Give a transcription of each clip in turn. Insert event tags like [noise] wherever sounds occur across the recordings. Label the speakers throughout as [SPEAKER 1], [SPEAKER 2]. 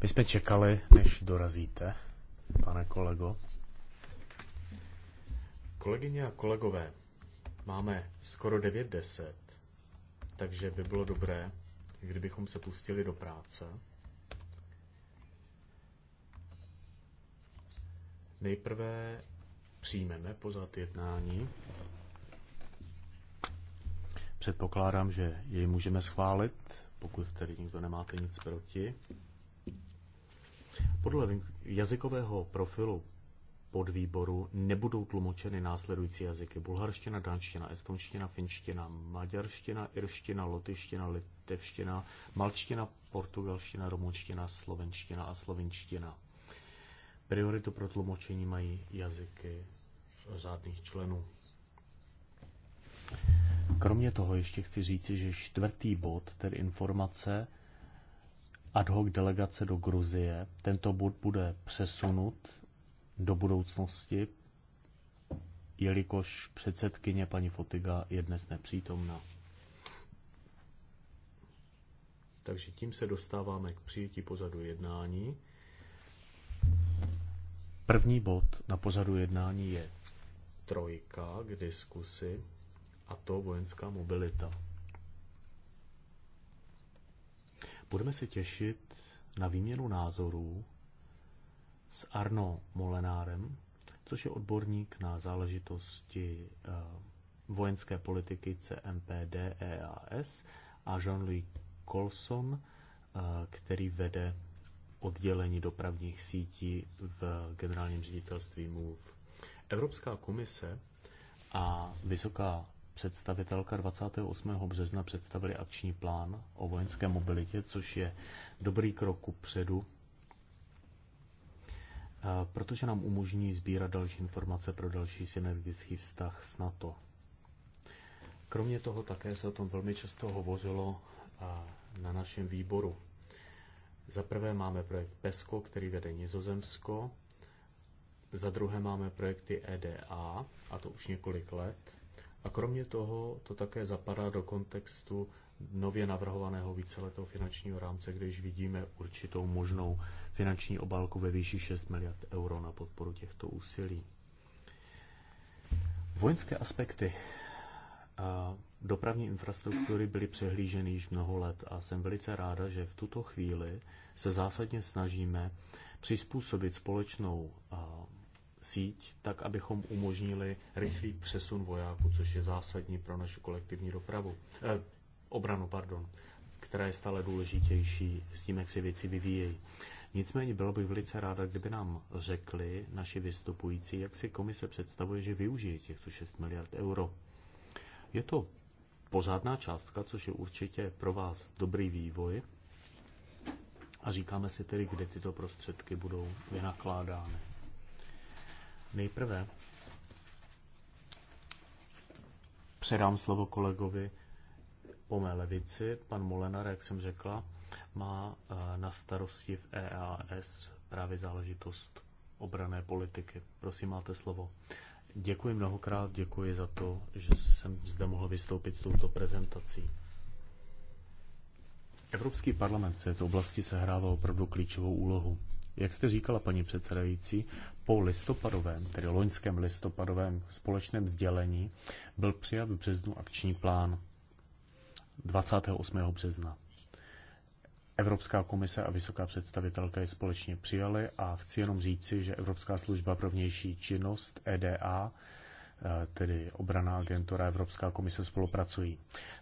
[SPEAKER 1] My jsme čekali, než dorazíte, pane kolego. Kolegyně a kolegové, máme skoro 9.10, takže by bylo dobré, kdybychom se pustili do práce. Nejprve přijmeme pozad jednání. Předpokládám, že jej můžeme schválit pokud tedy nikdo nemáte nic proti. Podle jazykového profilu podvýboru nebudou tlumočeny následující jazyky. Bulharština, danština, estonština, finština, maďarština, irština, lotyština, litevština, malčtina, portugalština, rumunština, slovenština a slovinština. Prioritu pro tlumočení mají jazyky řádných členů. Kromě toho ještě chci říci, že čtvrtý bod, tedy informace ad hoc delegace do Gruzie, tento bod bude přesunut do budoucnosti, jelikož předsedkyně paní Fotiga je dnes nepřítomná. Takže tím se dostáváme k přijetí pořadu jednání. První bod na pořadu jednání je trojka k diskusi a to vojenská mobilita. Budeme se těšit na výměnu názorů s Arno Molenárem, což je odborník na záležitosti eh, vojenské politiky CMPD EAS a Jean-Louis Colson, eh, který vede oddělení dopravních sítí v generálním ředitelství MOVE. Evropská komise a vysoká představitelka 28. března představili akční plán o vojenské mobilitě, což je dobrý krok ku předu, protože nám umožní sbírat další informace pro další synergický vztah s NATO. Kromě toho také se o tom velmi často hovořilo na našem výboru. Za prvé máme projekt PESCO, který vede Nizozemsko. Za druhé máme projekty EDA, a to už několik let. A kromě toho to také zapadá do kontextu nově navrhovaného víceletého finančního rámce, kde již vidíme určitou možnou finanční obálku ve výši 6 miliard euro na podporu těchto úsilí. Vojenské aspekty a dopravní infrastruktury byly přehlíženy již mnoho let a jsem velice ráda, že v tuto chvíli se zásadně snažíme přizpůsobit společnou síť, tak abychom umožnili rychlý přesun vojáků, což je zásadní pro naši kolektivní dopravu. Eh, obranu, pardon, která je stále důležitější s tím, jak se věci vyvíjejí. Nicméně bylo bych velice ráda, kdyby nám řekli naši vystupující, jak si komise představuje, že využije těchto 6 miliard euro. Je to pořádná částka, což je určitě pro vás dobrý vývoj. A říkáme si tedy, kde tyto prostředky budou vynakládány. Nejprve předám slovo kolegovi po mé levici. Pan Molenar, jak jsem řekla, má eh, na starosti v EAS právě záležitost obrané politiky. Prosím, máte slovo. Děkuji mnohokrát, děkuji za to, že jsem zde mohl vystoupit s touto prezentací. Evropský parlament v této oblasti sehrává opravdu klíčovou úlohu. Jak jste říkala, paní předsedající, po listopadovém, tedy loňském listopadovém společném sdělení byl přijat v březnu akční plán 28. března. Evropská komise a vysoká představitelka je společně přijali a chci jenom říci, že Evropská služba pro vnější činnost EDA eh, tedy obraná agentura Evropská komise spolupracují.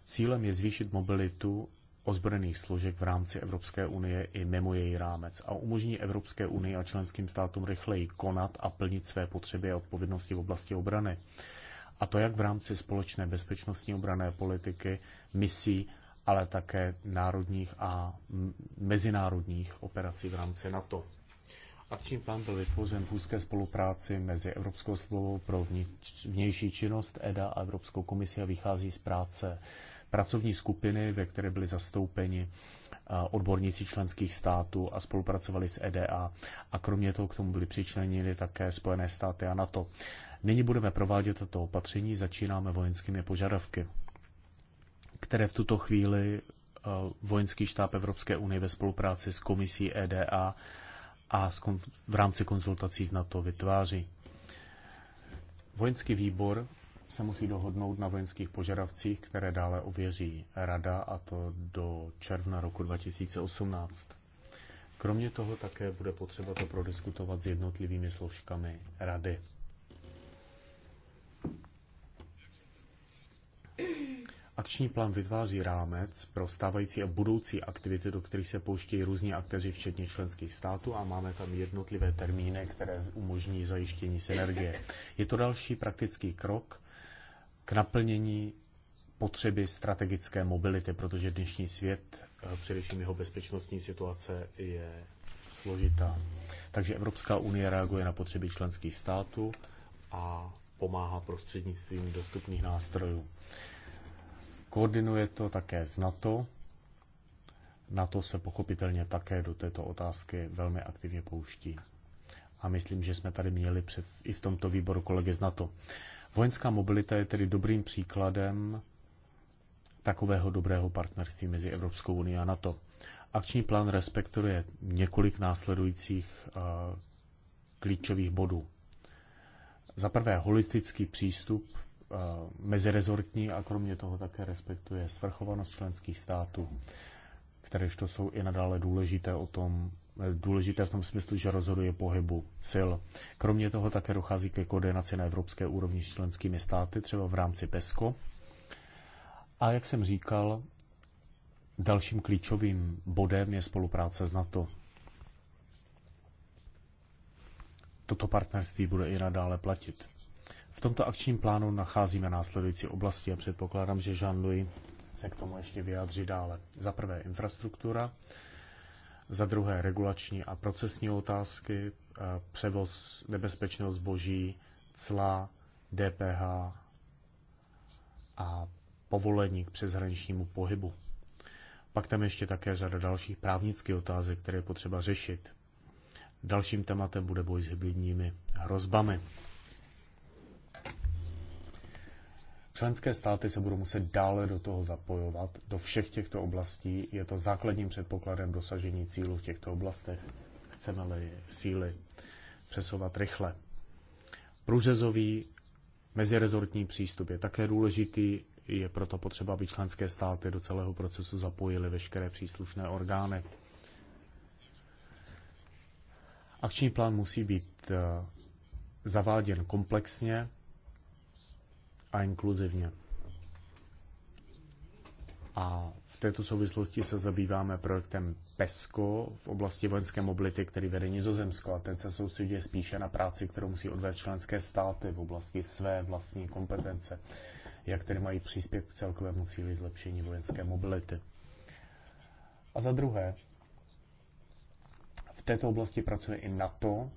[SPEAKER 1] Cílem je zvýšit mobilitu ozbrojených složek v rámci Evropské unie i mimo její rámec a umožní Evropské unii a členským státům rychleji konat a plnit své potřeby a odpovědnosti v oblasti obrany. A to jak v rámci společné bezpečnostní obrané politiky, misí, ale také národních a mezinárodních operací v rámci NATO. Akční plán byl vytvořen v úzké spolupráci mezi Evropskou službou pro vnější činnost EDA a Evropskou komisi a vychází z práce pracovní skupiny, ve které byly zastoupeni odborníci členských států a spolupracovali s EDA. A kromě toho k tomu byly přičleněny také Spojené státy a NATO. Nyní budeme provádět toto opatření, začínáme vojenskými požadavky, které v tuto chvíli vojenský štáb Evropské unie ve spolupráci s komisí EDA a v rámci konzultací s NATO vytváří. Vojenský výbor se musí dohodnout na vojenských požadavcích, které dále ověří Rada, a to do června roku 2018. Kromě toho také bude potřeba to prodiskutovat s jednotlivými složkami Rady. Akční plán vytváří rámec pro stávající a budoucí aktivity, do kterých se pouštějí různí akteři, včetně členských států, a máme tam jednotlivé termíny, které umožní zajištění synergie. Je to další praktický krok k naplnění potřeby strategické mobility, protože dnešní svět, eh, především jeho bezpečnostní situace, je složitá. Takže Evropská unie reaguje na potřeby členských států a pomáhá prostřednictvím dostupných nástrojů. Koordinuje to také s NATO. NATO se pochopitelně také do této otázky velmi aktivně pouští. A myslím, že jsme tady měli před, i v tomto výboru kolegy z NATO. Vojenská mobilita je tedy dobrým příkladem takového dobrého partnerství mezi Evropskou unii a NATO. Akční plán respektuje několik následujících eh, klíčových bodů. Za prvé holistický přístup, eh, mezirezortní a kromě toho také respektuje svrchovanost členských států, kteréž to jsou i nadále důležité o tom, důležité v tom smyslu, že rozhoduje pohybu sil. Kromě toho také dochází ke koordinaci na evropské úrovni s členskými státy, třeba v rámci PESCO. A jak jsem říkal, dalším klíčovým bodem je spolupráce s NATO. Toto partnerství bude i nadále platit. V tomto akčním plánu nacházíme následující oblasti a předpokládám, že Jean-Louis se k tomu ještě vyjádří dále. Za prvé infrastruktura, za druhé regulační a procesní otázky, e, převoz nebezpečného zboží, cla, DPH a povolení k přeshraničnímu pohybu. Pak tam ještě také řada dalších právnických otázek, které je potřeba řešit. Dalším tématem bude boj s hybridními hrozbami. Členské státy se budou muset dále do toho zapojovat, do všech těchto oblastí. Je to základním předpokladem dosažení cílu v těchto oblastech. Chceme-li síly přesovat rychle. Průřezový mezirezortní přístup je také důležitý, je proto potřeba, aby členské státy do celého procesu zapojily veškeré příslušné orgány. Akční plán musí být eh, zaváděn komplexně, a inkluzivně. A v této souvislosti se zabýváme projektem PESCO v oblasti vojenské mobility, který vede Nizozemsko a ten se soustředí spíše na práci, kterou musí odvést členské státy v oblasti své vlastní kompetence, jak tedy mají příspět k celkovému cíli zlepšení vojenské mobility. A za druhé, v této oblasti pracuje i NATO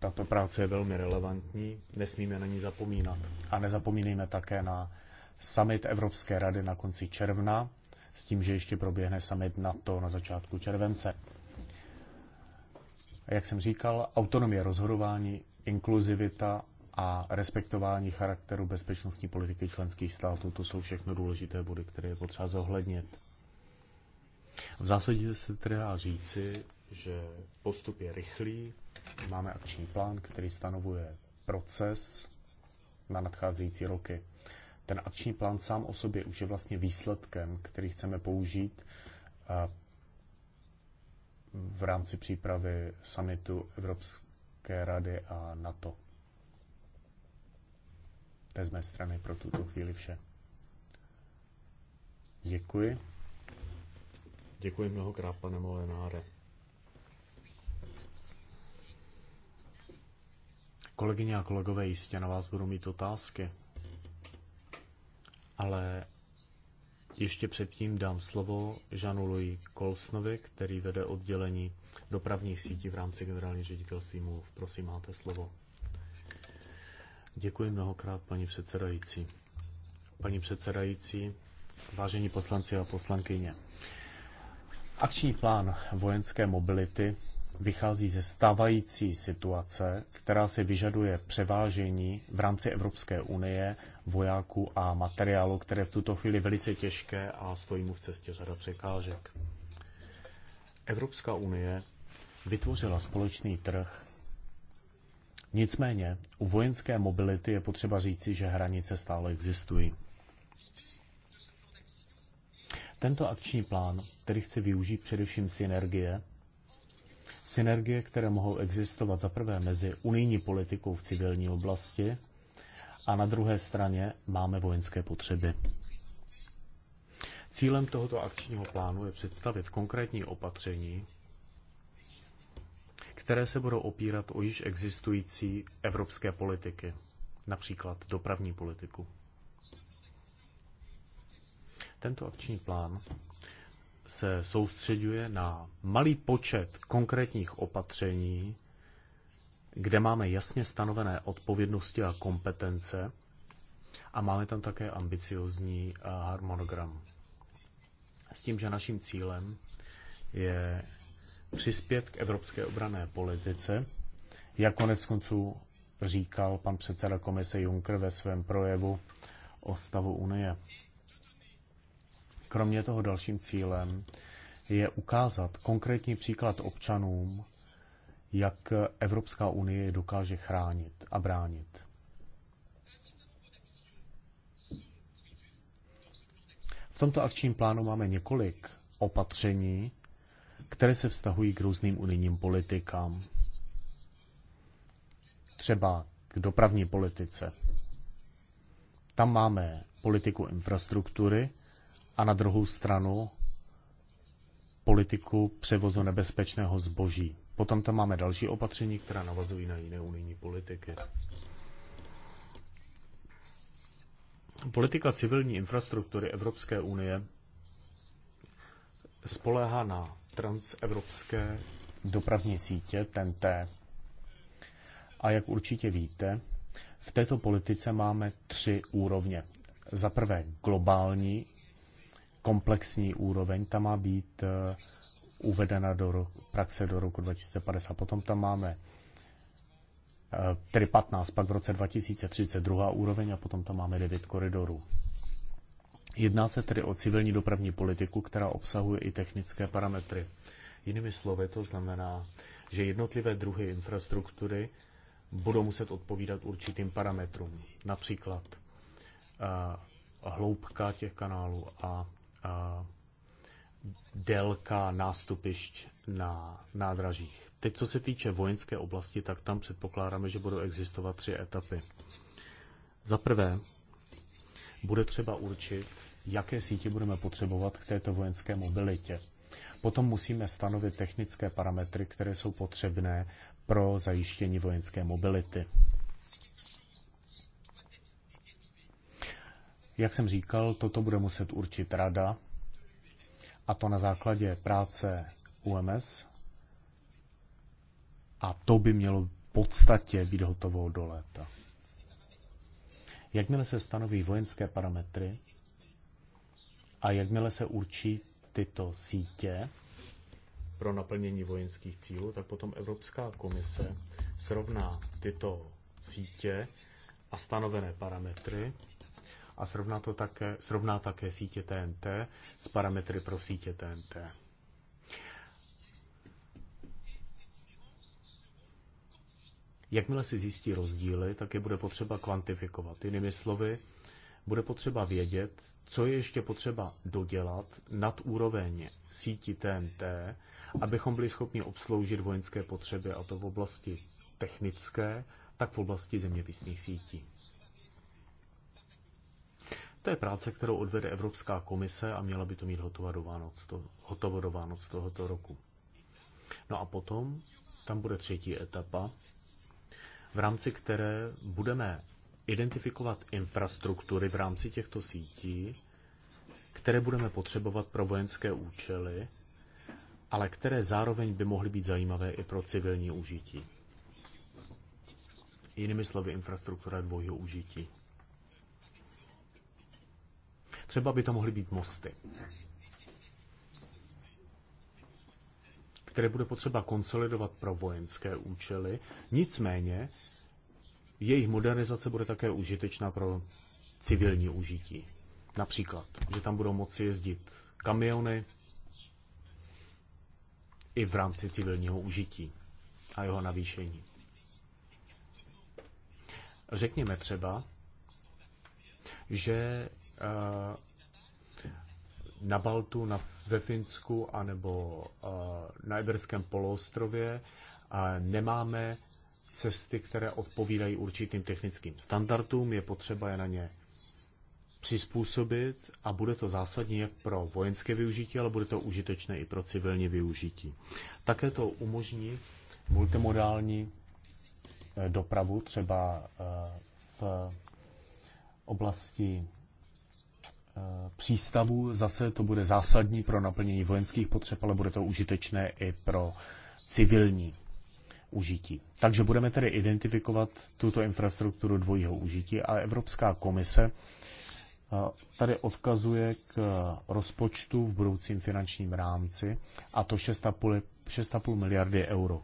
[SPEAKER 1] tato práce je velmi relevantní, nesmíme na ní zapomínat. A nezapomínejme také na summit Evropské rady na konci června, s tím, že ještě proběhne summit NATO na začátku července. Jak jsem říkal, autonomie rozhodování, inkluzivita a respektování charakteru bezpečnostní politiky členských států, to jsou všechno důležité body, které je potřeba zohlednit. V zásadě se tedy dá říci, že postup je rychlý, máme akční plán, který stanovuje proces na nadcházející roky. Ten akční plán sám o sobě už je vlastně výsledkem, který chceme použít v rámci přípravy summitu Evropské rady a NATO. To je z mé strany pro tuto chvíli vše. Děkuji. Děkuji mnohokrát, pane Molenáre. Kolegyně a kolegové, jistě na vás budou mít otázky, ale ještě předtím dám slovo Žanu Louis Kolsnovi, který vede oddělení dopravních sítí v rámci generální ředitelství MOV. Prosím, máte slovo. Děkuji mnohokrát, paní předsedající. Paní předsedající, vážení poslanci a poslankyně, akční plán vojenské mobility vychází ze stávající situace, která si vyžaduje převážení v rámci Evropské unie vojáků a materiálu, které v tuto chvíli velice těžké a stojí mu v cestě řada překážek. Evropská unie vytvořila společný trh. Nicméně u vojenské mobility je potřeba říci, že hranice stále existují. Tento akční plán, který chce využít především synergie synergie, které mohou existovat za prvé mezi unijní politikou v civilní oblasti a na druhé straně máme vojenské potřeby. Cílem tohoto akčního plánu je představit konkrétní opatření, které se budou opírat o již existující evropské politiky, například dopravní politiku. Tento akční plán se soustředuje na malý počet konkrétních opatření, kde máme jasně stanovené odpovědnosti a kompetence a máme tam také ambiciozní eh, harmonogram. S tím, že naším cílem je přispět k evropské obrané politice, jak konec konců říkal pan předseda komise Juncker ve svém projevu o stavu Unie. Kromě toho dalším cílem je ukázat konkrétní příklad občanům, jak Evropská unie dokáže chránit a bránit. V tomto akčním plánu máme několik opatření, které se vztahují k různým unijním politikám. Třeba k dopravní politice. Tam máme politiku infrastruktury, a na druhou stranu politiku převozu nebezpečného zboží. Potom tam máme další opatření, která navazují na jiné unijní politiky. Politika civilní infrastruktury Evropské unie spoléhá na transevropské dopravní sítě TNT. A jak určitě víte, v této politice máme tři úrovně. Za prvé globální komplexní úroveň, ta má být eh, uvedena do roku, praxe do roku 2050. Potom tam máme eh, tedy 15, pak v roce 2030 druhá úroveň a potom tam máme 9 koridorů. Jedná se tedy o civilní dopravní politiku, která obsahuje i technické parametry. Jinými slovy to znamená, že jednotlivé druhy infrastruktury budou muset odpovídat určitým parametrům, například eh, hloubka těch kanálů a délka nástupišť na nádražích. Teď, co se týče vojenské oblasti, tak tam předpokládáme, že budou existovat tři etapy. Za prvé, bude třeba určit, jaké sítě budeme potřebovat k této vojenské mobilitě. Potom musíme stanovit technické parametry, které jsou potřebné pro zajištění vojenské mobility. Jak jsem říkal, toto bude muset určit rada, a to na základě práce UMS. A to by mělo v podstatě být hotovo do léta. Jakmile se stanoví vojenské parametry a jakmile se určí tyto sítě pro naplnění vojenských cílů, tak potom Evropská komise srovná tyto sítě a stanovené parametry a srovná, to také, srovná také sítě TNT s parametry pro sítě TNT. Jakmile si zjistí rozdíly, tak je bude potřeba kvantifikovat. Jinými slovy, bude potřeba vědět, co je ještě potřeba dodělat nad úroveň síti TNT, abychom byli schopni obsloužit vojenské potřeby, a to v oblasti technické, tak v oblasti zeměpisných sítí. To je práce, kterou odvede Evropská komise a měla by to mít hotovo do Vánoc, to, hotovo do Vánoc tohoto roku. No a potom tam bude třetí etapa, v rámci které budeme identifikovat infrastruktury v rámci těchto sítí, které budeme potřebovat pro vojenské účely, ale které zároveň by mohly být zajímavé i pro civilní užití. Jinými slovy, infrastruktura dvojího užití. Třeba by to mohly být mosty, které bude potřeba konsolidovat pro vojenské účely. Nicméně jejich modernizace bude také užitečná pro civilní užití. Například, že tam budou moci jezdit kamiony i v rámci civilního užití a jeho navýšení. Řekněme třeba, že Eh, na Baltu, na, ve Finsku anebo eh, na Iberském poloostrově nemáme cesty, které odpovídají určitým technickým standardům, je potřeba je na ně přizpůsobit a bude to zásadní jak pro vojenské využití, ale bude to užitečné i pro civilní využití. Také to umožní multimodální eh, dopravu třeba v oblasti Eh, přístavů. Zase to bude zásadní pro naplnění vojenských potřeb, ale bude to užitečné i pro civilní užití. Takže budeme tedy identifikovat tuto infrastrukturu dvojího užití a Evropská komise eh, tady odkazuje k rozpočtu v budoucím finančním rámci a to 6,5 miliardy euro.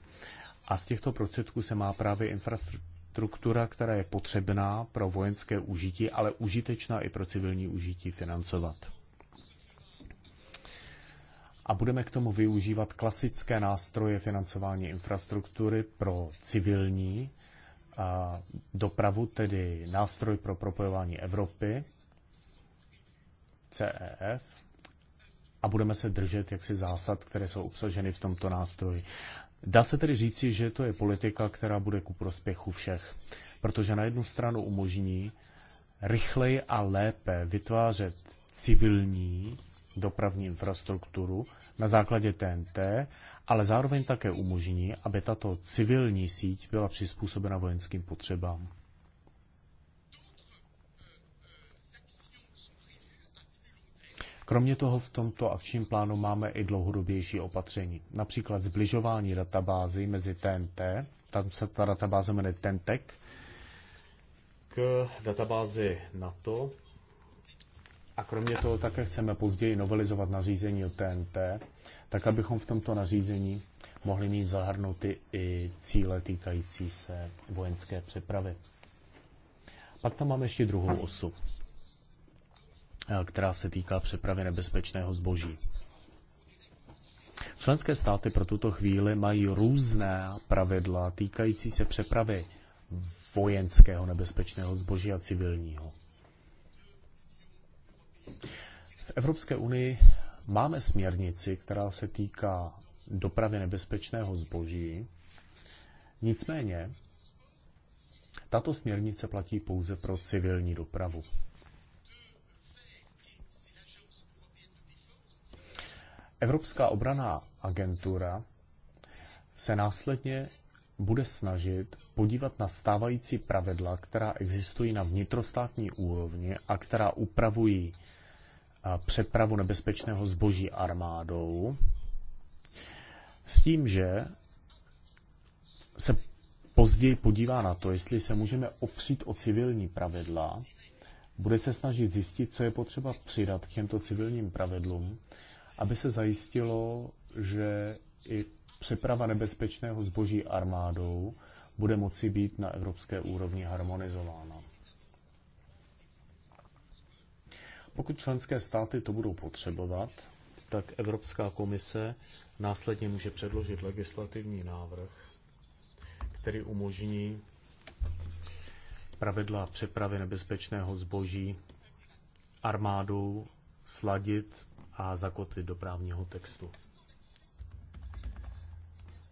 [SPEAKER 1] A z těchto prostředků se má právě infrastruktura struktura, která je potřebná pro vojenské užití, ale užitečná i pro civilní užití financovat. A budeme k tomu využívat klasické nástroje financování infrastruktury pro civilní dopravu, tedy nástroj pro propojování Evropy, CEF, a budeme se držet jaksi zásad, které jsou obsaženy v tomto nástroji. Dá se tedy říci, že to je politika, která bude ku prospěchu všech, protože na jednu stranu umožní rychleji a lépe vytvářet civilní dopravní infrastrukturu na základě TNT, ale zároveň také umožní, aby tato civilní síť byla přizpůsobena vojenským potřebám. Kromě toho v tomto akčním plánu máme i dlouhodobější opatření, například zbližování databází mezi TNT, tam se ta databáze jmenuje TENTEC, k databázi NATO. A kromě toho také chceme později novelizovat nařízení o TNT, tak abychom v tomto nařízení mohli mít zahrnuty i cíle týkající se vojenské přepravy. Pak tam máme ještě druhou osu. Eh, která se týká přepravy nebezpečného zboží. Členské státy pro tuto chvíli mají různé pravidla týkající se přepravy vojenského nebezpečného zboží a civilního. V Evropské unii máme směrnici, která se týká dopravy nebezpečného zboží. Nicméně, tato směrnice platí pouze pro civilní dopravu. Evropská obraná agentura se následně bude snažit podívat na stávající pravidla, která existují na vnitrostátní úrovni a která upravují přepravu nebezpečného zboží armádou, s tím, že se později podívá na to, jestli se můžeme opřít o civilní pravidla, bude se snažit zjistit, co je potřeba přidat k těmto civilním pravidlům, aby se zajistilo, že i přeprava nebezpečného zboží armádou bude moci být na evropské úrovni harmonizována. Pokud členské státy to budou potřebovat, tak Evropská komise následně může předložit legislativní návrh, který umožní pravidla přepravy nebezpečného zboží armádou sladit a zakotvit do právního textu.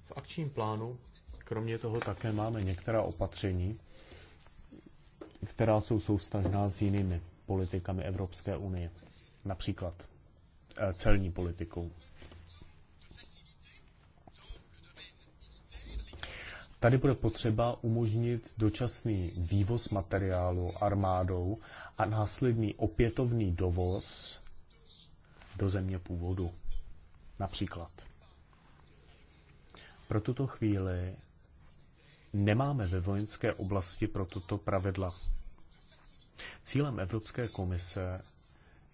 [SPEAKER 1] V akčním plánu kromě toho také máme některá opatření, která jsou soustažná s jinými politikami Evropské unie, například eh, celní politikou. Tady bude potřeba umožnit dočasný vývoz materiálu armádou a následný opětovný dovoz do země původu. Například. Pro tuto chvíli nemáme ve vojenské oblasti pro tuto pravidla. Cílem Evropské komise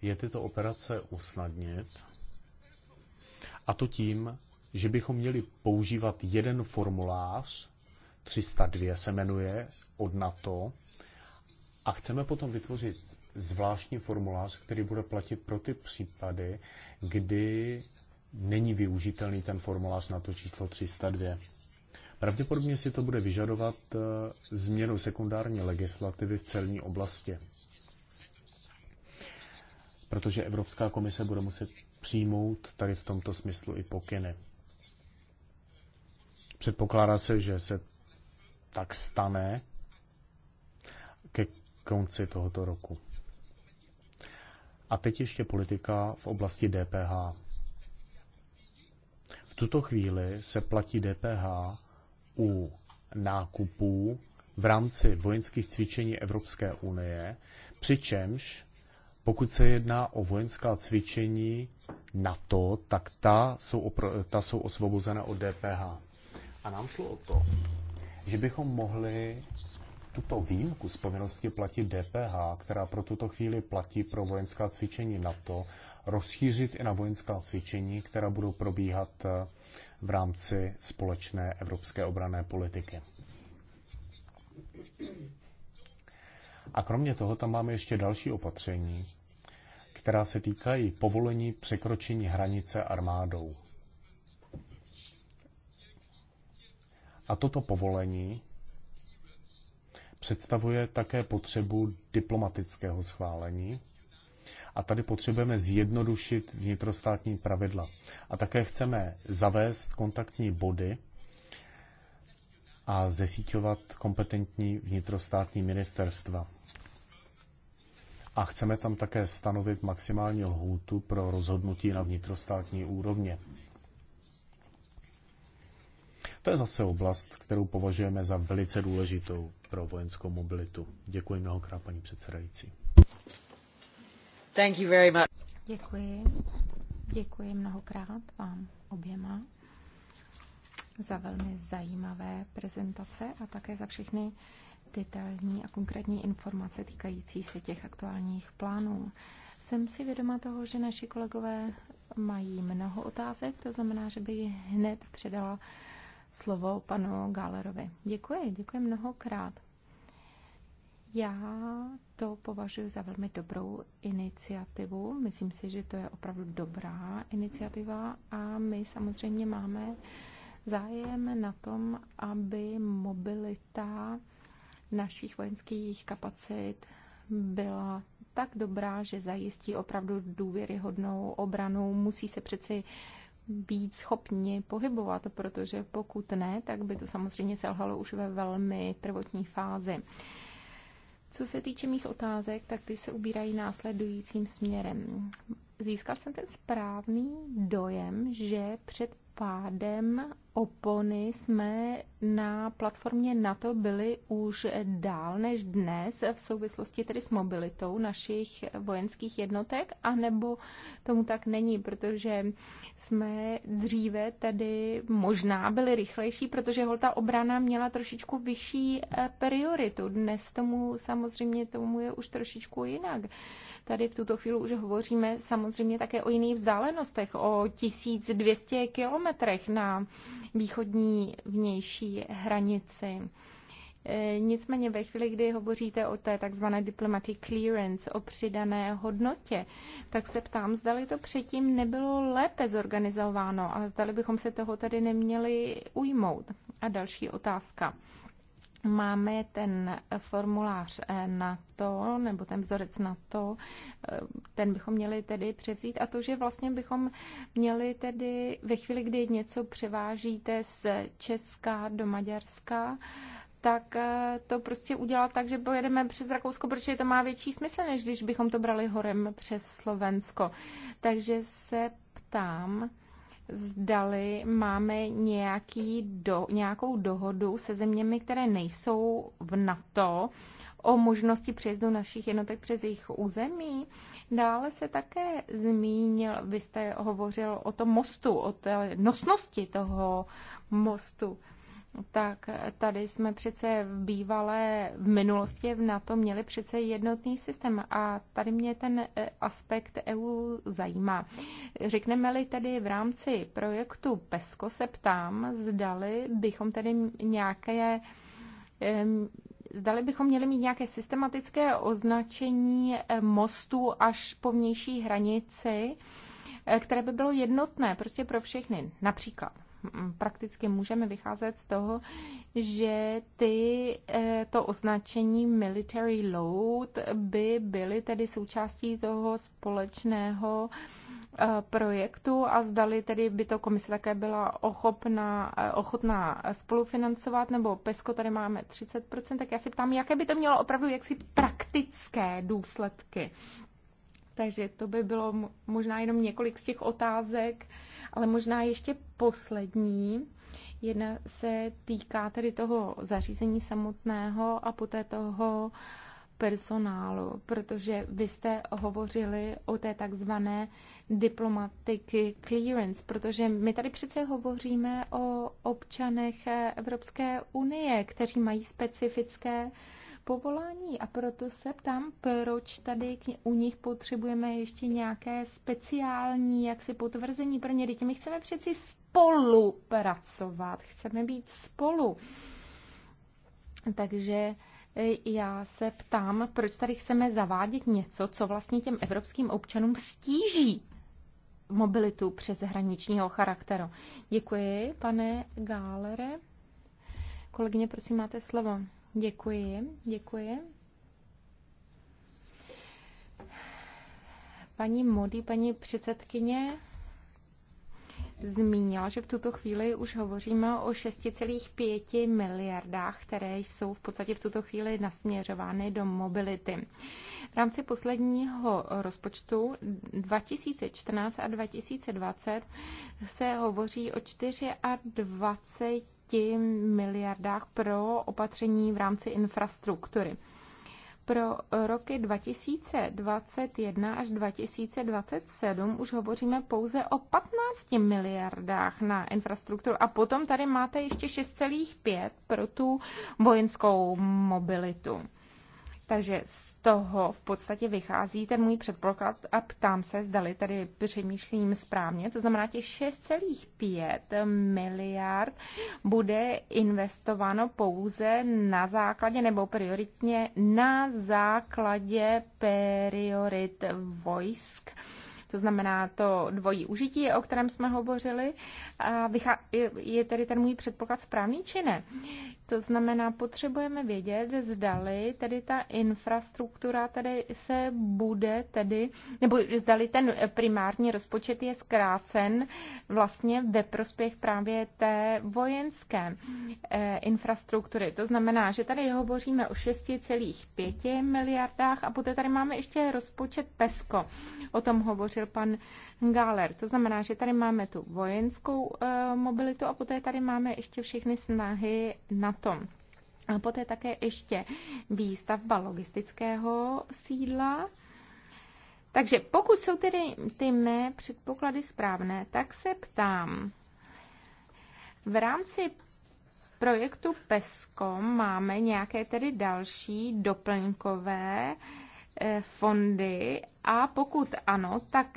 [SPEAKER 1] je tyto operace usnadnit, a to tím, že bychom měli používat jeden formulář, 302 se jmenuje, od NATO, a chceme potom vytvořit zvláštní formulář, který bude platit pro ty případy, kdy není využitelný ten formulář na to číslo 302. Pravděpodobně si to bude vyžadovat eh, změnu sekundární legislativy v celní oblasti, protože Evropská komise bude muset přijmout tady v tomto smyslu i pokyny. Předpokládá se, že se tak stane ke konci tohoto roku. A teď ještě politika v oblasti DPH. V tuto chvíli se platí DPH u nákupů v rámci vojenských cvičení Evropské unie, přičemž pokud se jedná o vojenská cvičení NATO, tak ta jsou, opr- ta jsou osvobozena od DPH. A nám šlo o to, že bychom mohli tuto výjimku z povinnosti platit DPH, která pro tuto chvíli platí pro vojenská cvičení NATO, rozšířit i na vojenská cvičení, která budou probíhat eh, v rámci společné evropské obrané politiky. A kromě toho tam máme ještě další opatření, která se týkají povolení překročení hranice armádou. A toto povolení představuje také potřebu diplomatického schválení. A tady potřebujeme zjednodušit vnitrostátní pravidla. A také chceme zavést kontaktní body a zesíťovat kompetentní vnitrostátní ministerstva. A chceme tam také stanovit maximální lhůtu pro rozhodnutí na vnitrostátní úrovně. To je zase oblast, kterou považujeme za velice důležitou pro vojenskou mobilitu. Děkuji mnohokrát, paní předsedající.
[SPEAKER 2] Thank you very much. Děkuji. Děkuji mnohokrát vám oběma za velmi zajímavé prezentace a také za všechny detailní a konkrétní informace týkající se těch aktuálních plánů. Jsem si vědoma toho, že naši kolegové mají mnoho otázek, to znamená, že by hned předala slovo panu Gálerovi. Děkuji, děkuji mnohokrát. Já to považuji za velmi dobrou iniciativu. Myslím si, že to je opravdu dobrá iniciativa a my samozřejmě máme zájem na tom, aby mobilita našich vojenských kapacit byla tak dobrá, že zajistí opravdu důvěryhodnou obranu. Musí se přeci být schopni pohybovat, protože pokud ne, tak by to samozřejmě selhalo už ve velmi prvotní fázi. Co se týče mých otázek, tak ty se ubírají následujícím směrem. Získal jsem ten správný dojem, že před pádem opony jsme na platformě NATO byli už dál než dnes v souvislosti tedy s mobilitou našich vojenských jednotek, anebo tomu tak není, protože jsme dříve tedy možná byli rychlejší, protože holta obrana měla trošičku vyšší eh, prioritu. Dnes tomu samozřejmě tomu je už trošičku jinak. Tady v tuto chvíli už hovoříme samozřejmě také o jiných vzdálenostech, o 1200 kilometrech na východní vnější hranici. E, nicméně ve chvíli, kdy hovoříte o té takzvané diplomatic clearance, o přidané hodnotě, tak se ptám, zdali to předtím nebylo lépe zorganizováno a zdali bychom se toho tady neměli ujmout. A další otázka máme ten formulář eh, na to, nebo ten vzorec na to, eh, ten bychom měli tedy převzít a to, že vlastně bychom měli tedy ve chvíli, kdy něco převážíte z Česka do Maďarska, tak eh, to prostě udělat tak, že pojedeme přes Rakousko, protože to má větší smysl, než když bychom to brali horem přes Slovensko. Takže se ptám, zdali máme nějaký do, nějakou dohodu se zeměmi, které nejsou v NATO o možnosti přejezdu našich jednotek přes jejich území. Dále se také zmínil, vy jste hovořil o tom mostu, o té nosnosti toho mostu tak tady jsme přece v bývalé v minulosti na NATO měli přece jednotný systém a tady mě ten eh, aspekt EU zajímá. Řekneme-li tedy v rámci projektu PESCO se ptám, zdali bychom tedy nějaké Zdali bychom měli mít nějaké systematické označení eh, mostů až po vnější hranici, eh, které by bylo jednotné prostě pro všechny. Například Mm, prakticky můžeme vycházet z toho, že ty, eh, to označení military load by byly tedy součástí toho společného eh, projektu a zdali tedy by to komise také byla ochopná, eh, ochotná spolufinancovat, nebo PESCO tady máme 30%, tak já si ptám, jaké by to mělo opravdu jaksi praktické důsledky. Takže to by bylo možná jenom několik z těch otázek, ale možná ještě poslední. Jedna se týká tedy toho zařízení samotného a poté toho personálu, protože vy jste hovořili o té takzvané diplomatiky clearance, protože my tady přece hovoříme o občanech Evropské unie, kteří mají specifické povolání. A proto se ptám, proč tady u nich potřebujeme ještě nějaké speciální jaksi potvrzení pro ně. My chceme přeci spolupracovat, chceme být spolu. Takže e, já se ptám, proč tady chceme zavádět něco, co vlastně těm evropským občanům stíží mobilitu přeshraničního charakteru. Děkuji, pane Gálere. Kolegyně, prosím, máte slovo. Děkuji, děkuji. Paní Modi, paní předsedkyně, zmínila, že v tuto chvíli už hovoříme o 6,5 miliardách, které jsou v podstatě v tuto chvíli nasměřovány do mobility. V rámci posledního rozpočtu 2014 a 2020 se hovoří o 24 miliardách pro opatření v rámci infrastruktury. Pro roky 2021 až 2027 už hovoříme pouze o 15 miliardách na infrastrukturu a potom tady máte ještě 6,5 pro tu vojenskou mobilitu. Takže z toho v podstatě vychází ten můj předpoklad a ptám se, zdali tady přemýšlím správně, to znamená těch 6,5 miliard bude investováno pouze na základě nebo prioritně na základě priorit vojsk to znamená to dvojí užití, o kterém jsme hovořili. A je tedy ten můj předpoklad správný či ne? To znamená, potřebujeme vědět, zdali tedy ta infrastruktura tedy se bude tedy, nebo zdali ten primární rozpočet je zkrácen vlastně ve prospěch právě té vojenské eh, infrastruktury. To znamená, že tady hovoříme o 6,5 miliardách a poté tady máme ještě rozpočet PESCO. O tom hovořil hovořil pan Galer. To znamená, že tady máme tu vojenskou eh, mobilitu a poté tady máme ještě všechny snahy na tom. A poté také ještě výstavba logistického sídla. Takže pokud jsou tedy ty mé předpoklady správné, tak se ptám. V rámci projektu PESCO máme nějaké tedy další doplňkové eh, fondy a pokud ano, tak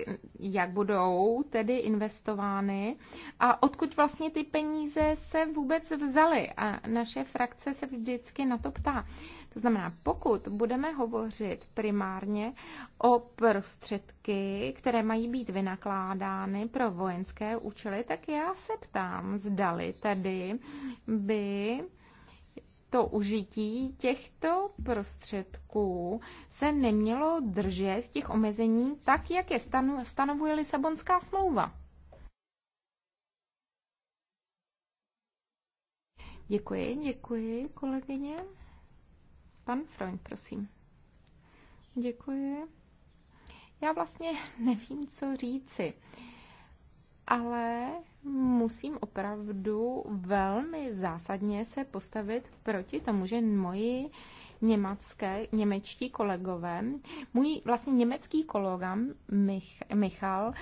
[SPEAKER 2] jak budou tedy investovány a odkud vlastně ty peníze se vůbec vzaly? A naše frakce se vždycky na to ptá. To znamená, pokud budeme hovořit primárně o prostředky, které mají být vynakládány pro vojenské účely, tak já se ptám, zdali tedy by to užití těchto prostředků se nemělo držet těch omezení tak, jak je stanovuje Lisabonská smlouva. Děkuji, děkuji, kolegyně. Pan Freund, prosím. Děkuji. Já vlastně [laughs] nevím, co říci, ale musím opravdu velmi zásadně se postavit proti tomu, že moji německé, němečtí kolegové, můj vlastně německý kolega Mich, Michal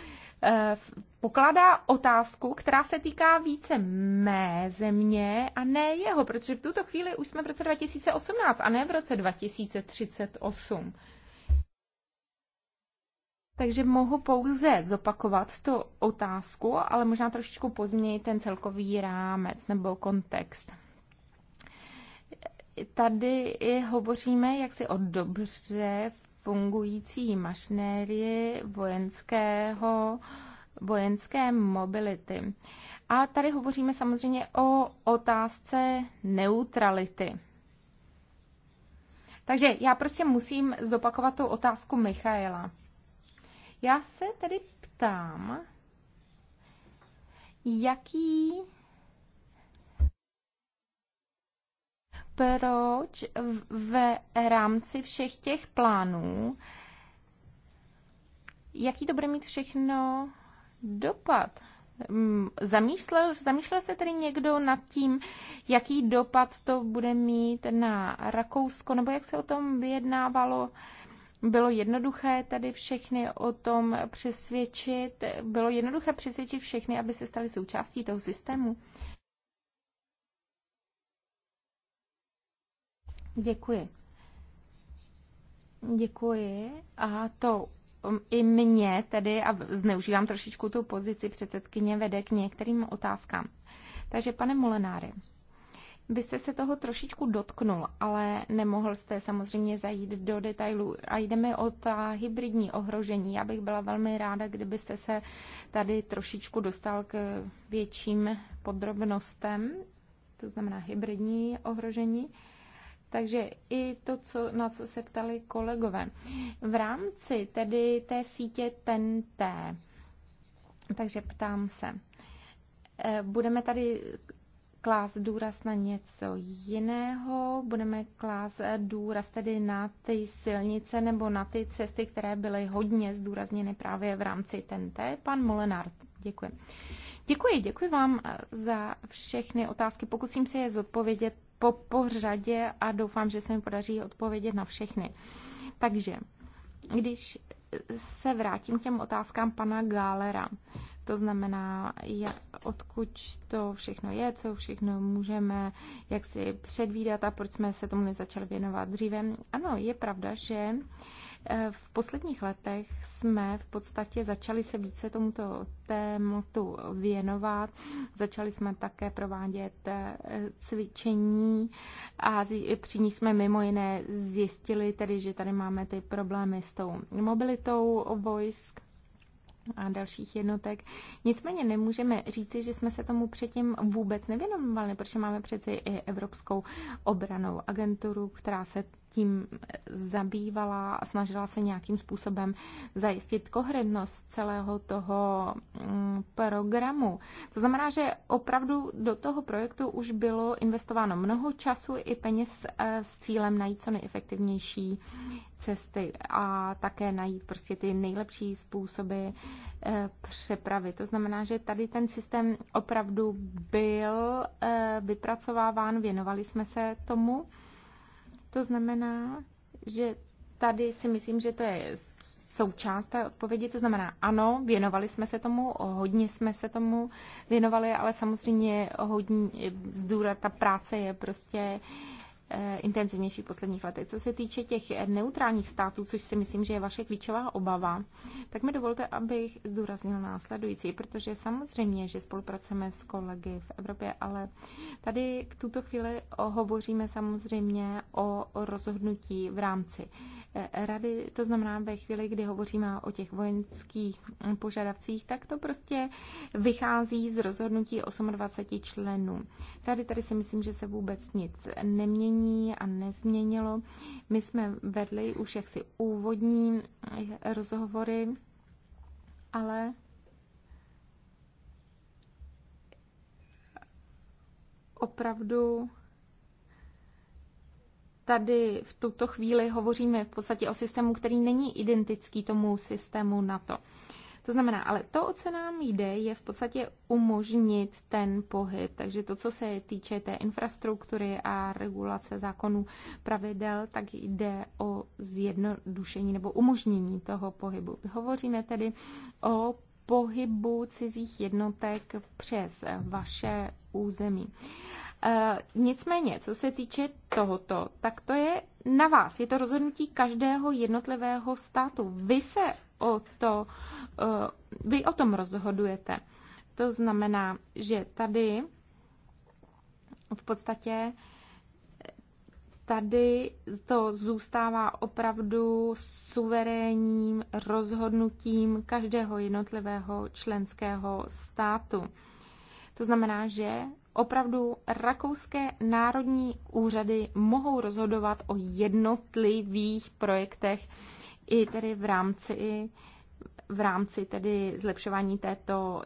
[SPEAKER 2] eh, pokládá otázku, která se týká více mé země a ne jeho, protože v tuto chvíli už jsme v roce 2018 a ne v roce 2038. Takže mohu pouze zopakovat tu otázku, ale možná trošičku pozměnit ten celkový rámec nebo kontext. Tady hovoříme jaksi o dobře fungující mašinérii vojenského, vojenské mobility. A tady hovoříme samozřejmě o otázce neutrality. Takže já prostě musím zopakovat tu otázku Michaela. Já se tedy ptám, jaký proč v, rámci všech těch plánů, jaký to bude mít všechno dopad? Mm, zamýšlel, zamýšlel se tedy někdo nad tím, jaký dopad to bude mít na Rakousko, nebo jak se o tom vyjednávalo bylo jednoduché tady všechny o tom přesvědčit, bylo jednoduché přesvědčit všechny, aby se stali součástí toho systému. Děkuji. Děkuji. A to um, i mě tedy, a zneužívám trošičku tu pozici předsedkyně, vede k některým otázkám. Takže pane Molenáry, vy jste se toho trošičku dotknul, ale nemohl jste samozřejmě zajít do detailů. A jdeme o ta hybridní ohrožení. Já bych byla velmi ráda, kdybyste se tady trošičku dostal k větším podrobnostem, to znamená hybridní ohrožení. Takže i to, co, na co se ptali kolegové. V rámci tedy té sítě TNT, takže ptám se, eh, budeme tady klást důraz na něco jiného, budeme klást důraz tedy na ty silnice nebo na ty cesty, které byly hodně zdůrazněny právě v rámci TNT. Pan Molenard, děkuji. Děkuji, děkuji vám eh, za všechny otázky. Pokusím se je zodpovědět po pořadě a doufám, že se mi podaří odpovědět na všechny. Takže, když se vrátím k těm otázkám pana Gálera. To znamená, jak odkud to všechno je, co všechno můžeme jak si předvídat a proč jsme se tomu nezačali věnovat dříve. Ano, je pravda, že eh, v posledních letech jsme v podstatě začali se více tomuto tématu věnovat. Začali jsme také provádět eh, cvičení a při ní jsme mimo jiné zjistili tedy, že tady máme ty problémy s tou mobilitou vojsk a dalších jednotek. Nicméně nemůžeme říci, že jsme se tomu předtím vůbec nevěnovali, protože máme přeci i Evropskou obranou agenturu, která se tím zabývala a snažila se nějakým způsobem zajistit kohrednost celého toho mm, programu. To znamená, že opravdu do toho projektu už bylo investováno mnoho času i peněz eh, s cílem najít co nejefektivnější cesty a také najít prostě ty nejlepší způsoby eh, přepravy. To znamená, že tady ten systém opravdu byl eh, vypracováván, věnovali jsme se tomu. To znamená, že tady si myslím, že to je součást té odpovědi, to znamená ano, věnovali jsme se tomu, hodně jsme se tomu věnovali, ale samozřejmě hodně, eh, zdůra, ta práce je prostě Eh, intenzivnější v posledních letech. Co se týče těch neutrálních států, což si myslím, že je vaše klíčová obava, tak mi dovolte, abych zdůraznil následující, protože samozřejmě, že spolupracujeme s kolegy v Evropě, ale tady k tuto chvíli hovoříme samozřejmě o rozhodnutí v rámci eh, rady. To znamená, ve chvíli, kdy hovoříme o těch vojenských požadavcích, tak to prostě vychází z rozhodnutí 28 členů. Tady, tady si myslím, že se vůbec nic nemění nemění a nezměnilo. My jsme vedli už jaksi úvodní eh, rozhovory, ale opravdu tady v tuto chvíli hovoříme v podstatě o systému, který není identický tomu systému NATO. To znamená, ale to, o co nám jde, je v podstatě umožnit ten pohyb. Takže to, co se týče té infrastruktury a regulace zákonů pravidel, tak jde o zjednodušení nebo umožnění toho pohybu. Hovoříme tedy o pohybu cizích jednotek přes vaše území. E, nicméně, co se týče tohoto, tak to je na vás. Je to rozhodnutí každého jednotlivého státu. Vy se o to, eh, vy o tom rozhodujete. To znamená, že tady v podstatě eh, tady to zůstává opravdu suverénním rozhodnutím každého jednotlivého členského státu. To znamená, že opravdu rakouské národní úřady mohou rozhodovat o jednotlivých projektech i tedy v rámci, v rámci tedy zlepšování této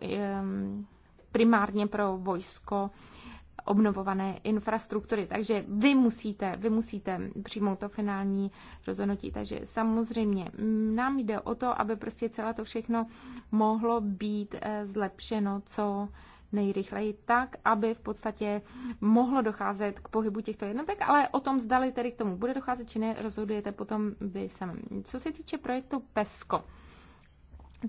[SPEAKER 2] primárně pro vojsko obnovované infrastruktury. Takže vy musíte, vy musíte přijmout to finální rozhodnutí. Takže samozřejmě nám jde o to, aby prostě celé to všechno mohlo být eh, zlepšeno co nejrychleji tak, aby v podstatě mohlo docházet k pohybu těchto jednotek, ale o tom zdali tedy k tomu bude docházet či ne, rozhodujete potom vy sami. Co se týče projektu PESCO,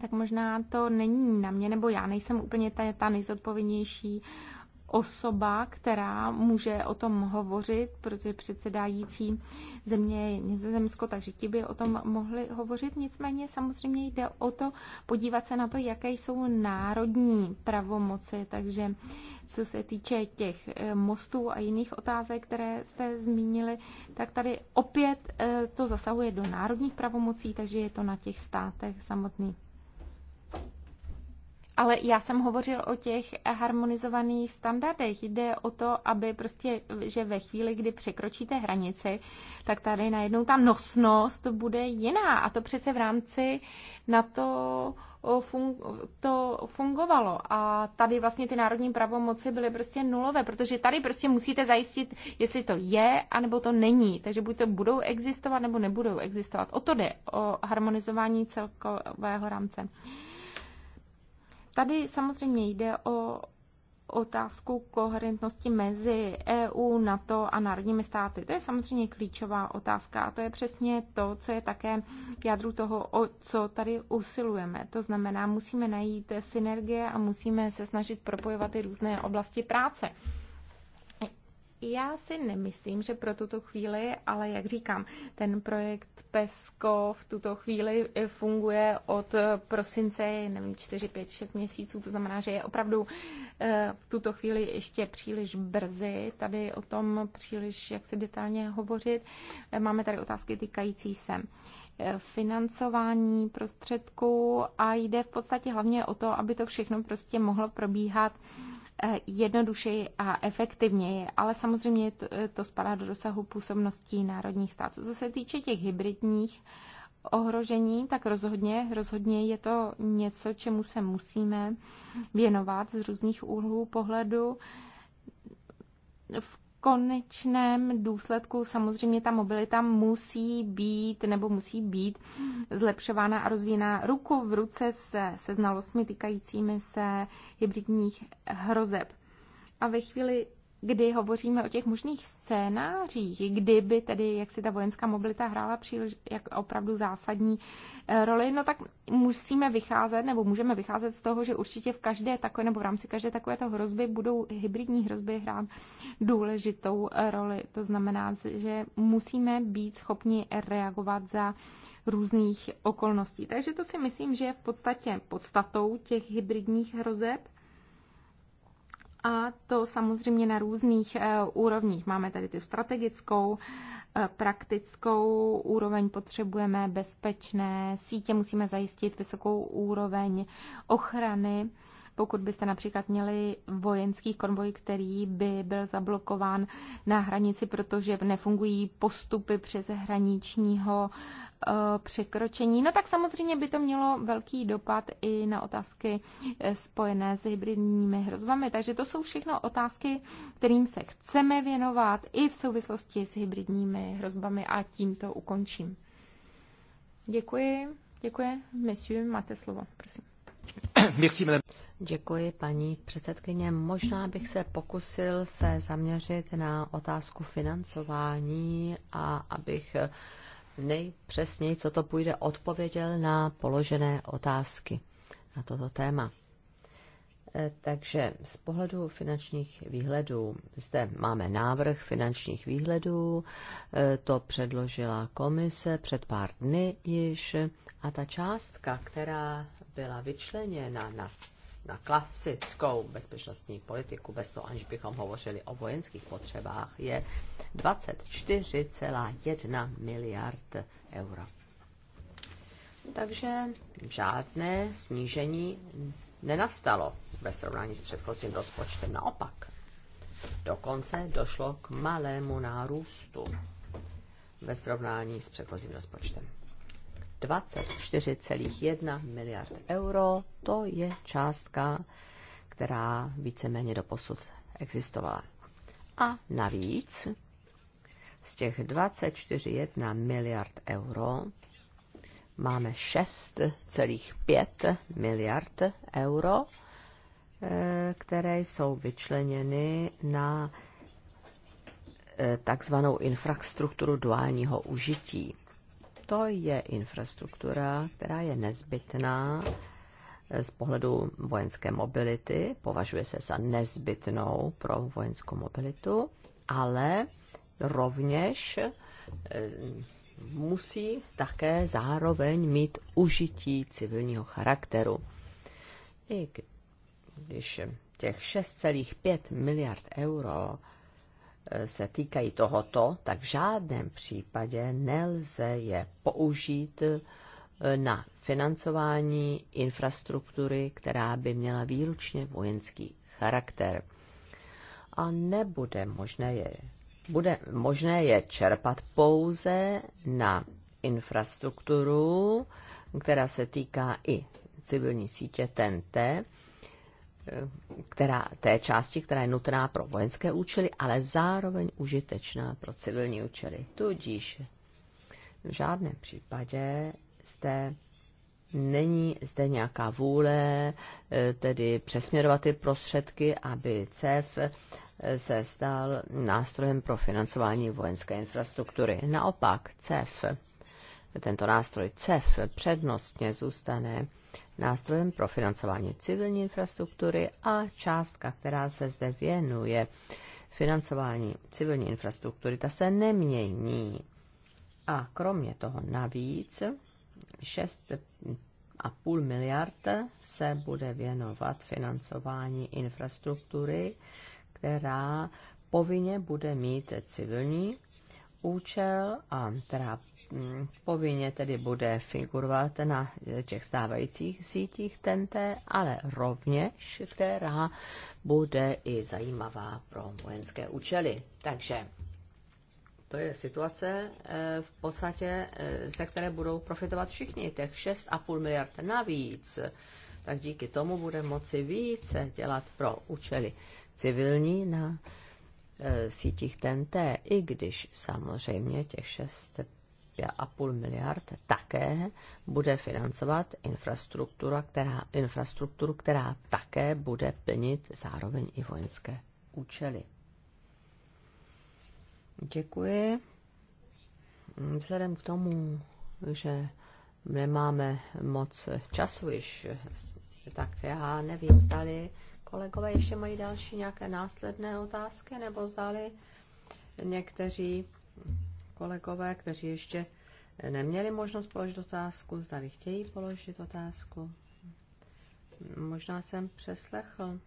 [SPEAKER 2] tak možná to není na mě, nebo já nejsem úplně ta, ta nejzodpovědnější uh, osoba, která může o tom hovořit, protože předsedající země je Nizozemsko, takže ti by o tom mohli hovořit. Nicméně samozřejmě jde o to podívat se na to, jaké jsou národní pravomoci, takže co se týče těch eh, mostů a jiných otázek, které jste zmínili, tak tady opět eh, to zasahuje do národních pravomocí, takže je to na těch státech samotných. Ale já jsem hovořil o těch harmonizovaných standardech. Jde o to, aby prostě, že ve chvíli, kdy překročíte hranici, tak tady najednou ta nosnost bude jiná. A to přece v rámci na to to fungovalo. A tady vlastně ty národní pravomoci byly prostě nulové, protože tady prostě musíte zajistit, jestli to je, anebo to není. Takže buď to budou existovat, nebo nebudou existovat. O to jde, o harmonizování celkového rámce. Tady samozřejmě jde o otázku koherentnosti mezi EU, NATO a národními státy. To je samozřejmě klíčová otázka a to je přesně to, co je také v jádru toho, o co tady usilujeme. To znamená, musíme najít synergie a musíme se snažit propojovat ty různé oblasti práce. Já si nemyslím, že pro tuto chvíli, ale jak říkám, ten projekt PESCO v tuto chvíli eh, funguje od eh, prosince, nevím, 4, 5, 6 měsíců, to znamená, že je opravdu eh, v tuto chvíli ještě příliš brzy tady o tom příliš jak si detailně hovořit. Máme tady otázky týkající se financování prostředků a jde v podstatě hlavně o to, aby to všechno prostě mohlo probíhat Eh, jednodušeji a efektivněji, ale samozřejmě to, eh, to spadá do dosahu působností národních států. Co se týče těch hybridních ohrožení, tak rozhodně, rozhodně je to něco, čemu se musíme věnovat z různých úhlů pohledu. V konečném důsledku samozřejmě ta mobilita musí být nebo musí být zlepšována a rozvíjena ruku v ruce se, se znalostmi týkajícími se hybridních hrozeb. A ve chvíli, kdy hovoříme o těch možných scénářích, kdyby tedy, jak si ta vojenská mobilita hrála příliš jak opravdu zásadní eh, roli, no tak musíme vycházet, nebo můžeme vycházet z toho, že určitě v každé takové, nebo v rámci každé takovéto hrozby budou hybridní hrozby hrát důležitou eh, roli. To znamená, že musíme být schopni reagovat za různých okolností. Takže to si myslím, že je v podstatě podstatou těch hybridních hrozeb. A to samozřejmě na různých eh, úrovních. Máme tady tu strategickou, eh, praktickou úroveň, potřebujeme bezpečné sítě, musíme zajistit vysokou úroveň ochrany pokud byste například měli vojenský konvoj, který by byl zablokován na hranici, protože nefungují postupy přes hraničního eh, překročení, no tak samozřejmě by to mělo velký dopad i na otázky eh, spojené s hybridními hrozbami. Takže to jsou všechno otázky, kterým se chceme věnovat i v souvislosti s hybridními hrozbami a tím to ukončím. Děkuji, děkuji. Monsieur, máte slovo, prosím.
[SPEAKER 3] Děkuji, paní předsedkyně. Možná bych se pokusil se zaměřit na otázku financování a abych nejpřesněji, co to půjde, odpověděl na položené otázky na toto téma. Eh, takže z pohledu finančních výhledů, zde máme návrh finančních výhledů, eh, to předložila komise před pár dny již a ta částka, která byla vyčleněna na na klasickou bezpečnostní politiku, bez toho aniž bychom hovořili o vojenských potřebách, je 24,1 miliard euro. Takže žádné snížení nenastalo ve srovnání s předchozím rozpočtem. Naopak, dokonce došlo k malému nárůstu ve srovnání s předchozím rozpočtem. 24,1 miliard euro, to je částka, která víceméně posud existovala. A navíc z těch 24,1 miliard euro máme 6,5 miliard euro, eh, které jsou vyčleněny na eh, takzvanou infrastrukturu duálního užití. To je infrastruktura, která je nezbytná eh, z pohledu vojenské mobility, považuje se za nezbytnou pro vojenskou mobilitu, ale rovněž musí také zároveň mít užití civilního charakteru. I když těch 6,5 miliard euro eh, se týkají tohoto, tak v žádném případě nelze je použít eh, na financování infrastruktury, která by měla výlučně vojenský charakter. A nebude možné je bude možné je čerpat pouze na infrastrukturu, která se týká i civilní sítě TNT, která, té části, která je nutná pro vojenské účely, ale zároveň užitečná pro civilní účely. Tudíž v žádném případě jste není zde nějaká vůle eh, tedy přesměrovat ty prostředky, aby CEF se stal nástrojem pro financování vojenské infrastruktury. Naopak CEF, tento nástroj CEF přednostně zůstane nástrojem pro financování civilní infrastruktury a částka, která se zde věnuje financování civilní infrastruktury, ta se nemění. A kromě toho navíc 6,5 miliard se bude věnovat financování infrastruktury, která povinně bude mít civilní účel a která mm, povinně tedy bude figurovat na těch stávajících sítích TNT, ale rovněž, která bude i zajímavá pro vojenské účely. Takže to je situace eh, v podstatě, eh, ze které budou profitovat všichni, těch 6,5 miliard navíc. Tak díky tomu bude moci více dělat pro účely civilní na e, sítích TNT, i když samozřejmě těch 6 půl miliard také bude financovat infrastruktura, která, infrastrukturu, která také bude plnit zároveň i vojenské účely. Děkuji. Vzhledem k tomu, že nemáme moc času již, tak já nevím, zdali Kolegové ještě mají další nějaké následné otázky, nebo zdali někteří kolegové, kteří ještě neměli možnost položit otázku, zdali chtějí položit otázku. Možná jsem přeslechl,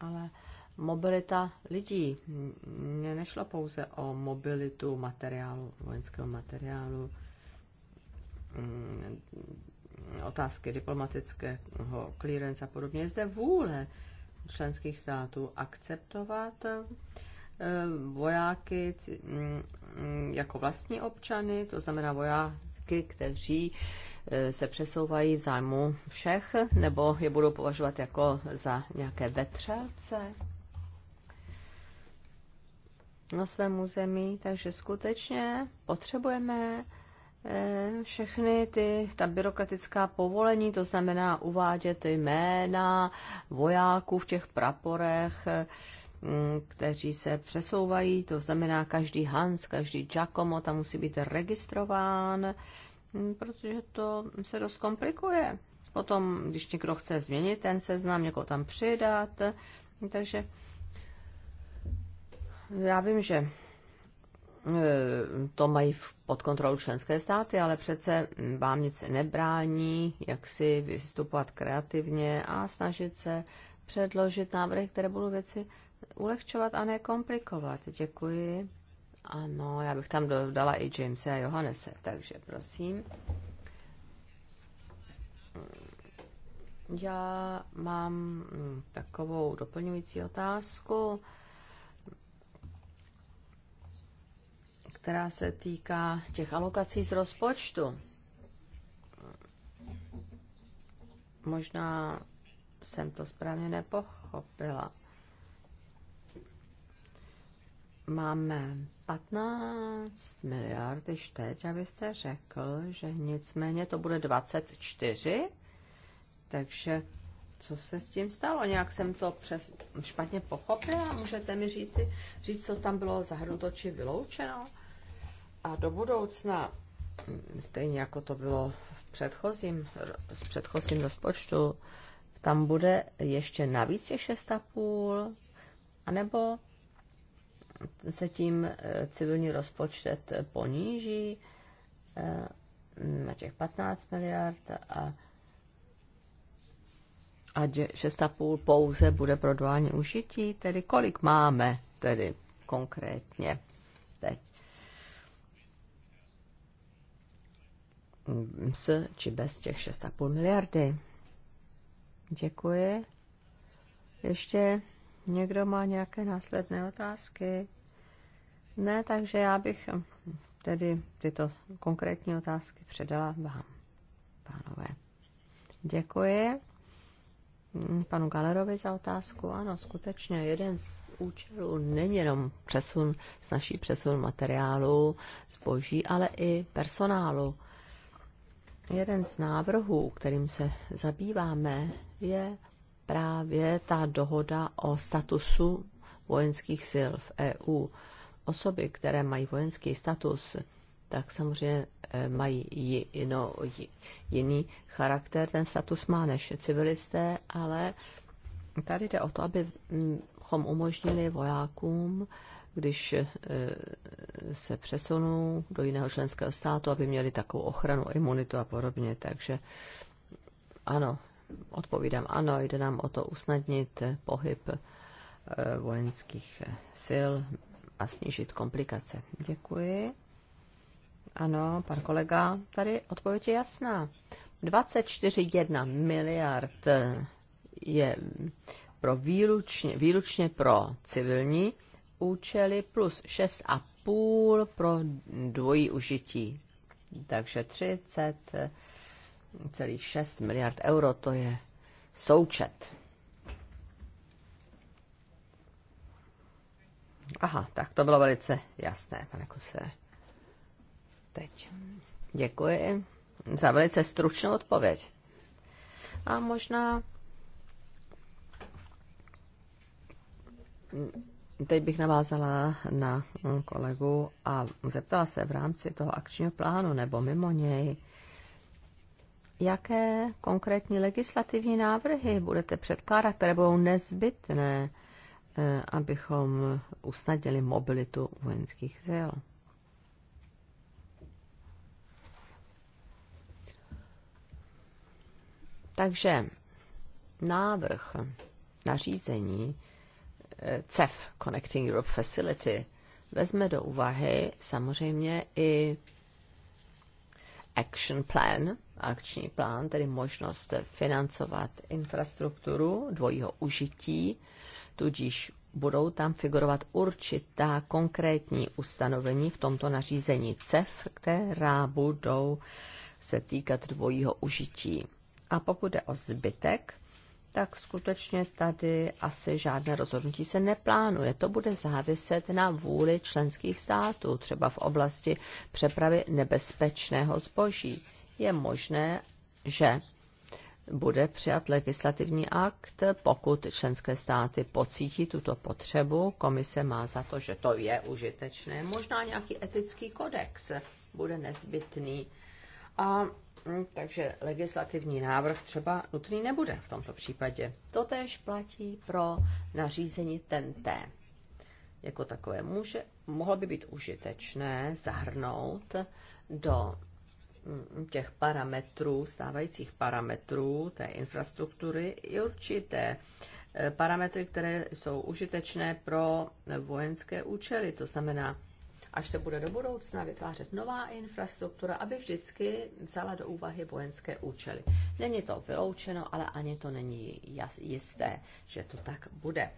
[SPEAKER 3] ale mobilita lidí. Mně nešlo pouze o mobilitu materiálu, vojenského materiálu, otázky diplomatického clearance a podobně. Je zde vůle členských států akceptovat eh, vojáky mm, jako vlastní občany, to znamená vojáky, kteří eh, se přesouvají v zájmu všech, nebo je budou považovat jako za nějaké vetřelce na svém území. Takže skutečně potřebujeme Eh, všechny ty, ta byrokratická povolení, to znamená uvádět jména vojáků v těch praporech, eh, mm, kteří se přesouvají, to znamená každý Hans, každý Giacomo tam musí být registrován, mm, protože to se dost komplikuje. Potom, když někdo chce změnit ten seznam, někoho tam přidat, takže já vím, že E, to mají pod kontrolou členské státy, ale přece vám nic nebrání, jak si vystupovat kreativně a snažit se předložit návrhy, které budou věci ulehčovat a nekomplikovat. Děkuji. Ano, já bych tam dodala i Jamesa a Johannese, takže prosím. Já mám takovou doplňující otázku. která se týká těch alokací z rozpočtu. Možná jsem to správně nepochopila. Máme 15 miliard když teď, abyste řekl, že nicméně to bude 24, takže co se s tím stalo? Nějak jsem to přes, špatně pochopila. Můžete mi říct, říct, co tam bylo zahrnuto či vyloučeno? A do budoucna, stejně jako to bylo v předchozím, s předchozím rozpočtu, tam bude ještě navíc těch 6,5, anebo se tím eh, civilní rozpočet poníží eh, na těch 15 miliard a ať 6,5 pouze bude pro duální užití, tedy kolik máme tedy konkrétně s či bez těch 6,5 miliardy. Děkuji. Ještě někdo má nějaké následné otázky? Ne, takže já bych tedy tyto konkrétní otázky předala vám, pánové. Děkuji panu Galerovi za otázku. Ano, skutečně jeden z účelů není jenom přesun, snaží přesun materiálu, zboží, ale i personálu. Jeden z návrhů, kterým se zabýváme, je právě ta dohoda o statusu vojenských sil v EU. Osoby, které mají vojenský status, tak samozřejmě e, mají jino, jiný charakter, ten status má než civilisté, ale tady jde o to, abychom umožnili vojákům když eh, se přesunou do jiného členského státu, aby měli takovou ochranu, imunitu a podobně. Takže ano, odpovídám ano, jde nám o to usnadnit pohyb eh, vojenských eh, sil a snížit komplikace. Děkuji. Ano, pan kolega, tady odpověď je jasná. 24,1 miliard je pro výlučně, výlučně pro civilní účely plus 6,5 pro dvojí užití. Takže 30,6 miliard euro to je součet. Aha, tak to bylo velice jasné, pane Kuse. Teď. Děkuji za velice stručnou odpověď. A možná Teď bych navázala na mm, kolegu a zeptala se v rámci toho akčního plánu nebo mimo něj, jaké konkrétní legislativní návrhy budete předkládat, které budou nezbytné, eh, abychom usnadnili mobilitu vojenských sil. Takže návrh nařízení CEF, Connecting Europe Facility, vezme do úvahy samozřejmě i action plan, akční plán, tedy možnost financovat infrastrukturu dvojího užití, tudíž budou tam figurovat určitá konkrétní ustanovení v tomto nařízení CEF, která budou se týkat dvojího užití. A pokud jde o zbytek, tak skutečně tady asi žádné rozhodnutí se neplánuje. To bude záviset na vůli členských států, třeba v oblasti přepravy nebezpečného zboží. Je možné, že bude přijat legislativní akt, pokud členské státy pocítí tuto potřebu. Komise má za to, že to je užitečné. Možná nějaký etický kodex bude nezbytný. A Hm, takže legislativní návrh třeba nutný nebude v tomto případě. To Totež platí pro nařízení TNT. Jako takové může, mohlo by být užitečné zahrnout do hm, těch parametrů, stávajících parametrů té infrastruktury i určité eh, parametry, které jsou užitečné pro vojenské účely, to znamená až se bude do budoucna vytvářet nová infrastruktura, aby vždycky vzala do úvahy vojenské účely. Není to vyloučeno, ale ani to není jisté, že to tak bude.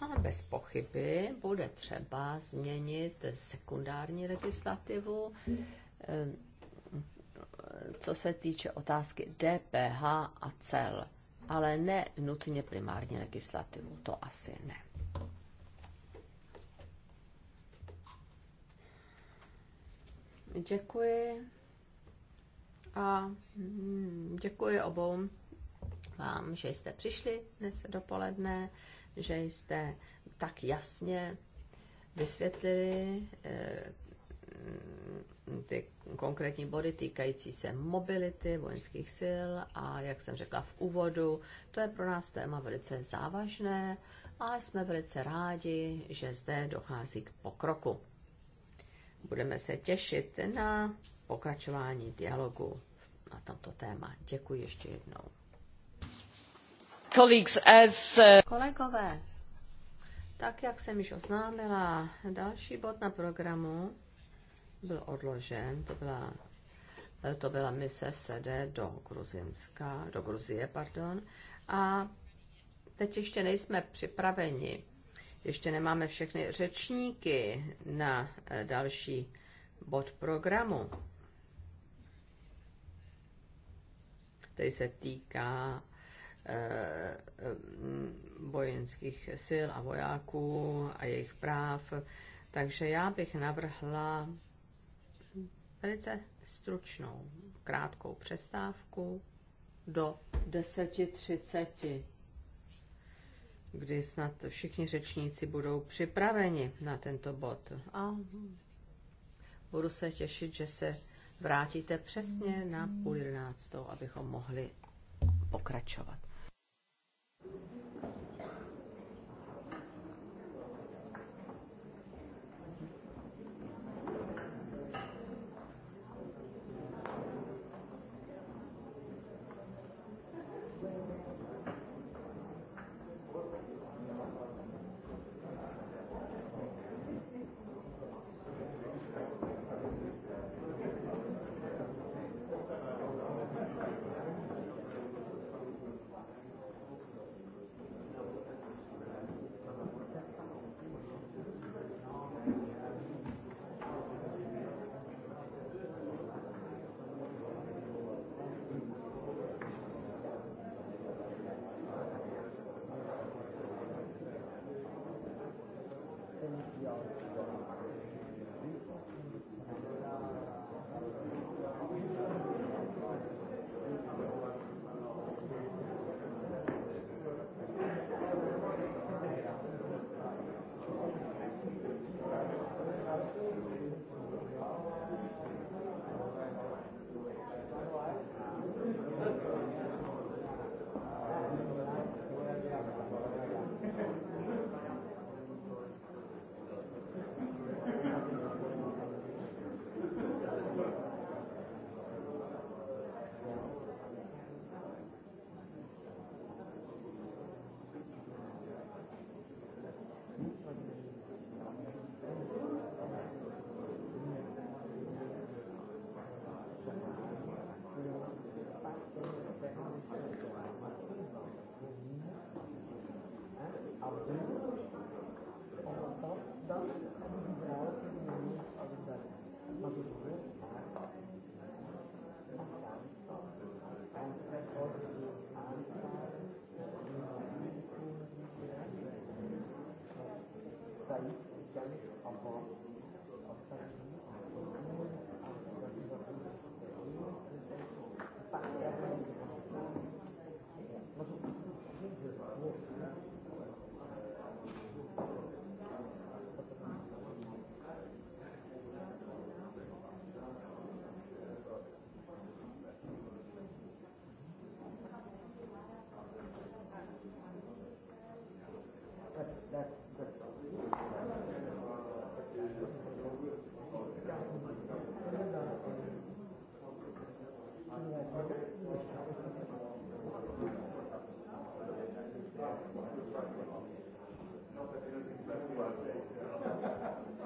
[SPEAKER 3] A bez pochyby bude třeba změnit sekundární legislativu, ehm, co se týče otázky DPH a cel, ale ne nutně primární legislativu, to asi ne. Děkuji a hmm, děkuji obou vám, že jste přišli dnes dopoledne, že jste tak jasně vysvětlili eh, mm, ty konkrétní body týkající se mobility vojenských sil a jak jsem řekla v úvodu, to je pro nás téma velice závažné a jsme velice rádi, že zde dochází k pokroku budeme se těšit na pokračování dialogu na tomto téma. Děkuji ještě jednou. Uh, Kolegové, tak jak jsem již oznámila, další bod na programu byl odložen, to byla, to byla mise sede do Gruzinska, do Gruzie, pardon, a teď ještě nejsme připraveni ještě nemáme všechny řečníky na eh, další bod programu, který se týká eh, eh, vojenských sil a vojáků a jejich práv. Takže já bych navrhla velice stručnou, krátkou přestávku do 10.30 kdy snad všichni řečníci budou připraveni na tento bod. A budu se těšit, že se vrátíte přesně na půl jedenáctou, abychom mohli pokračovat.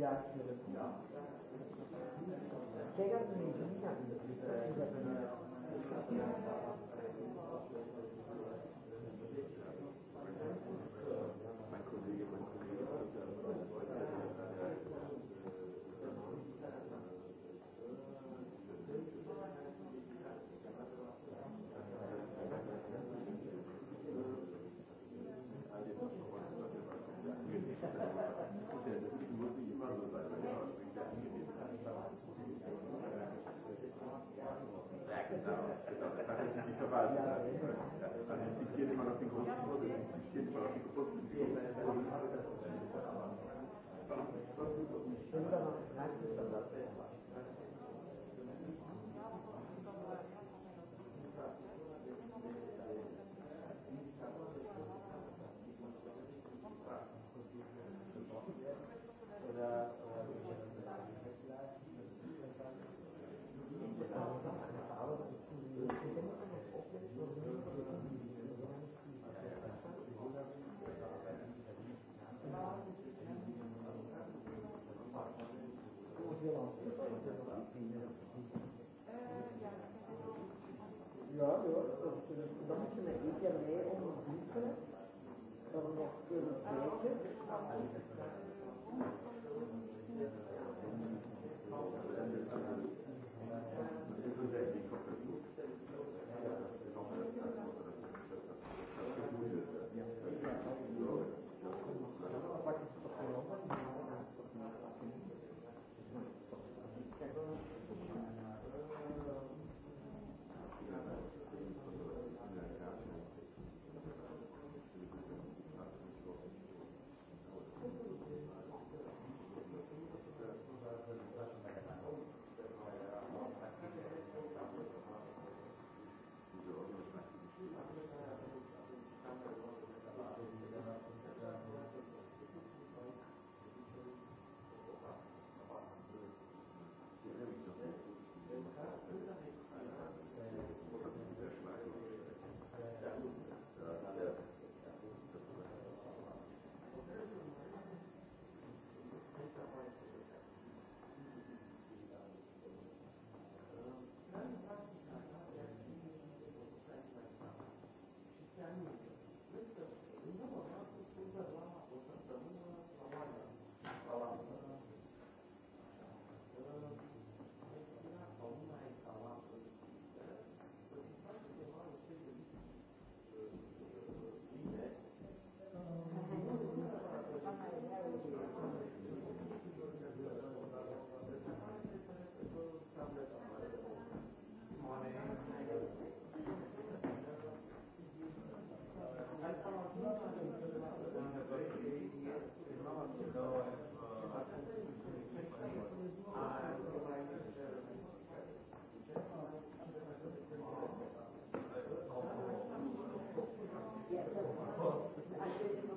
[SPEAKER 4] Yeah. Thank no, you. Thank you.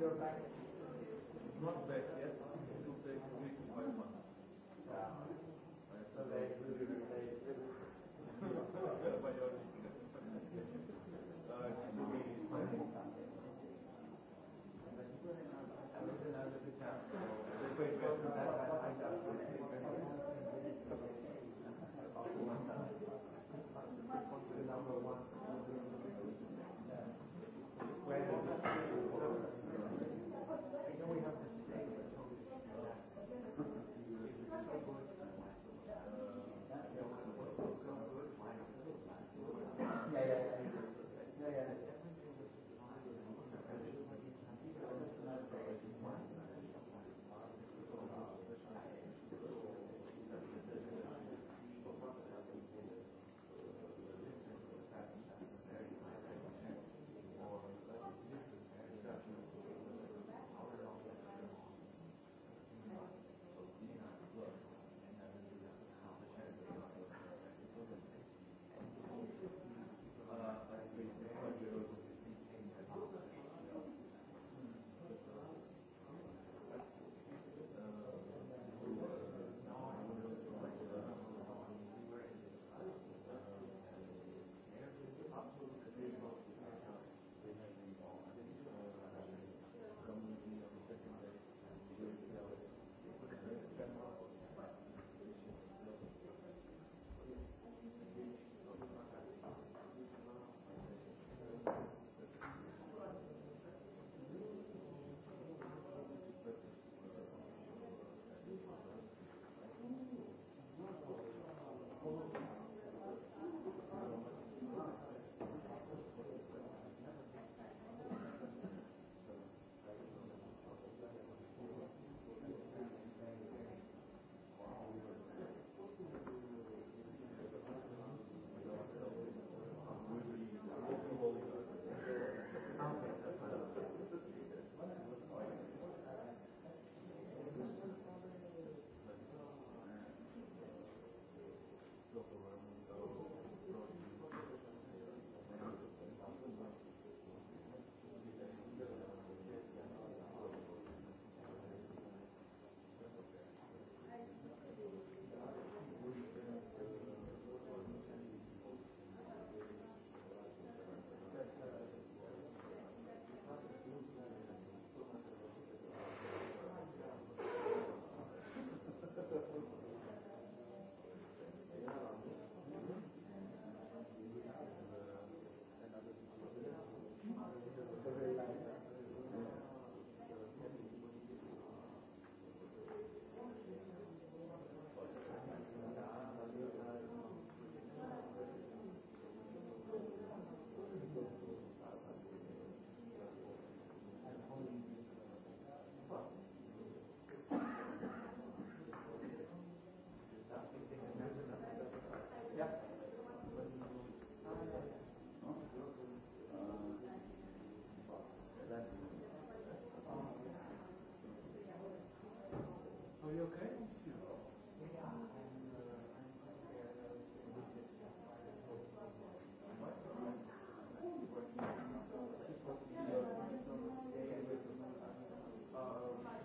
[SPEAKER 4] your back.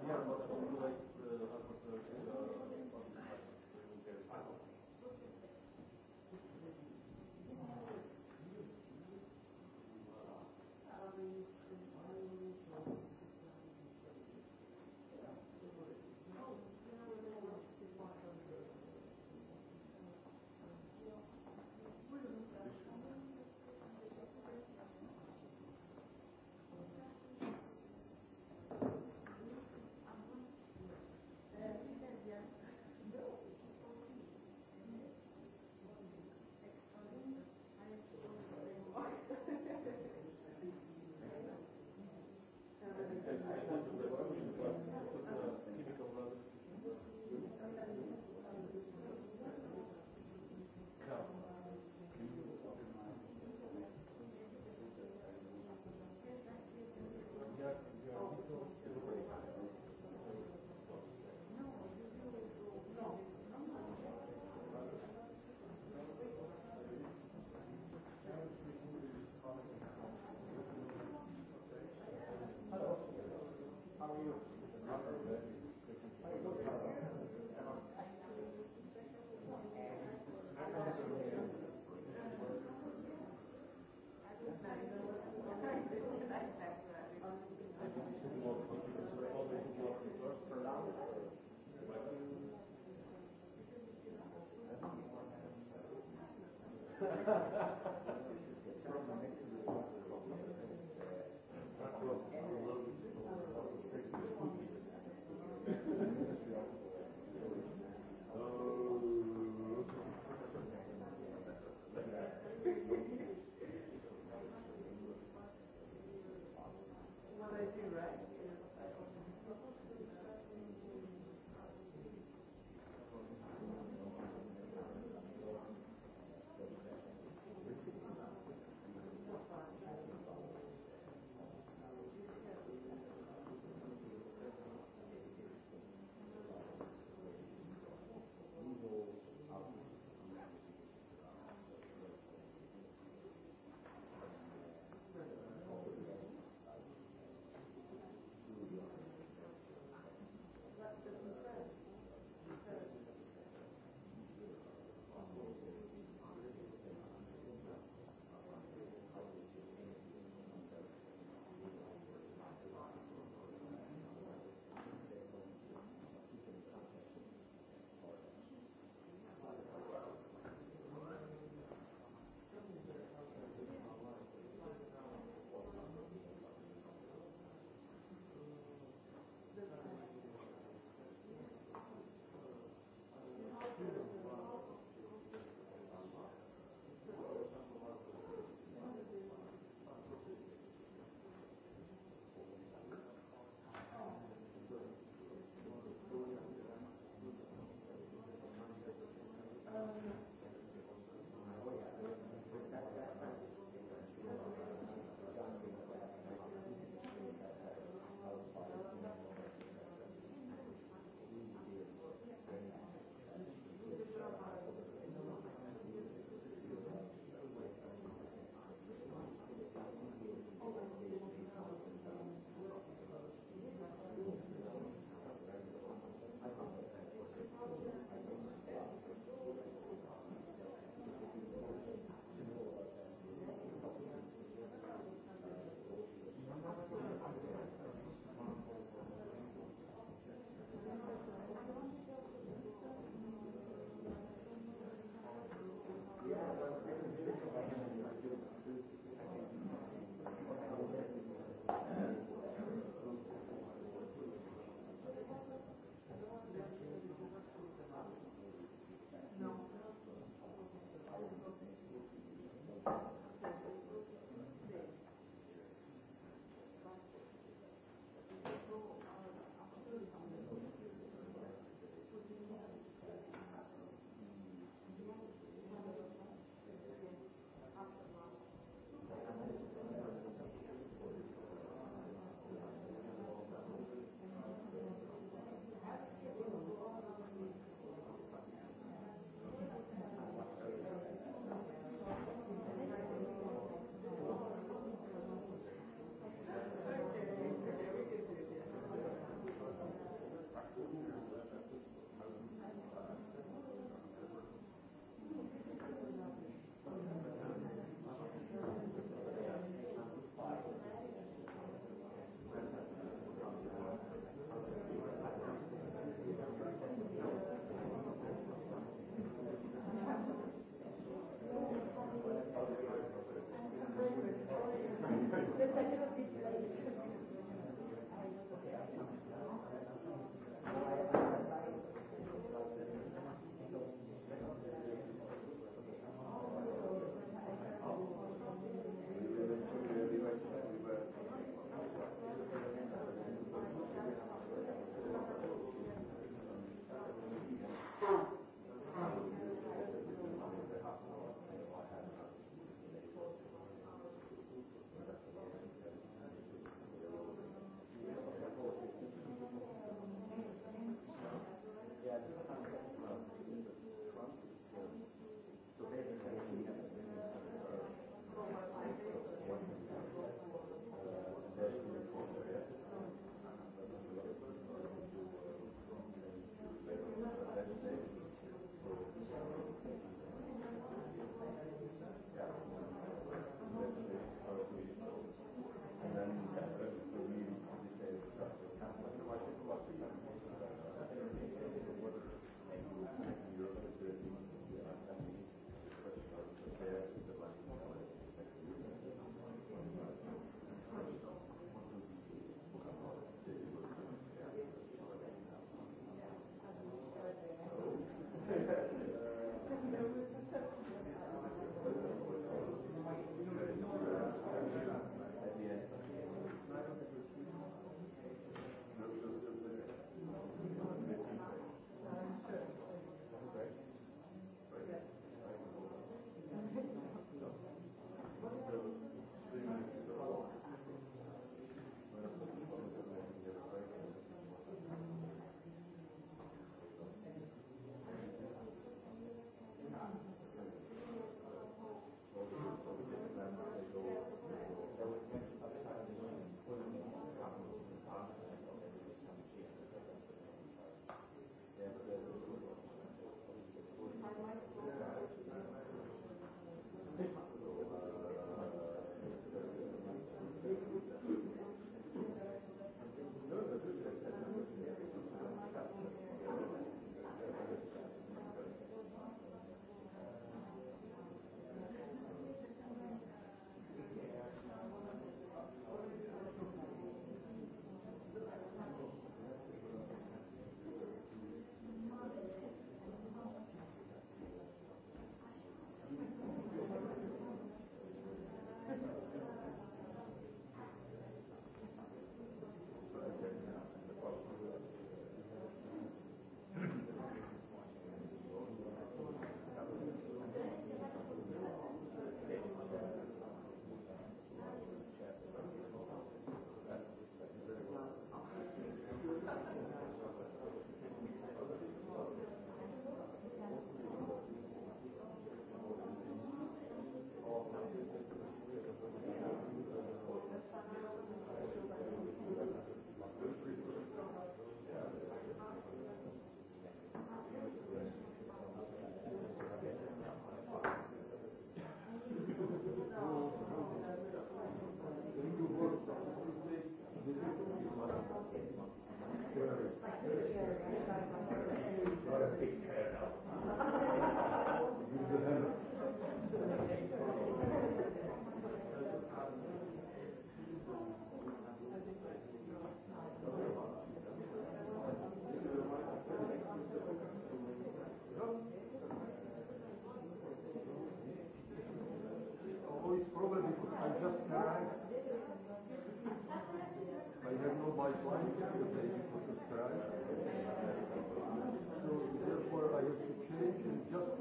[SPEAKER 4] Yeah, but only like uh,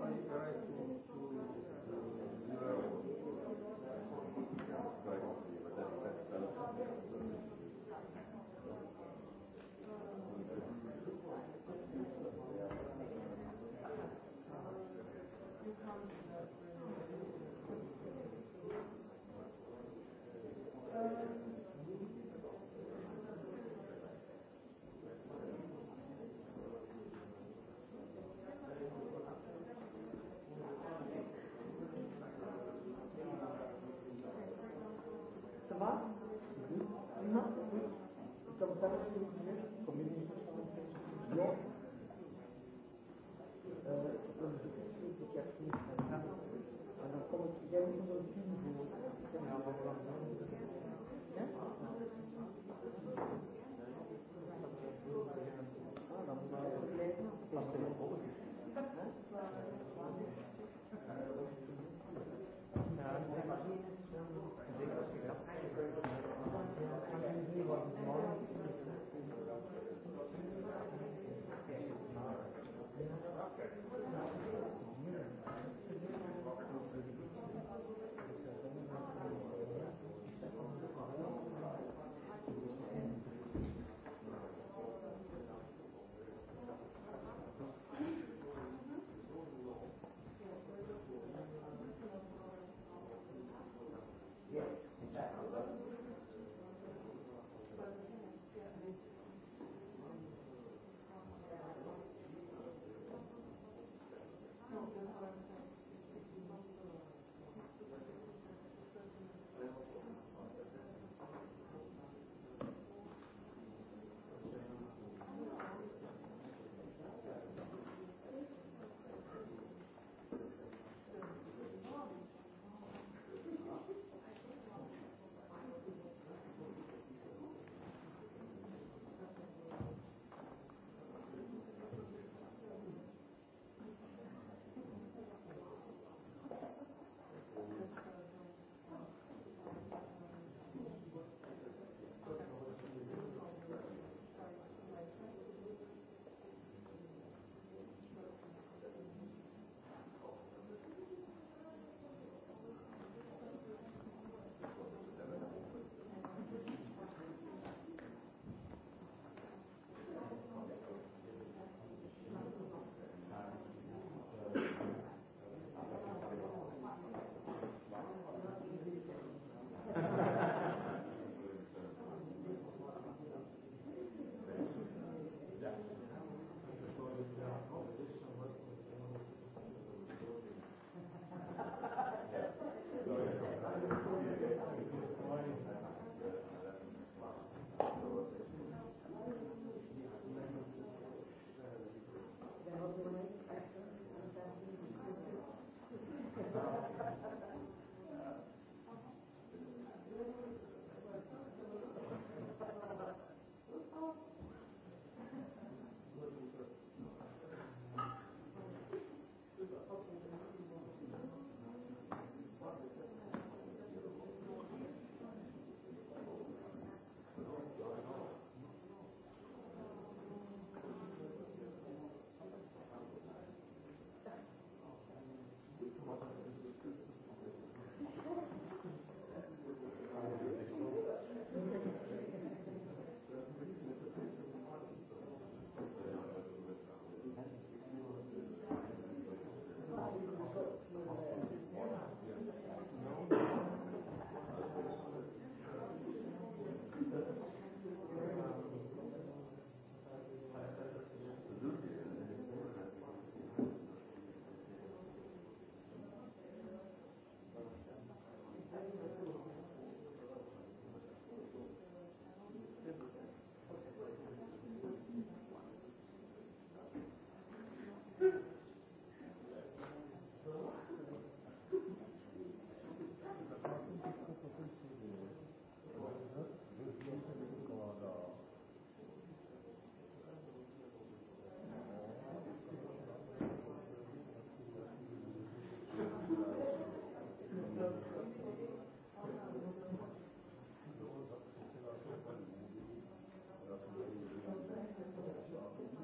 [SPEAKER 4] Thank you. Boha.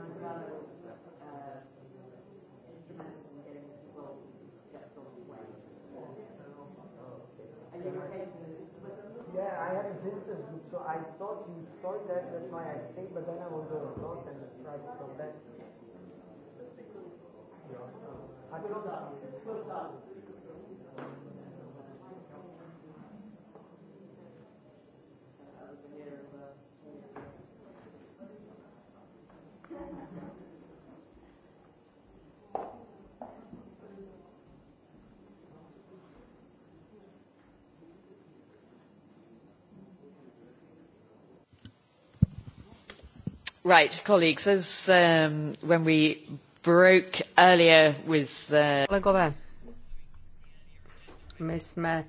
[SPEAKER 4] Yeah, I had a distance, so I thought you that, that's why I stayed, but then I was and tried to come back. Yeah. I
[SPEAKER 3] Right, colleagues, as um, when we broke earlier with the... Uh, Kolegové, my jsme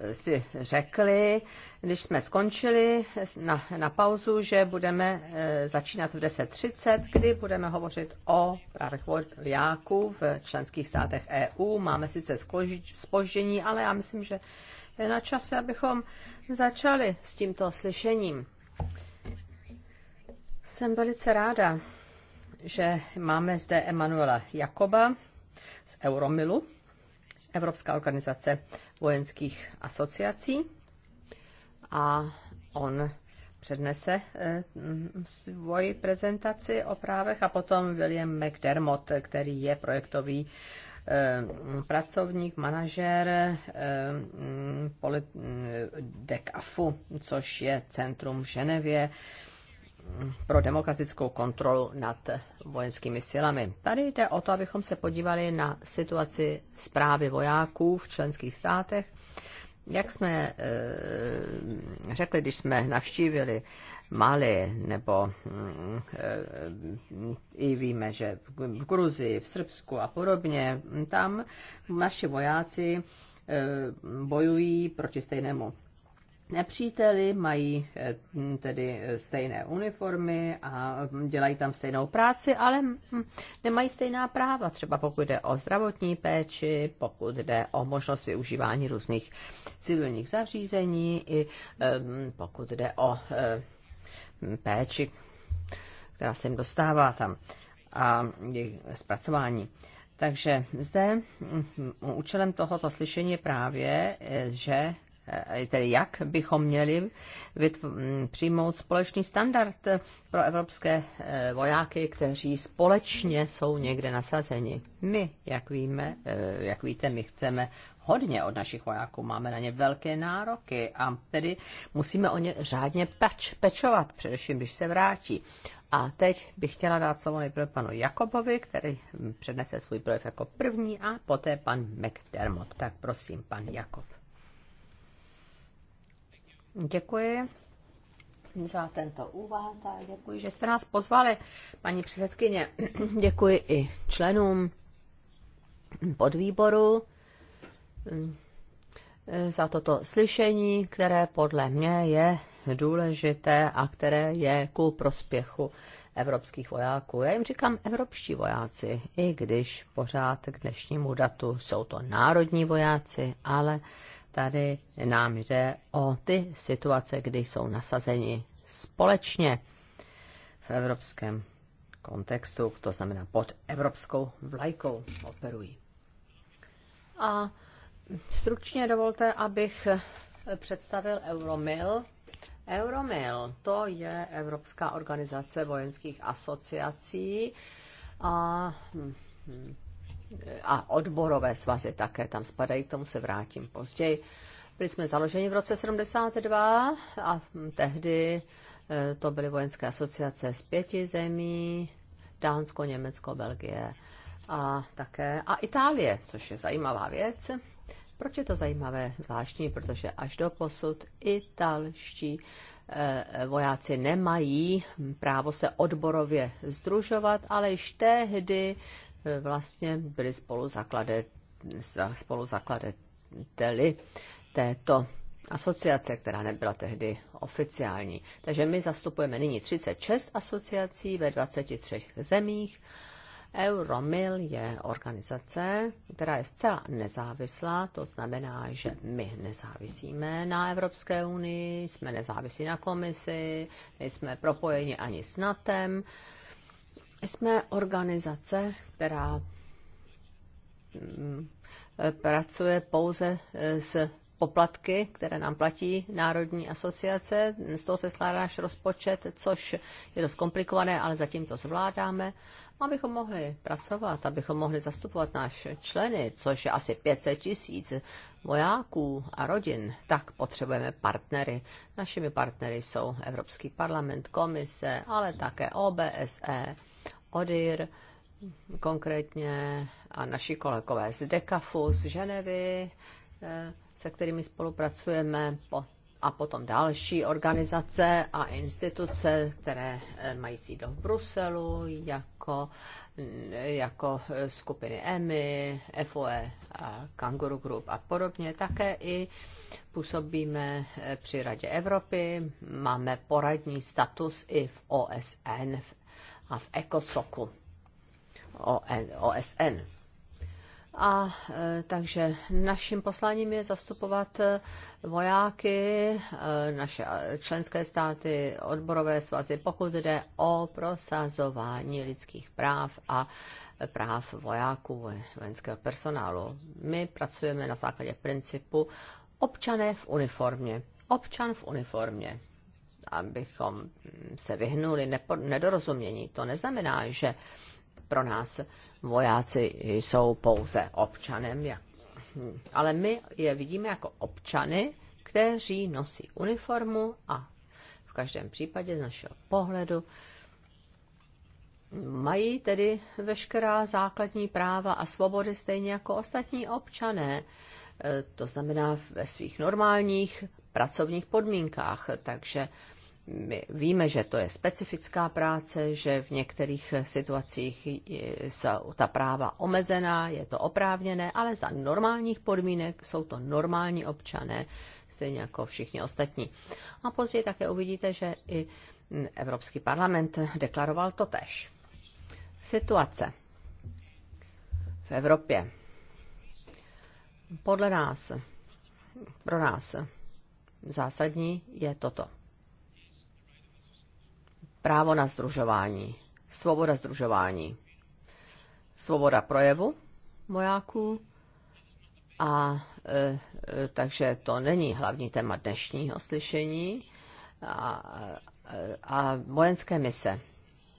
[SPEAKER 3] uh, si řekli, když jsme skončili na, na pauzu, že budeme uh, začínat v 10.30, kdy budeme hovořit o právech vojáků v členských státech EU. Máme sice spoždění, ale já myslím, že je na čase, abychom začali s tímto slyšením. Jsem velice ráda, že máme zde Emanuela Jakoba z Euromilu, Evropská organizace vojenských asociací. A on přednese eh, svoji prezentaci o právech a potom William McDermott, který je projektový eh, pracovník, manažer eh, DECAFu, což je centrum v Ženevě, pro demokratickou kontrolu nad vojenskými silami. Tady jde o to, abychom se podívali na situaci zprávy vojáků v členských státech. Jak jsme e, řekli, když jsme navštívili Mali, nebo e, i víme, že v Gruzii, v Srbsku a podobně, tam naši vojáci e, bojují proti stejnému nepříteli, mají eh, tedy eh, stejné uniformy a mm, dělají tam stejnou práci, ale mm, nemají stejná práva, třeba pokud jde o zdravotní péči, pokud jde o možnost využívání různých civilních zařízení, i eh, pokud jde o péči, která se jim dostává tam a jejich zpracování. Takže zde mm, účelem tohoto slyšení je právě, že Eh, tedy jak bychom měli mm, přijmout společný standard pro evropské eh, vojáky, kteří společně jsou někde nasazeni. My, jak víme, eh, jak víte, my chceme hodně od našich vojáků, máme na ně velké nároky a tedy musíme o ně řádně peč, pečovat, především když se vrátí. A teď bych chtěla dát slovo nejprve panu Jakobovi, který přednese svůj projev jako první a poté pan McDermott. Tak prosím, pan Jakob. Děkuji za tento úvod a děkuji, že jste nás pozvali, paní předsedkyně. [clears throat] děkuji i členům podvýboru mm, za toto slyšení, které podle mě je důležité a které je ku prospěchu evropských vojáků. Já jim říkám evropští vojáci, i když pořád k dnešnímu datu jsou to národní vojáci, ale Tady nám jde o ty situace, kdy jsou nasazeni společně v evropském kontextu, to znamená pod evropskou vlajkou operují. A stručně dovolte, abych představil Euromil. Euromil to je Evropská organizace vojenských asociací a a odborové svazy také tam spadají, k tomu se vrátím později. Byli jsme založeni v roce 72 a tehdy eh, to byly vojenské asociace z pěti zemí, Dánsko, Německo, Belgie a také a Itálie, což je zajímavá věc. Proč je to zajímavé zvláštní? Protože až do posud italští eh, vojáci nemají právo se odborově združovat, ale již tehdy vlastně byli spoluzakladateli této asociace, která nebyla tehdy oficiální. Takže my zastupujeme nyní 36 asociací ve 23 zemích. Euromil je organizace, která je zcela nezávislá, to znamená, že my nezávisíme na Evropské unii, jsme nezávislí na komisi, nejsme propojeni ani s NATEM, jsme organizace, která mm, e, pracuje pouze e, s poplatky, které nám platí Národní asociace. Z toho se skládá náš rozpočet, což je dost komplikované, ale zatím to zvládáme. Abychom mohli pracovat, abychom mohli zastupovat naše členy, což je asi 500 tisíc vojáků a rodin, tak potřebujeme partnery. Našimi partnery jsou Evropský parlament, komise, ale také OBSE ODIR konkrétně a naši kolegové z Dekafu, z Ženevy, eh, se kterými spolupracujeme, a potom další organizace a instituce, které eh, mají sídlo v Bruselu, jako, mm, jako eh, skupiny EMI, FOE, a Kanguru Group a podobně. Také i působíme při Radě Evropy, máme poradní status i v OSN, v a v ECOSOCu OSN. A e, takže naším posláním je zastupovat e, vojáky, e, naše členské státy, odborové svazy, pokud jde o prosazování lidských práv a práv vojáků, vojenského personálu. My pracujeme na základě principu občané v uniformě. Občan v uniformě abychom se vyhnuli nedorozumění. To neznamená, že pro nás vojáci jsou pouze občanem, ale my je vidíme jako občany, kteří nosí uniformu a v každém případě z našeho pohledu mají tedy veškerá základní práva a svobody stejně jako ostatní občané. E, to znamená ve svých normálních pracovních podmínkách. Takže my víme, že to je specifická práce, že v některých situacích jsou ta práva omezená, je to oprávněné, ale za normálních podmínek jsou to normální občané, stejně jako všichni ostatní. A později také uvidíte, že i Evropský parlament deklaroval to tež. Situace v Evropě. Podle nás, pro nás zásadní je toto právo na združování, svoboda združování, svoboda projevu vojáků. A e, e, takže to není hlavní téma dnešního slyšení. A, a vojenské mise,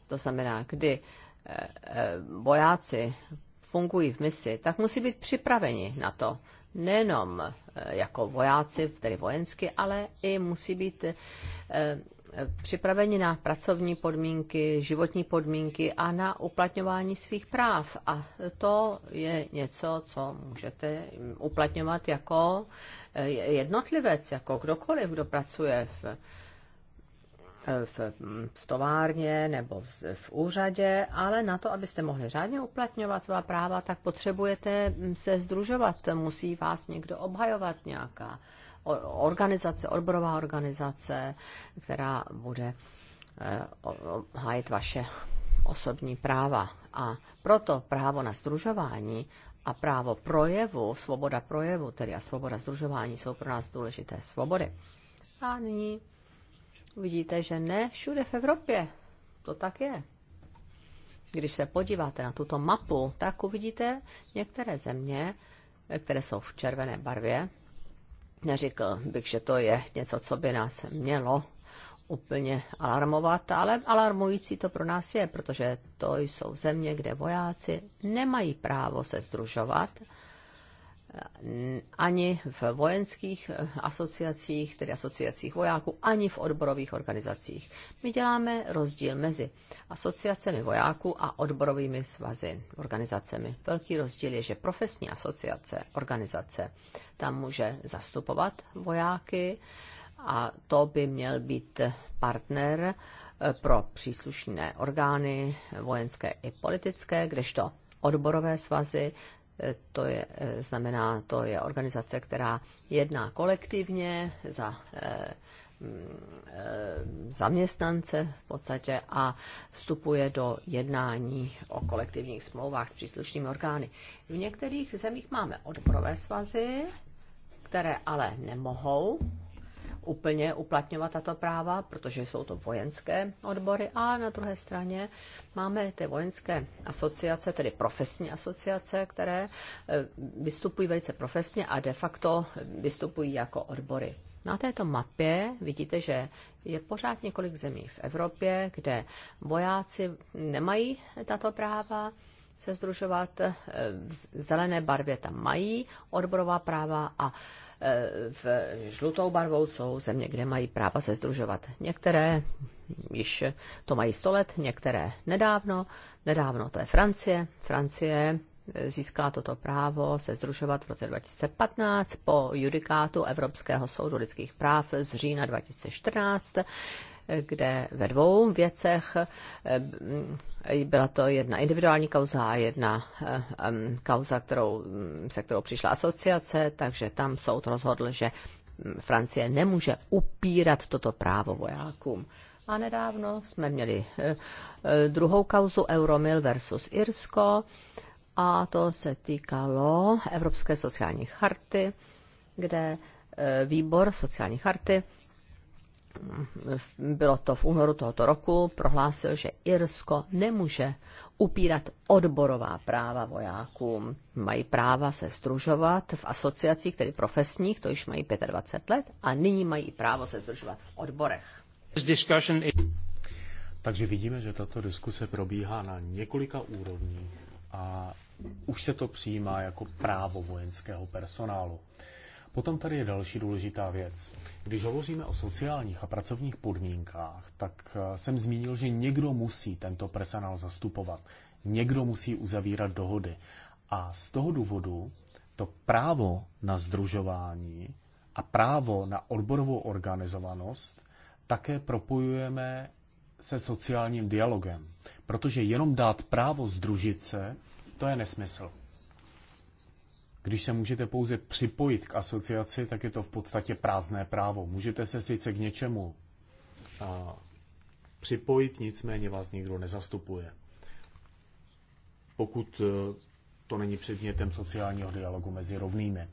[SPEAKER 3] to znamená, kdy e, e, vojáci fungují v misi, tak musí být připraveni na to. Nejenom e, jako vojáci, tedy vojensky, ale i musí být připraveni na pracovní podmínky, životní podmínky a na uplatňování svých práv. A to je něco, co můžete uplatňovat jako eh, jednotlivec, jako kdokoliv, kdo pracuje v, v, v továrně nebo v, v úřadě, ale na to, abyste mohli řádně uplatňovat svá práva, tak potřebujete se združovat. Musí vás někdo obhajovat, nějaká organizace, odborová organizace, která bude eh, hájit vaše osobní práva. A proto právo na združování a právo projevu, svoboda projevu, tedy a svoboda združování jsou pro nás důležité svobody. A nyní vidíte, že ne všude v Evropě to tak je. Když se podíváte na tuto mapu, tak uvidíte některé země, eh, které jsou v červené barvě, Neřekl bych, že to je něco, co by nás mělo úplně alarmovat, ale alarmující to pro nás je, protože to jsou země, kde vojáci nemají právo se združovat ani v vojenských asociacích, tedy asociacích vojáků, ani v odborových organizacích. My děláme rozdíl mezi asociacemi vojáků a odborovými svazy, organizacemi. Velký rozdíl je, že profesní asociace, organizace, tam může zastupovat vojáky a to by měl být partner eh, pro příslušné orgány vojenské i politické, kdežto odborové svazy to je, eh, znamená, to je organizace, která jedná kolektivně za eh, mm, eh, zaměstnance v podstatě a vstupuje do jednání o kolektivních smlouvách s příslušnými orgány. V některých zemích máme odborové svazy, které ale nemohou úplně uplatňovat tato práva, protože jsou to vojenské odbory a na druhé straně máme ty vojenské asociace, tedy profesní asociace, které eh, vystupují velice profesně a de facto vystupují jako odbory. Na této mapě vidíte, že je pořád několik zemí v Evropě, kde vojáci nemají tato práva se združovat. Eh, v zelené barvě tam mají odborová práva a E, v žlutou barvou jsou země, kde mají práva se združovat. Některé již to mají 100 let, některé nedávno. Nedávno to je Francie. Francie e, získala toto právo se združovat v roce 2015 po judikátu Evropského soudu lidských práv z října 2014, kde ve dvou věcech eh, byla to jedna individuální kauza a jedna eh, kauza, kterou, se kterou přišla asociace, takže tam soud rozhodl, že Francie nemůže upírat toto právo vojákům. A nedávno jsme měli eh, druhou kauzu Euromil versus Irsko a to se týkalo Evropské sociální charty, kde výbor sociální charty bylo to v únoru tohoto roku, prohlásil, že Irsko nemůže upírat odborová práva vojákům. Mají práva se združovat v asociacích, tedy profesních, to již mají 25 let, a nyní mají právo se združovat v odborech.
[SPEAKER 1] Takže vidíme, že tato diskuse probíhá na několika úrovních a už se to přijímá jako právo vojenského personálu. Potom tady je další důležitá věc. Když hovoříme o sociálních a pracovních podmínkách, tak eh, jsem zmínil, že někdo musí tento personál zastupovat. Někdo musí uzavírat dohody. A z toho důvodu to právo na združování a právo na odborovou organizovanost také propojujeme se sociálním dialogem. Protože jenom dát právo združit se, to je nesmysl. Když se můžete pouze připojit k asociaci, tak je to v podstatě prázdné právo. Můžete se sice k něčemu a, připojit, nicméně vás nikdo nezastupuje. Pokud e, to není předmětem sociálního dialogu mezi rovnými.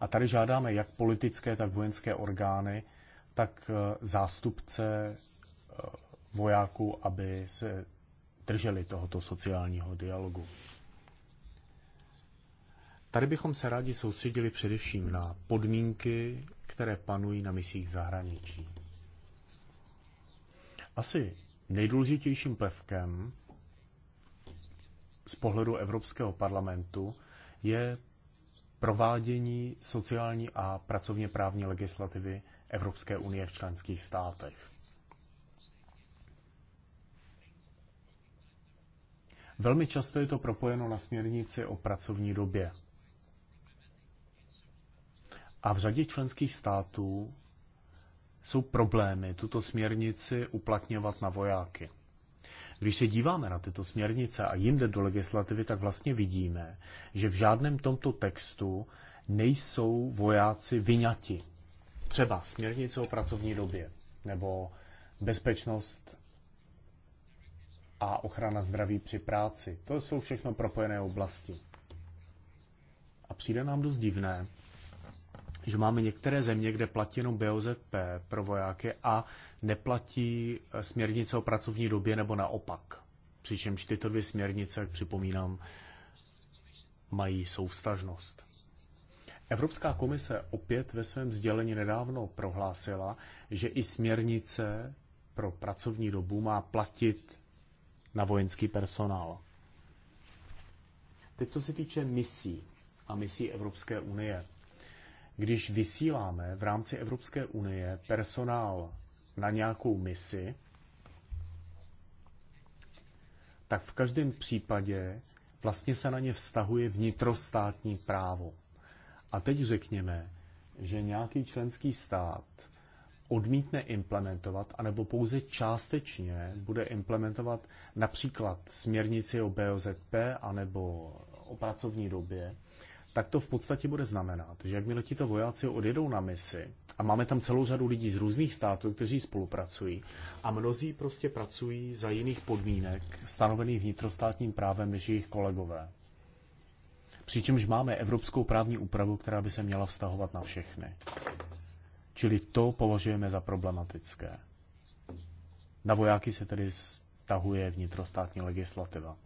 [SPEAKER 1] A tady žádáme jak politické, tak vojenské orgány, tak e, zástupce e, vojáků, aby se drželi tohoto sociálního dialogu. Tady bychom se rádi soustředili především na podmínky, které panují na misích v zahraničí. Asi nejdůležitějším prvkem z pohledu Evropského parlamentu je provádění sociální a pracovně právní legislativy Evropské unie v členských státech. Velmi často je to propojeno na směrnici o pracovní době. A v řadě členských států jsou problémy tuto směrnici uplatňovat na vojáky. Když se díváme na tyto směrnice a jinde do legislativy, tak vlastně vidíme, že v žádném tomto textu nejsou vojáci vyňati. Třeba směrnice o pracovní době nebo bezpečnost a ochrana zdraví při práci. To jsou všechno propojené oblasti. A přijde nám dost divné, že máme některé země, kde platí jenom BOZP pro vojáky a neplatí eh, směrnice o pracovní době nebo naopak. Přičemž tyto dvě směrnice, jak připomínám, mají souvstažnost. Evropská komise opět ve svém sdělení nedávno prohlásila, že i směrnice pro pracovní dobu má platit na vojenský personál. Teď co se týče misí a misí Evropské unie. Když vysíláme v rámci Evropské unie personál na nějakou misi, tak v každém případě vlastně se na ně vztahuje vnitrostátní právo. A teď řekněme, že nějaký členský stát odmítne implementovat, anebo pouze částečně bude implementovat například směrnici o BOZP anebo o pracovní době, tak to v podstatě bude znamenat, že jakmile tito vojáci odjedou na misi, a máme tam celou řadu lidí z různých států, kteří spolupracují, a mnozí prostě pracují za jiných podmínek stanovených vnitrostátním právem než jejich kolegové. Přičemž máme evropskou právní úpravu, která by se měla vztahovat na všechny. Čili to považujeme za problematické. Na vojáky se tedy stahuje vnitrostátní legislativa.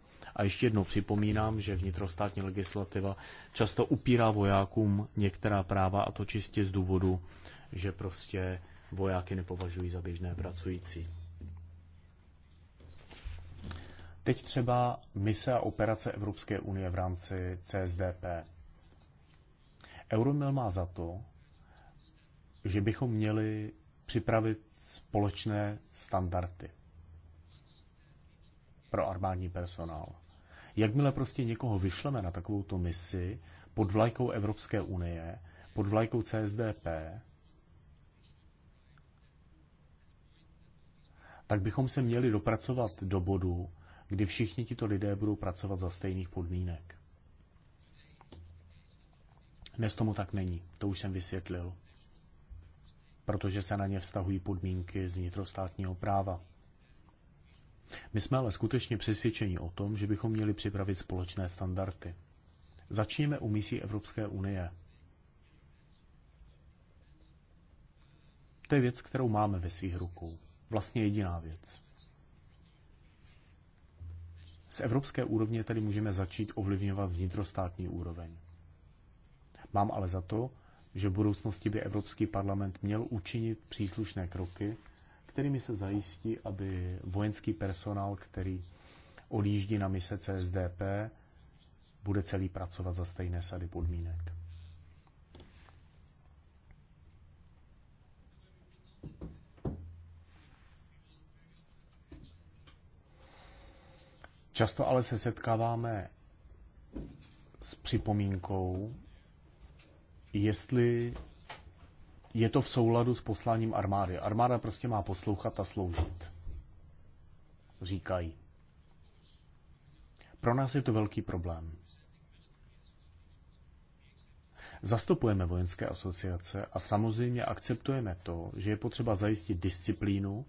[SPEAKER 1] A ještě jednou připomínám, že vnitrostátní legislativa často upírá vojákům některá práva a to čistě z důvodu, že prostě vojáky nepovažují za běžné pracující. Teď třeba mise a operace Evropské unie v rámci CSDP. Euromil má za to, že bychom měli připravit společné standardy pro armádní personál. Jakmile prostě někoho vyšleme na takovou misi pod vlajkou Evropské unie, pod vlajkou CSDP, tak bychom se měli dopracovat do bodu, kdy všichni tito lidé budou pracovat za stejných podmínek. Dnes tomu tak není, to už jsem vysvětlil, protože se na ně vztahují podmínky z vnitrostátního práva. My jsme ale skutečně přesvědčeni o tom, že bychom měli připravit společné standardy. Začněme u misí Evropské unie. To je věc, kterou máme ve svých rukou. Vlastně jediná věc. Z evropské úrovně tedy můžeme začít ovlivňovat vnitrostátní úroveň. Mám ale za to, že v budoucnosti by Evropský parlament měl učinit příslušné kroky, kterými se zajistí, aby vojenský personál, který odjíždí na mise CSDP, bude celý pracovat za stejné sady podmínek. Často ale se setkáváme s připomínkou, jestli je to v souladu s posláním armády. Armáda prostě má poslouchat a sloužit. Říkají. Pro nás je to velký problém. Zastupujeme vojenské asociace a samozřejmě akceptujeme to, že je potřeba zajistit disciplínu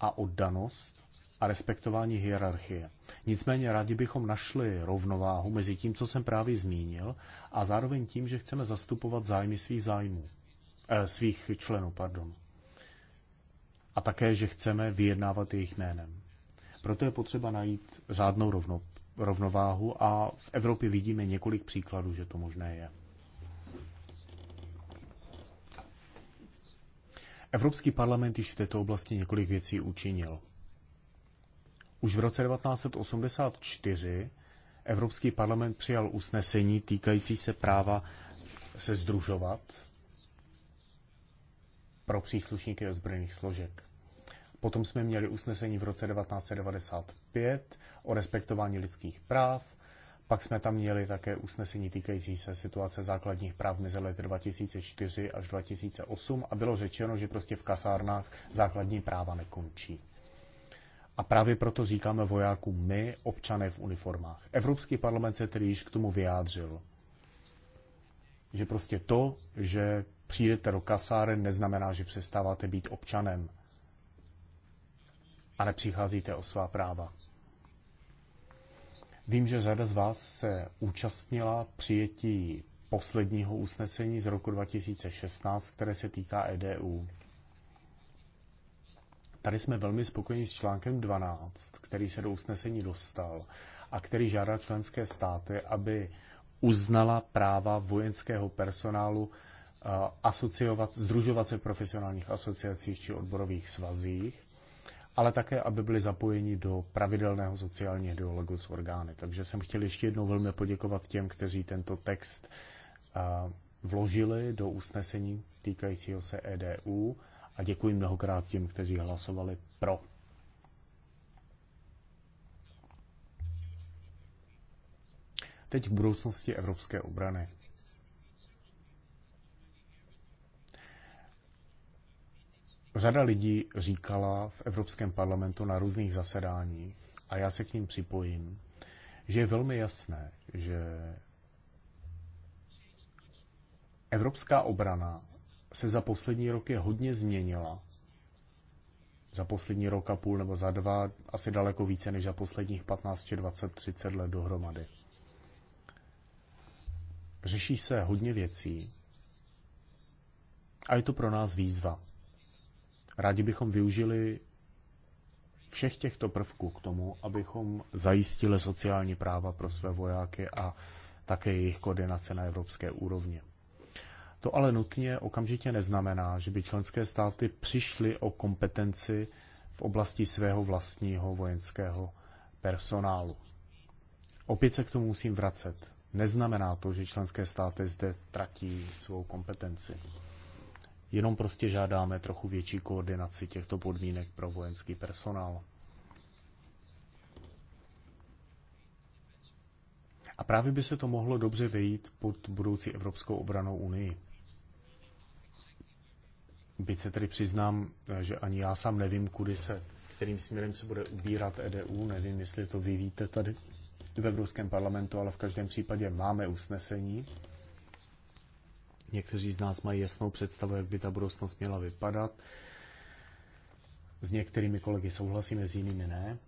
[SPEAKER 1] a oddanost a respektování hierarchie. Nicméně rádi bychom našli rovnováhu mezi tím, co jsem právě zmínil, a zároveň tím, že chceme zastupovat zájmy svých zájmů. Eh, svých členů, pardon. A také, že chceme vyjednávat jejich jménem. Proto je potřeba najít řádnou rovno, rovnováhu a v Evropě vidíme několik příkladů, že to možné je. Evropský parlament již v této oblasti několik věcí učinil. Už v roce 1984 Evropský parlament přijal usnesení týkající se práva se združovat pro příslušníky ozbrojených složek. Potom jsme měli usnesení v roce 1995 o respektování lidských práv, pak jsme tam měli také usnesení týkající se situace základních práv mezi lety 2004 až 2008 a bylo řečeno, že prostě v kasárnách základní práva nekončí. A právě proto říkáme vojákům my, občané v uniformách. Evropský parlament se tedy již k tomu vyjádřil. Že prostě to, že přijdete do kasáren, neznamená, že přestáváte být občanem a nepřicházíte o svá práva. Vím, že řada z vás se účastnila přijetí posledního usnesení z roku 2016, které se týká EDU. Tady jsme velmi spokojeni s článkem 12, který se do usnesení dostal a který žádá členské státy, aby uznala práva vojenského personálu Eh, asociovat, združovat se v profesionálních asociacích či odborových svazích, ale také, aby byli zapojeni do pravidelného sociálního dialogu s orgány. Takže jsem chtěl ještě jednou velmi poděkovat těm, kteří tento text eh, vložili do usnesení týkajícího se EDU a děkuji mnohokrát těm, kteří hlasovali pro. Teď k budoucnosti evropské obrany. Řada lidí říkala v Evropském parlamentu na různých zasedáních, a já se k ním připojím, že je velmi jasné, že evropská obrana se za poslední roky hodně změnila. Za poslední rok a půl nebo za dva, asi daleko více než za posledních 15, 20, 30 let dohromady. Řeší se hodně věcí a je to pro nás výzva. Rádi bychom využili všech těchto prvků k tomu, abychom zajistili sociální práva pro své vojáky a také jejich koordinace na evropské úrovni. To ale nutně okamžitě neznamená, že by členské státy přišly o kompetenci v oblasti svého vlastního vojenského personálu. Opět se k tomu musím vracet. Neznamená to, že členské státy zde tratí svou kompetenci. Jenom prostě žádáme trochu větší koordinaci těchto podmínek pro vojenský personál. A právě by se to mohlo dobře vejít pod budoucí Evropskou obranou unii. Byť se tedy přiznám, že ani já sám nevím, kudy se, kterým směrem se bude ubírat EDU, nevím, jestli to vy víte tady v Evropském parlamentu, ale v každém případě máme usnesení Někteří z nás mají jasnou představu, jak by ta budoucnost měla vypadat. S některými kolegy souhlasíme, s jinými ne.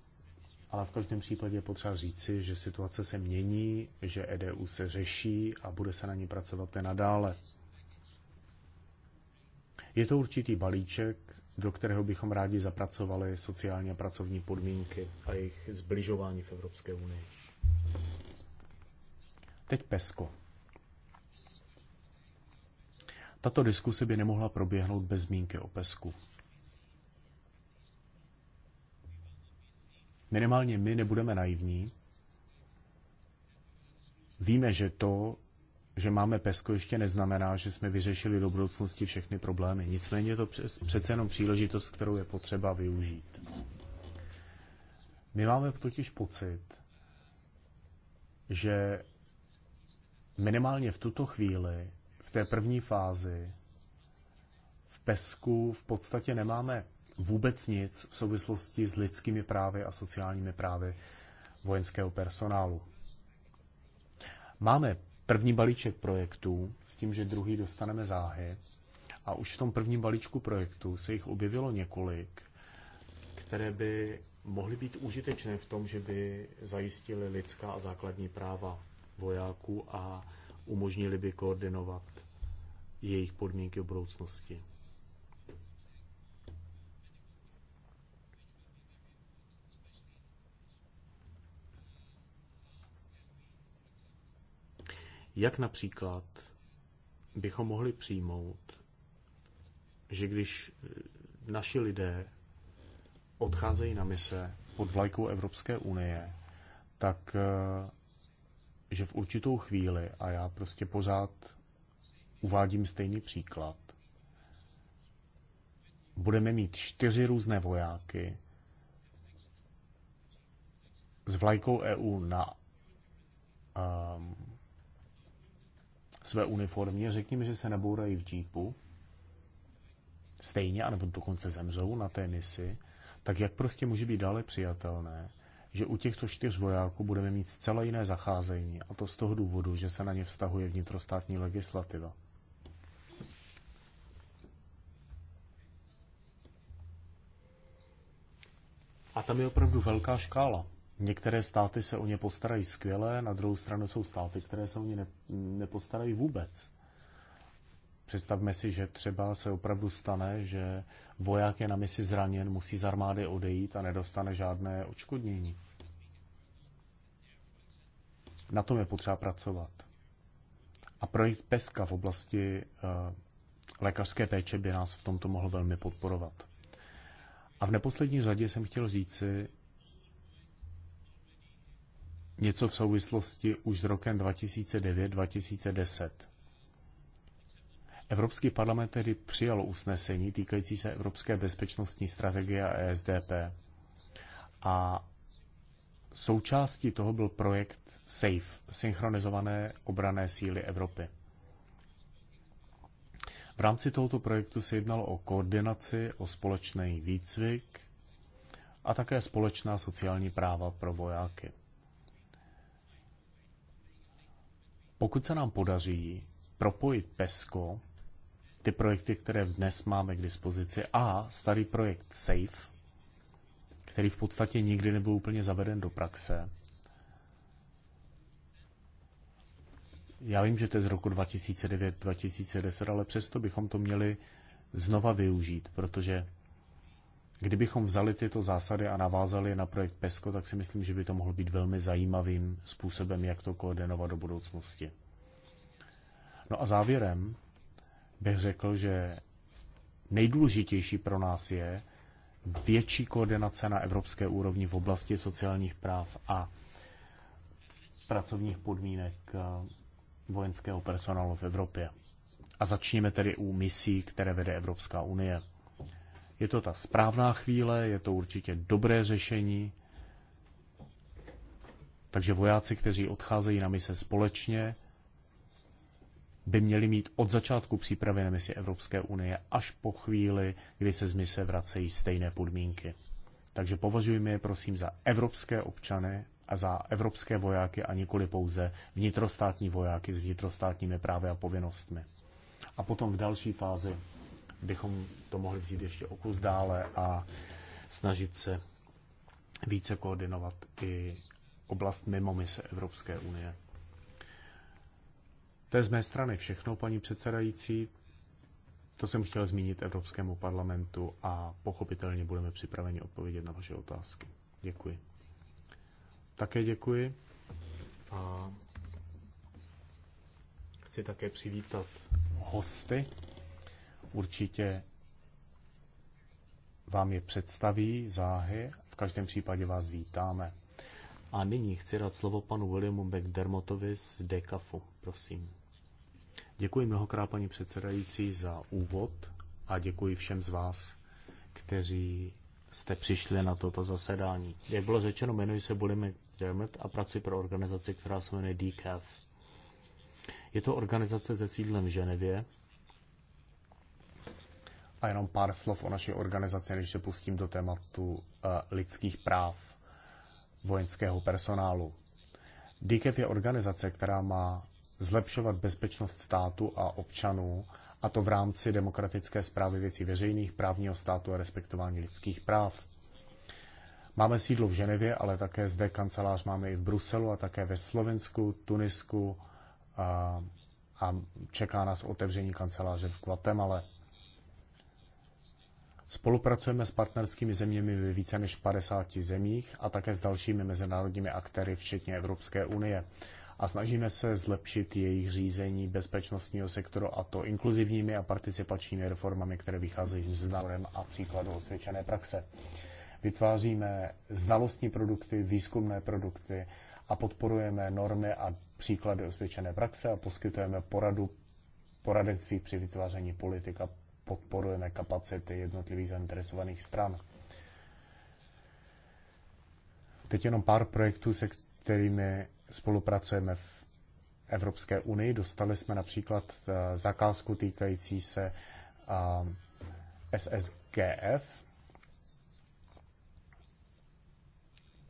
[SPEAKER 1] Ale v každém případě je potřeba říci, že situace se mění, že EDU se řeší a bude se na ní pracovat i nadále. Je to určitý balíček, do kterého bychom rádi zapracovali sociálně pracovní podmínky a jejich zbližování v Evropské unii. Teď PESCO. Tato diskuse by nemohla proběhnout bez zmínky o pesku. Minimálně my nebudeme naivní. Víme, že to, že máme pesko, ještě neznamená, že jsme vyřešili do budoucnosti všechny problémy. Nicméně je to přece jenom příležitost, kterou je potřeba využít. My máme totiž pocit, že minimálně v tuto chvíli v té první fázi v pesku v podstatě nemáme vůbec nic v souvislosti s lidskými právy a sociálními právy vojenského personálu. Máme první balíček projektů, s tím, že druhý dostaneme záhy. A už v tom prvním balíčku projektů se jich objevilo několik, které by mohly být užitečné v tom, že by zajistili lidská a základní práva vojáků a umožnili by koordinovat jejich podmínky v budoucnosti. Jak například bychom mohli přijmout, že když eh, naši lidé odcházejí na mise pod vlajkou Evropské unie, tak eh, že v určitou chvíli, a já prostě pořád uvádím stejný příklad, budeme mít čtyři různé vojáky s vlajkou EU na um, své uniformě. Řekněme, že se nebourají v džípu, stejně, anebo dokonce zemřou na té misi, tak jak prostě může být dále přijatelné, že u těchto čtyř vojáků budeme mít zcela jiné zacházení, a to z toho důvodu, že se na ně vztahuje vnitrostátní legislativa. A tam je opravdu velká škála. Některé státy se o ně postarají skvěle, na druhou stranu jsou státy, které se o ně nepostarají vůbec. Představme si, že třeba se opravdu stane, že voják je na misi zraněn, musí z armády odejít a nedostane žádné očkodnění. Na tom je potřeba pracovat. A projekt PESKA v oblasti eh, lékařské péče by nás v tomto mohl velmi podporovat. A v neposlední řadě jsem chtěl říci něco v souvislosti už s rokem 2009-2010. Evropský parlament tedy přijal usnesení týkající se Evropské bezpečnostní strategie a ESDP. A Součástí toho byl projekt SAFE, Synchronizované obrané síly Evropy. V rámci tohoto projektu se jednalo o koordinaci, o společný výcvik a také společná sociální práva pro vojáky. Pokud se nám podaří propojit PESCO, ty projekty, které dnes máme k dispozici, a starý projekt SAFE, který v podstatě nikdy nebyl úplně zaveden do praxe. Já vím, že to je z roku 2009-2010, ale přesto bychom to měli znova využít, protože kdybychom vzali tyto zásady a navázali je na projekt PESCO, tak si myslím, že by to mohlo být velmi zajímavým způsobem, jak to koordinovat do budoucnosti. No a závěrem bych řekl, že nejdůležitější pro nás je, větší koordinace na evropské úrovni v oblasti sociálních práv a pracovních podmínek eh, vojenského personálu v Evropě. A začněme tedy u misí, které vede Evropská unie. Je to ta správná chvíle, je to určitě dobré řešení. Takže vojáci, kteří odcházejí na mise společně, by měli mít od začátku přípravy na misi Evropské unie až po chvíli, kdy se z mise vracejí stejné podmínky. Takže považujme je prosím za evropské občany a za evropské vojáky a nikoli pouze vnitrostátní vojáky s vnitrostátními právy a povinnostmi. A potom v další fázi bychom to mohli vzít ještě o kus dále a snažit se více koordinovat i oblast mimo mise Evropské unie. To je z mé strany všechno, paní předsedající. To jsem chtěl zmínit Evropskému parlamentu a pochopitelně budeme připraveni odpovědět na vaše otázky. Děkuji. Také děkuji. A chci také přivítat hosty. Určitě vám je představí záhy. V každém případě vás vítáme. A nyní chci dát slovo panu Williamu McDermottovi z Dekafu. Prosím. Děkuji mnohokrát, paní předsedající, za úvod a děkuji všem z vás, kteří jste přišli na toto zasedání. Jak bylo řečeno, jmenuji se Bully McDermott a pracuji pro organizaci, která se jmenuje DCAF. Je to organizace se sídlem v Ženevě. A jenom pár slov o naší organizaci, než se pustím do tématu uh, lidských práv vojenského personálu. DKF je organizace, která má zlepšovat bezpečnost státu a občanů, a to v rámci demokratické zprávy věcí veřejných, právního státu a respektování lidských práv. Máme sídlo v Ženevě, ale také zde kancelář máme i v Bruselu a také ve Slovensku, Tunisku a, a čeká nás otevření kanceláře v Guatemala. Spolupracujeme s partnerskými zeměmi ve více než 50 zemích a také s dalšími mezinárodními aktéry, včetně Evropské unie a snažíme se zlepšit jejich řízení bezpečnostního sektoru a to inkluzivními a participačními reformami, které vycházejí z vzdálenem a příkladu osvědčené praxe. Vytváříme znalostní produkty, výzkumné produkty a podporujeme normy a příklady osvědčené praxe a poskytujeme poradu poradenství při vytváření politik a podporujeme kapacity jednotlivých zainteresovaných stran. Teď jenom pár projektů, se kterými spolupracujeme v Evropské unii. Dostali jsme například eh, zakázku týkající se eh, SSGF,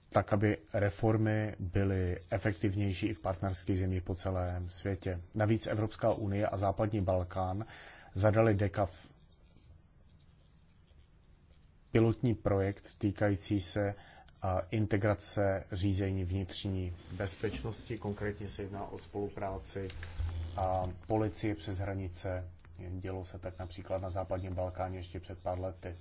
[SPEAKER 1] tak, aby reformy byly efektivnější i v partnerských zemích po celém světě. Navíc Evropská unie a Západní Balkán zadali DECAF pilotní projekt týkající se integrace řízení vnitřní bezpečnosti. Konkrétně se jedná o spolupráci a policie přes hranice. Dělo se tak například na západním Balkáně ještě před pár lety.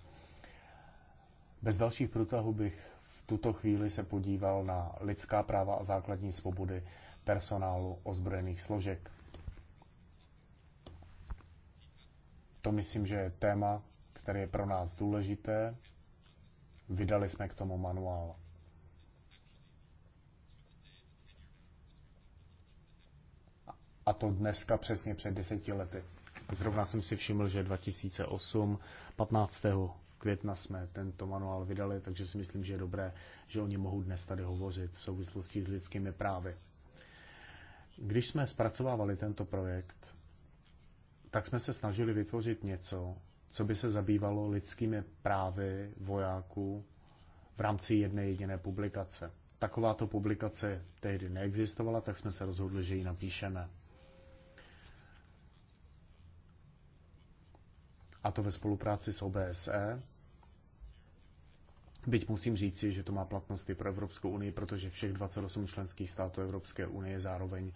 [SPEAKER 1] Bez dalších průtahů bych v tuto chvíli se podíval na lidská práva a základní svobody personálu ozbrojených složek. To myslím, že je téma, které je pro nás důležité, Vydali jsme k tomu manuál. A to dneska přesně před deseti lety. Zrovna jsem si všiml, že 2008, 15. května jsme tento manuál vydali, takže si myslím, že je dobré, že oni mohou dnes tady hovořit v souvislosti s lidskými právy. Když jsme zpracovávali tento projekt, tak jsme se snažili vytvořit něco, co by se zabývalo lidskými právy vojáků v rámci jedné jediné publikace. Takováto publikace tehdy neexistovala, tak jsme se rozhodli, že ji napíšeme. A to ve spolupráci s OBSE. Byť musím říci, že to má platnost i pro Evropskou unii, protože všech 28 členských států Evropské unie zároveň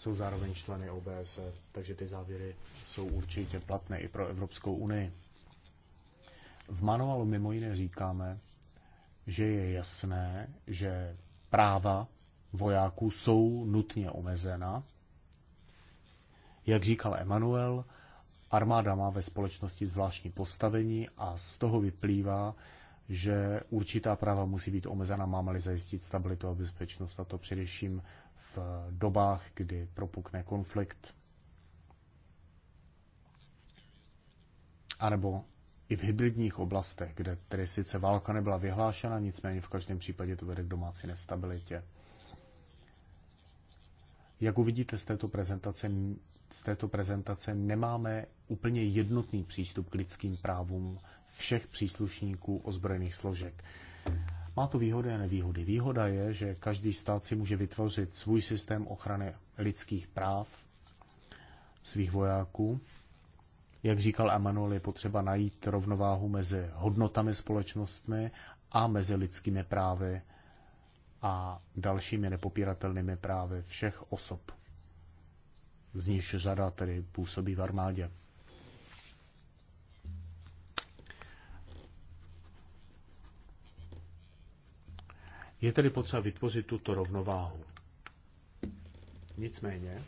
[SPEAKER 1] jsou zároveň členy OBS, e, takže ty závěry jsou určitě platné i pro Evropskou unii. V manuálu mimo jiné říkáme, že je jasné, že práva vojáků jsou nutně omezena. Jak říkal Emanuel, armáda má ve společnosti zvláštní postavení a z toho vyplývá, že určitá práva musí být omezena, máme-li zajistit stabilitu a bezpečnost, a to především v dobách, kdy propukne konflikt. anebo i v hybridních oblastech, kde tedy sice válka nebyla vyhlášena, nicméně v každém případě to vede k domácí nestabilitě. Jak uvidíte z této prezentace, z této prezentace nemáme úplně jednotný přístup k lidským právům všech příslušníků ozbrojených složek. Má to výhody a nevýhody. Výhoda je, že každý stát si může vytvořit svůj systém ochrany lidských práv svých vojáků. Jak říkal Emanuel, je potřeba najít rovnováhu mezi hodnotami společnostmi a mezi lidskými právy a dalšími nepopíratelnými právy všech osob. Z níž řada tedy působí v armádě. Je tedy potřeba vytvořit tuto rovnováhu. Nicméně,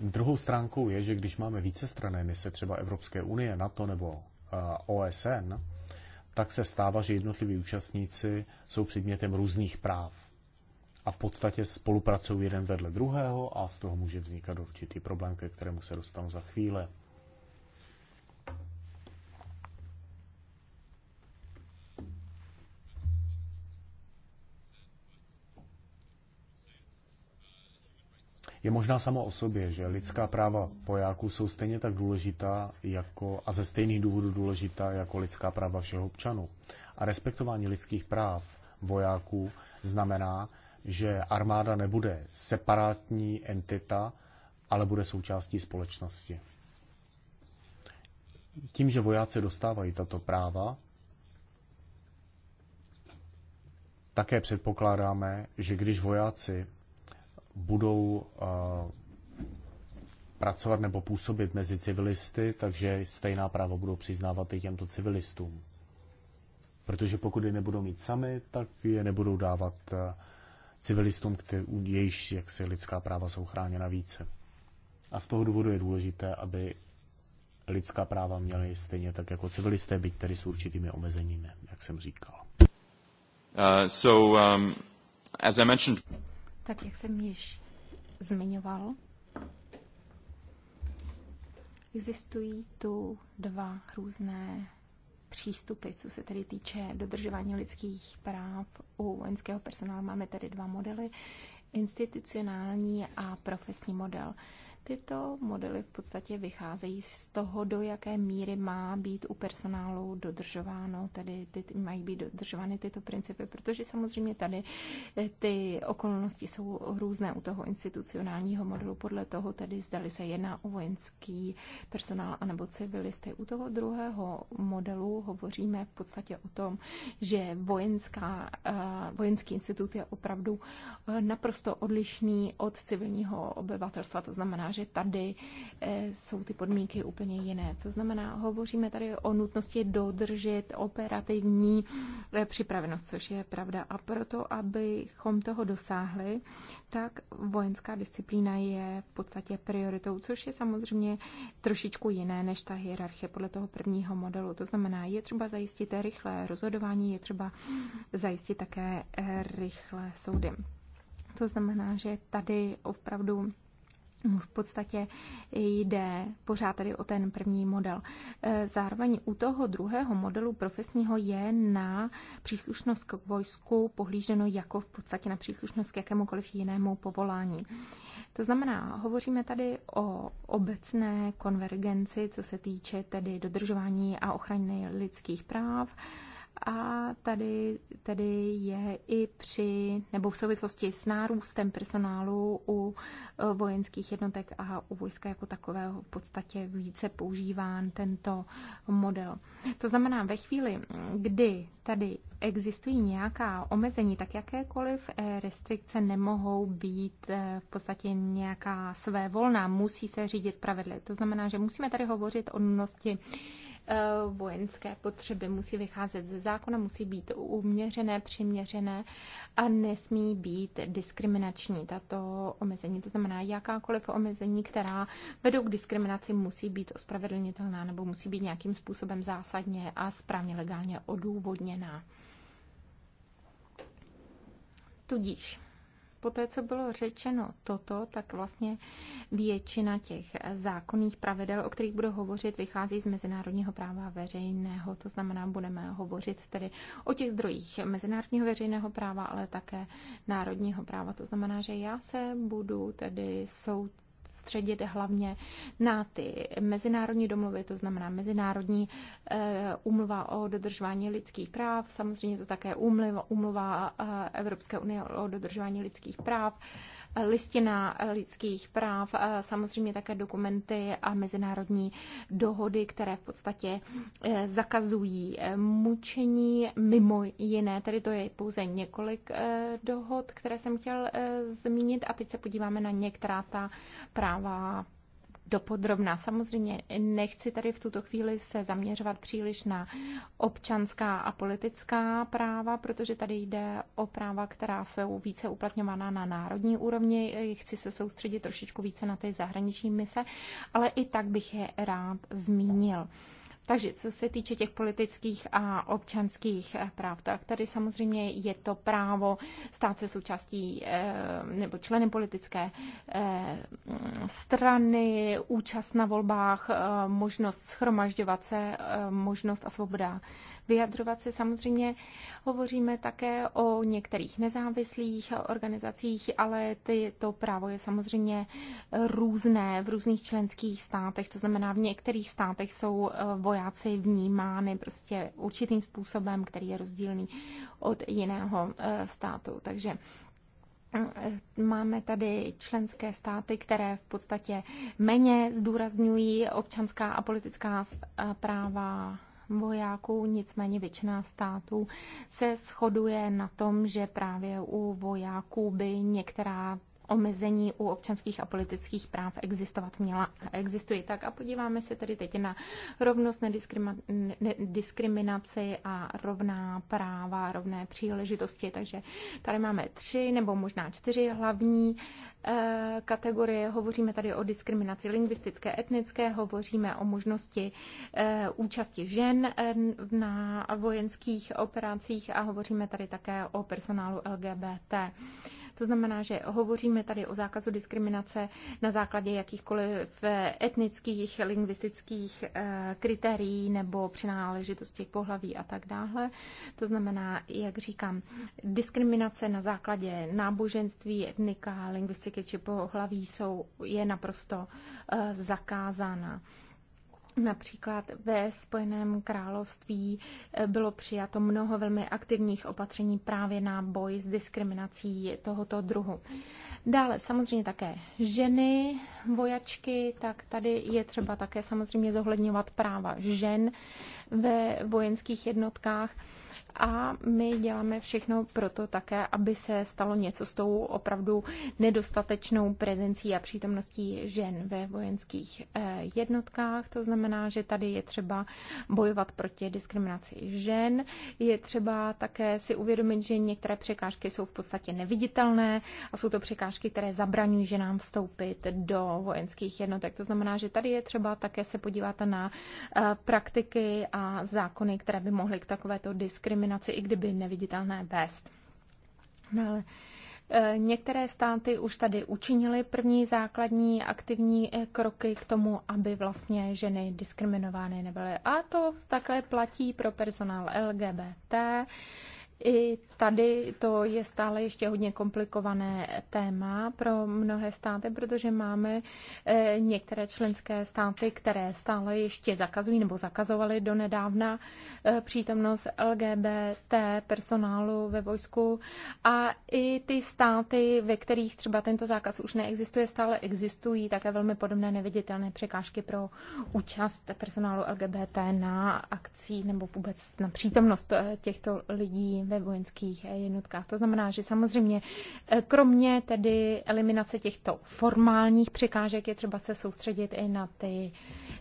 [SPEAKER 1] druhou stránkou je, že když máme více strané mise, třeba Evropské unie, NATO nebo eh, OSN, tak se stává, že jednotliví účastníci jsou předmětem různých práv a v podstatě spolupracují jeden vedle druhého a z toho může vznikat určitý problém, ke kterému se dostanu za chvíle. je možná samo o sobě, že lidská práva vojáků jsou stejně tak důležitá jako, a ze stejných důvodů důležitá jako lidská práva všeho občanů. A respektování lidských práv vojáků znamená, že armáda nebude separátní entita, ale bude součástí společnosti. Tím, že vojáci dostávají tato práva, také předpokládáme, že když vojáci budou eh, pracovat nebo působit mezi civilisty, takže stejná práva budou přiznávat i těmto civilistům. Protože pokud je nebudou mít sami, tak je nebudou dávat eh, civilistům, který, jejíž jaksi lidská práva jsou chráněna více. A z toho důvodu je důležité, aby lidská práva měly stejně tak jako civilisté, byť tedy s určitými omezeními, jak jsem říkal. Uh, so, um, as I mentioned...
[SPEAKER 2] Tak jak jsem již zmiňoval, existují tu dva různé přístupy, co se tedy týče dodržování lidských práv u vojenského personálu. Máme tady dva modely, institucionální a profesní model. Tyto modely v podstatě vycházejí z toho, do jaké míry má být u personálu dodržováno, tedy ty, mají být dodržovány tyto principy, protože samozřejmě tady eh, ty okolnosti jsou různé u toho institucionálního modelu, podle toho tedy zdali se jedná o vojenský personál anebo civilisty. U toho druhého modelu hovoříme v podstatě o tom, že vojenská, eh, vojenský institut je opravdu eh, naprosto odlišný od civilního obyvatelstva, to znamená, že tady eh, jsou ty podmínky úplně jiné. To znamená, hovoříme tady o nutnosti dodržet operativní eh, připravenost, což je pravda. A proto, abychom toho dosáhli, tak vojenská disciplína je v podstatě prioritou, což je samozřejmě trošičku jiné než ta hierarchie podle toho prvního modelu. To znamená, je třeba zajistit rychlé rozhodování, je třeba zajistit také eh, rychlé soudy. To znamená, že tady opravdu v podstatě jde pořád tady o ten první model. E, zároveň u toho druhého modelu profesního je na příslušnost k vojsku pohlíženo jako v podstatě na příslušnost k jakémukoliv jinému povolání. To znamená, hovoříme tady o obecné konvergenci, co se týče tedy dodržování a ochrany lidských práv, a tady, tady je i při nebo v souvislosti s nárůstem personálu u e, vojenských jednotek a u vojska jako takového v podstatě více používán tento model. To znamená, ve chvíli, kdy tady existují nějaká omezení, tak jakékoliv e, restrikce nemohou být e, v podstatě nějaká své volná, musí se řídit pravidly. To znamená, že musíme tady hovořit o nutnosti Eh, vojenské potřeby. Musí vycházet ze zákona, musí být uměřené, přiměřené a nesmí být diskriminační tato omezení. To znamená, jakákoliv omezení, která vedou k diskriminaci, musí být ospravedlnitelná nebo musí být nějakým způsobem zásadně a správně legálně odůvodněná. Tudíž po té, co bylo řečeno toto, tak vlastně většina těch zákonných pravidel, o kterých budu hovořit, vychází z mezinárodního práva veřejného. To znamená, budeme hovořit tedy o těch zdrojích mezinárodního veřejného práva, ale také národního práva. To znamená, že já se budu tedy soud soustředit hlavně na ty mezinárodní domluvy, to znamená mezinárodní eh, úmluva o dodržování lidských práv, samozřejmě to také úmluva, eh, Evropské unie o dodržování lidských práv, listina lidských práv, samozřejmě také dokumenty a mezinárodní dohody, které v podstatě eh, zakazují eh, mučení mimo jiné. Tady to je pouze několik eh, dohod, které jsem chtěl zmínit a teď se podíváme na některá ta práva dopodrobná. Samozřejmě nechci tady v tuto chvíli se zaměřovat příliš na občanská a politická práva, protože tady jde o práva, která jsou více uplatňována na národní úrovni. Chci se soustředit trošičku více na ty zahraniční mise, ale i tak bych je rád zmínil. Takže co se týče těch politických a občanských práv, tak tady samozřejmě je to právo stát se součástí eh, nebo členem politické eh, strany, účast na volbách, eh, možnost schromažďovat se, možnost a svoboda vyjadřovat se. Samozřejmě hovoříme také o některých nezávislých organizacích, ale ty, to právo je samozřejmě různé v různých členských státech. To znamená, v některých státech jsou eh, vojáci vnímány prostě určitým způsobem, který je rozdílný od jiného eh, státu. Takže eh, Máme tady členské státy, které v podstatě méně zdůrazňují občanská a politická práva vojáků, nicméně většina států se shoduje na tom, že právě u vojáků by některá omezení u občanských a politických práv existovat měla a existuje. Tak a podíváme se tedy teď na rovnost, nediskriminaci a rovná práva, rovné příležitosti. Takže tady máme tři nebo možná čtyři hlavní Eh, kategorie. Hovoříme tady o diskriminaci lingvistické, etnické, hovoříme o možnosti eh, účasti žen eh, na vojenských operacích a hovoříme tady také o personálu LGBT. To znamená, že hovoříme tady o zákazu diskriminace na základě jakýchkoliv eh, etnických, lingvistických eh, kritérií nebo přináležitosti k pohlaví a tak dále. To znamená, jak říkám, diskriminace na základě náboženství, etnika, lingvistiky či pohlaví jsou, je naprosto eh, zakázána. Například ve Spojeném království eh, bylo přijato mnoho velmi aktivních opatření právě na boj s diskriminací tohoto druhu. Dále samozřejmě také ženy, vojačky, tak tady je třeba také samozřejmě zohledňovat práva žen ve vojenských jednotkách a my děláme všechno proto také, aby se stalo něco s tou opravdu nedostatečnou prezencí a přítomností žen ve vojenských eh, jednotkách. To znamená, že tady je třeba bojovat proti diskriminaci žen. Je třeba také si uvědomit, že některé překážky jsou v podstatě neviditelné a jsou to překážky, které zabraňují ženám vstoupit do vojenských jednotek. To znamená, že tady je třeba také se podívat na eh, praktiky a zákony, které by mohly k takovéto diskriminaci kombinaci, i kdyby neviditelné vést. No ale e, Některé státy už tady učinily první základní aktivní e, kroky k tomu, aby vlastně ženy diskriminovány nebyly. A to takhle platí pro personál LGBT, i tady to je stále ještě hodně komplikované téma pro mnohé státy, protože máme eh, některé členské státy, které stále ještě zakazují nebo zakazovaly nedávna eh, přítomnost LGBT personálu ve vojsku. A i ty státy, ve kterých třeba tento zákaz už neexistuje, stále existují také velmi podobné neviditelné překážky pro účast personálu LGBT na akcí nebo vůbec na přítomnost eh, těchto lidí ve vojenských eh, jednotkách. To znamená, že samozřejmě eh, kromě tedy eliminace těchto formálních překážek je třeba se soustředit i na ty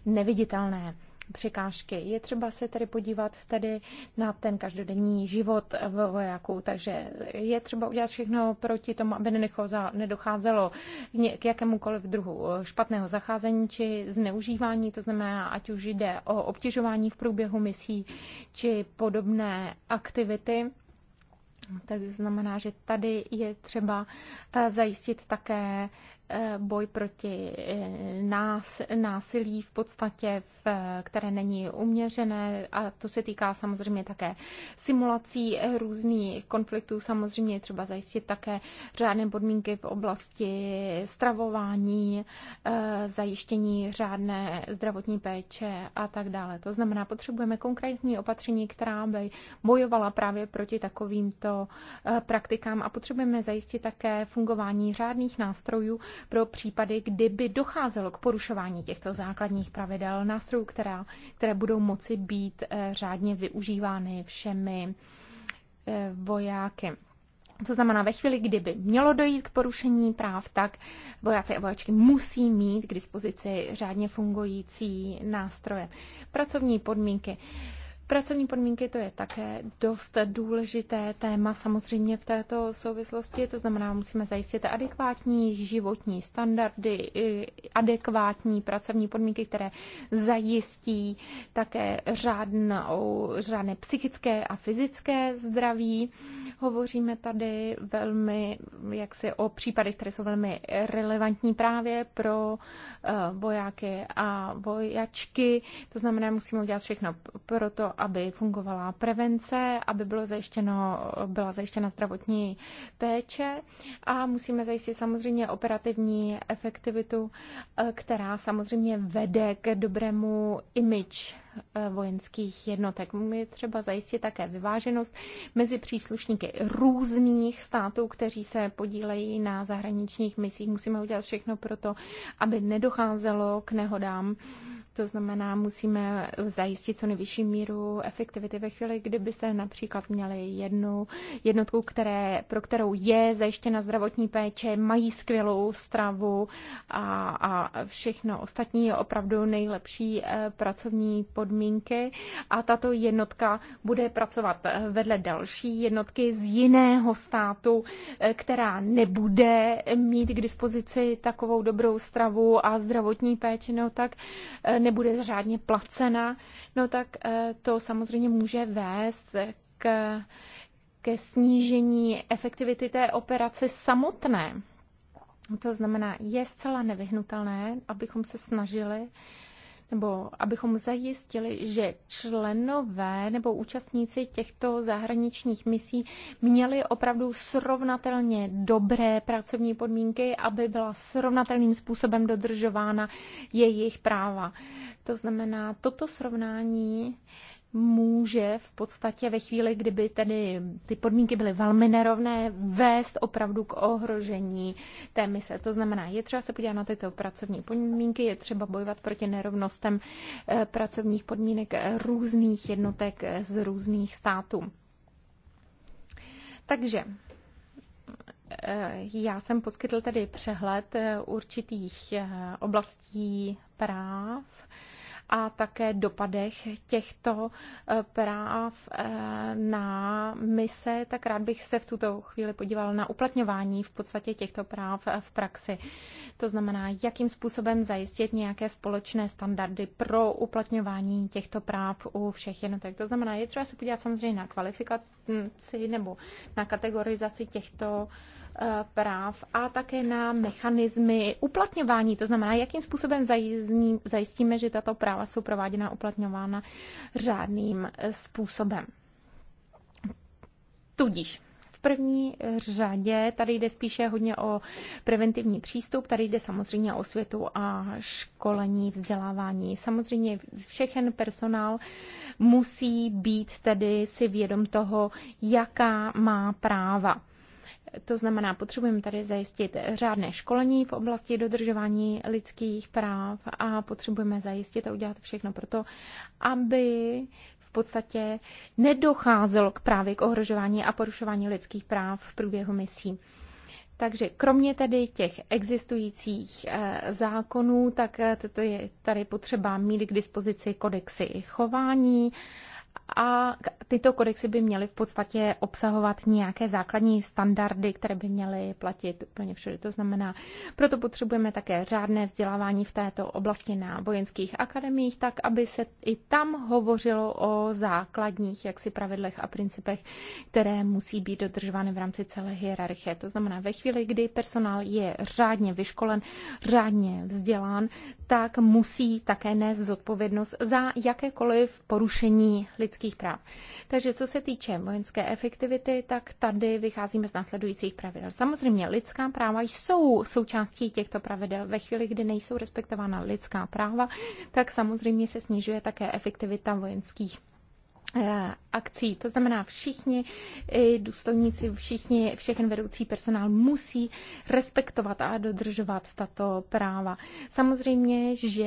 [SPEAKER 2] neviditelné překážky. Je třeba se tedy podívat tedy na ten každodenní život vojáků, takže je třeba udělat všechno proti tomu, aby nedocházelo k jakémukoliv druhu špatného zacházení či zneužívání, to znamená, ať už jde o obtěžování v průběhu misí či podobné aktivity. Takže znamená, že tady je třeba eh, zajistit také boj proti eh, nás, násilí v podstatě, v, které není uměřené a to se týká samozřejmě také simulací eh, různých konfliktů, samozřejmě je třeba zajistit také řádné podmínky v oblasti stravování, eh, zajištění řádné zdravotní péče a tak dále. To znamená, potřebujeme konkrétní opatření, která by bojovala právě proti takovýmto praktikám a potřebujeme zajistit také fungování řádných nástrojů, pro případy, kdyby docházelo k porušování těchto základních pravidel nástrojů, která, které budou moci být eh, řádně využívány všemi eh, vojáky. To znamená, ve chvíli, kdyby mělo dojít k porušení práv, tak vojáci a vojačky musí mít k dispozici řádně fungující nástroje. Pracovní podmínky. Pracovní podmínky to je také dost důležité téma samozřejmě v této souvislosti, to znamená, musíme zajistit adekvátní životní standardy, adekvátní pracovní podmínky, které zajistí také řádnou, řádné psychické a fyzické zdraví. Hovoříme tady velmi, jak si o případech, které jsou velmi relevantní právě pro eh, vojáky a vojačky, to znamená, musíme udělat všechno pro to, aby fungovala prevence, aby bylo zajištěno, byla zajištěna zdravotní péče a musíme zajistit samozřejmě operativní efektivitu, eh, která samozřejmě vede k dobrému image eh, vojenských jednotek. Je třeba zajistit také vyváženost mezi příslušníky různých států, kteří se podílejí na zahraničních misích. Musíme udělat všechno pro to, aby nedocházelo k nehodám to znamená, musíme zajistit co nejvyšší míru efektivity ve chvíli, se například měli jednu jednotku, které, pro kterou je zajištěna zdravotní péče, mají skvělou stravu a, a všechno ostatní je opravdu nejlepší eh, pracovní podmínky a tato jednotka bude pracovat eh, vedle další jednotky z jiného státu, eh, která nebude mít k dispozici takovou dobrou stravu a zdravotní péči, no tak nebude řádně placena, no tak eh, to samozřejmě může vést k, ke snížení efektivity té operace samotné. To znamená, je zcela nevyhnutelné, abychom se snažili nebo abychom zajistili, že členové nebo účastníci těchto zahraničních misí měli opravdu srovnatelně dobré pracovní podmínky, aby byla srovnatelným způsobem dodržována jejich práva. To znamená, toto srovnání může v podstatě ve chvíli, kdyby tedy ty podmínky byly velmi nerovné, vést opravdu k ohrožení té mise. To znamená, je třeba se podívat na tyto pracovní podmínky, je třeba bojovat proti nerovnostem eh, pracovních podmínek různých jednotek z různých států. Takže eh, já jsem poskytl tedy přehled eh, určitých oblastí práv, a také dopadech těchto eh, práv eh, na mise, tak rád bych se v tuto chvíli podíval na uplatňování v podstatě těchto práv eh, v praxi. To znamená, jakým způsobem zajistit nějaké společné standardy pro uplatňování těchto práv u všech jednotek. To znamená, je třeba se podívat samozřejmě na kvalifikaci nebo na kategorizaci těchto uh, Eh, práv a také na mechanismy uplatňování, to znamená, jakým způsobem zajistíme, že tato práva jsou prováděna a uplatňována řádným eh, způsobem. Tudíž v první řadě tady jde spíše hodně o preventivní přístup, tady jde samozřejmě o světu a školení, vzdělávání. Samozřejmě všechen personál musí být tedy si vědom toho, jaká má práva. To znamená, potřebujeme tady zajistit řádné školení v oblasti dodržování lidských práv a potřebujeme zajistit a udělat všechno pro to, aby v podstatě nedocházelo k právě k ohrožování a porušování lidských práv v průběhu misí. Takže kromě tedy těch existujících eh, zákonů, tak eh, je tady potřeba mít k dispozici kodexy chování a tyto kodexy by měly v podstatě obsahovat nějaké základní standardy, které by měly platit úplně všude. To znamená, proto potřebujeme také řádné vzdělávání v této oblasti na vojenských akademiích, tak aby se i tam hovořilo o základních jaksi pravidlech a principech, které musí být dodržovány v rámci celé hierarchie. To znamená, ve chvíli, kdy personál je řádně vyškolen, řádně vzdělán, tak musí také nést zodpovědnost za jakékoliv porušení lidských práv. Takže co se týče vojenské efektivity, tak tady vycházíme z následujících pravidel. Samozřejmě lidská práva jsou součástí těchto pravidel. Ve chvíli, kdy nejsou respektována lidská práva, tak samozřejmě se snižuje také efektivita vojenských Eh, akcí. To znamená, všichni důstojníci, všichni, všechen vedoucí personál musí respektovat a dodržovat tato práva. Samozřejmě, že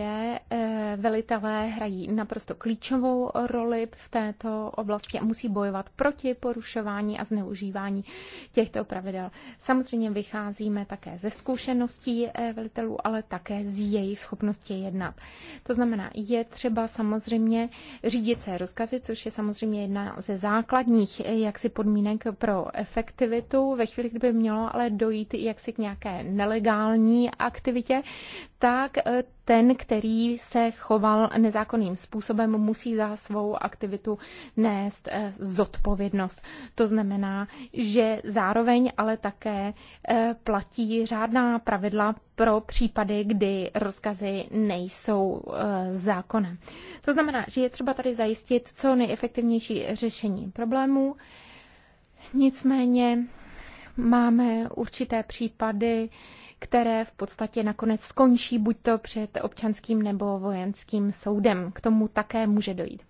[SPEAKER 2] eh, velitelé hrají naprosto klíčovou roli v této oblasti a musí bojovat proti porušování a zneužívání těchto pravidel. Samozřejmě vycházíme také ze zkušeností eh, velitelů, ale také z jejich schopnosti jednat. To znamená, je třeba samozřejmě řídit se rozkazy, což je je samozřejmě jedna ze základních eh, jaksi podmínek pro efektivitu. Ve chvíli, kdyby mělo ale dojít jaksi k nějaké nelegální aktivitě, tak eh, ten, který se choval nezákonným způsobem, musí za svou aktivitu nést eh, zodpovědnost. To znamená, že zároveň ale také eh, platí řádná pravidla pro případy, kdy rozkazy nejsou zákonem. To znamená, že je třeba tady zajistit co nejefektivnější řešení problémů. Nicméně máme určité případy, které v podstatě nakonec skončí buď to před občanským nebo vojenským soudem. K tomu také může dojít.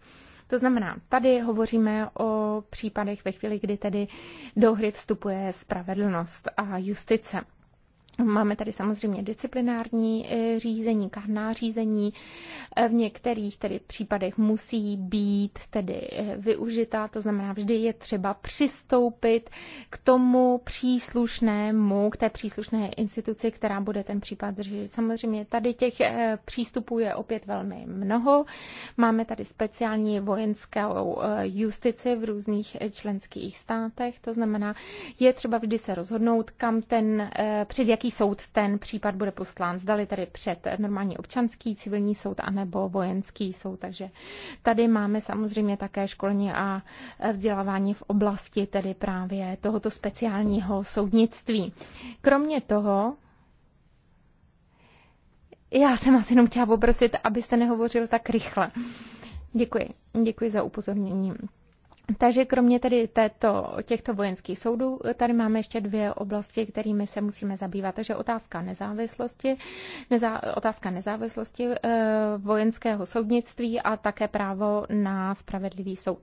[SPEAKER 2] To znamená, tady hovoříme o případech ve chvíli, kdy tedy do hry vstupuje spravedlnost a justice. Máme tady samozřejmě disciplinární eh, řízení, kahná řízení. Eh, v některých tedy případech musí být tedy eh, využita, to znamená, vždy je třeba přistoupit k tomu příslušnému, k té příslušné instituci, která bude ten případ řešit. Samozřejmě tady těch přístupů je opět velmi mnoho. Máme tady speciální vojenskou justici v různých členských státech, to znamená, je třeba vždy se rozhodnout, kam ten, před jaký jaký soud ten případ bude poslán. Zdali tedy před normální občanský, civilní soud anebo vojenský soud. Takže tady máme samozřejmě také školení a vzdělávání v oblasti tedy právě tohoto speciálního soudnictví. Kromě toho, já jsem asi jenom chtěla poprosit, abyste nehovořil tak rychle. Děkuji. Děkuji za upozornění. Takže kromě tedy této, těchto vojenských soudů, tady máme ještě dvě oblasti, kterými se musíme zabývat. Takže otázka nezávislosti, nezá, otázka nezávislosti e, vojenského soudnictví a také právo na spravedlivý soud.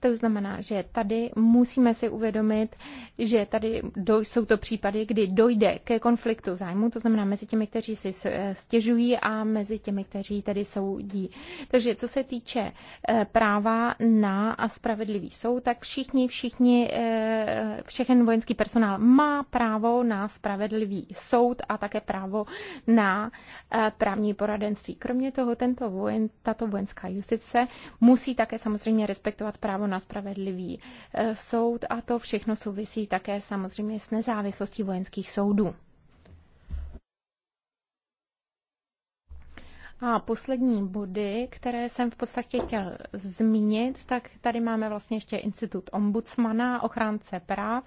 [SPEAKER 2] To znamená, že tady musíme si uvědomit, že tady do, jsou to případy, kdy dojde ke konfliktu zájmu, to znamená mezi těmi, kteří si eh, stěžují a mezi těmi, kteří tedy soudí. Takže co se týče eh, práva na a spravedlivý spravedlivý soud, tak všichni, všichni, eh, všechen vojenský personál má právo na spravedlivý soud a také právo na eh, právní poradenství. Kromě toho, tento vojen, tato vojenská justice musí také samozřejmě respektovat právo na spravedlivý eh, soud a to všechno souvisí také samozřejmě s nezávislostí vojenských soudů. A poslední body, které jsem v podstatě chtěl zmínit, tak tady máme vlastně ještě institut ombudsmana, ochránce práv,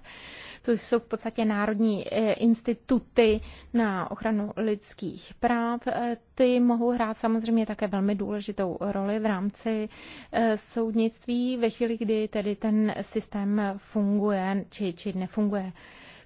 [SPEAKER 2] což jsou v podstatě národní eh, instituty na ochranu lidských práv. Eh, ty mohou hrát samozřejmě také velmi důležitou roli v rámci eh, soudnictví ve chvíli, kdy tedy ten systém funguje či, či nefunguje.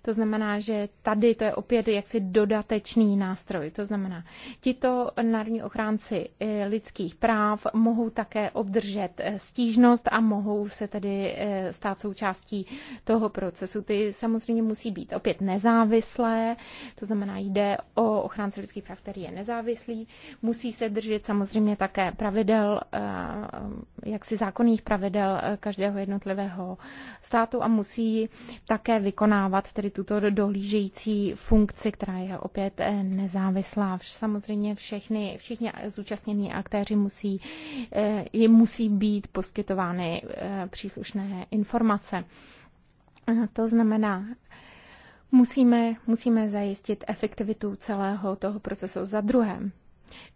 [SPEAKER 2] To znamená, že tady to je opět jaksi dodatečný nástroj. To znamená, tito národní ochránci eh, lidských práv mohou také obdržet eh, stížnost a mohou se tedy eh, stát součástí toho procesu. Ty samozřejmě musí být opět nezávislé, to znamená, jde o ochránce lidských práv, který je nezávislý. Musí se držet samozřejmě také pravidel, jaksi zákonných pravidel každého jednotlivého státu a musí také vykonávat tedy tuto dohlížející funkci, která je opět eh, nezávislá. Samozřejmě všechny, všichni zúčastnění aktéři musí, jim eh, musí být poskytovány eh, příslušné informace. To znamená, musíme, musíme zajistit efektivitu celého toho procesu. Za druhém,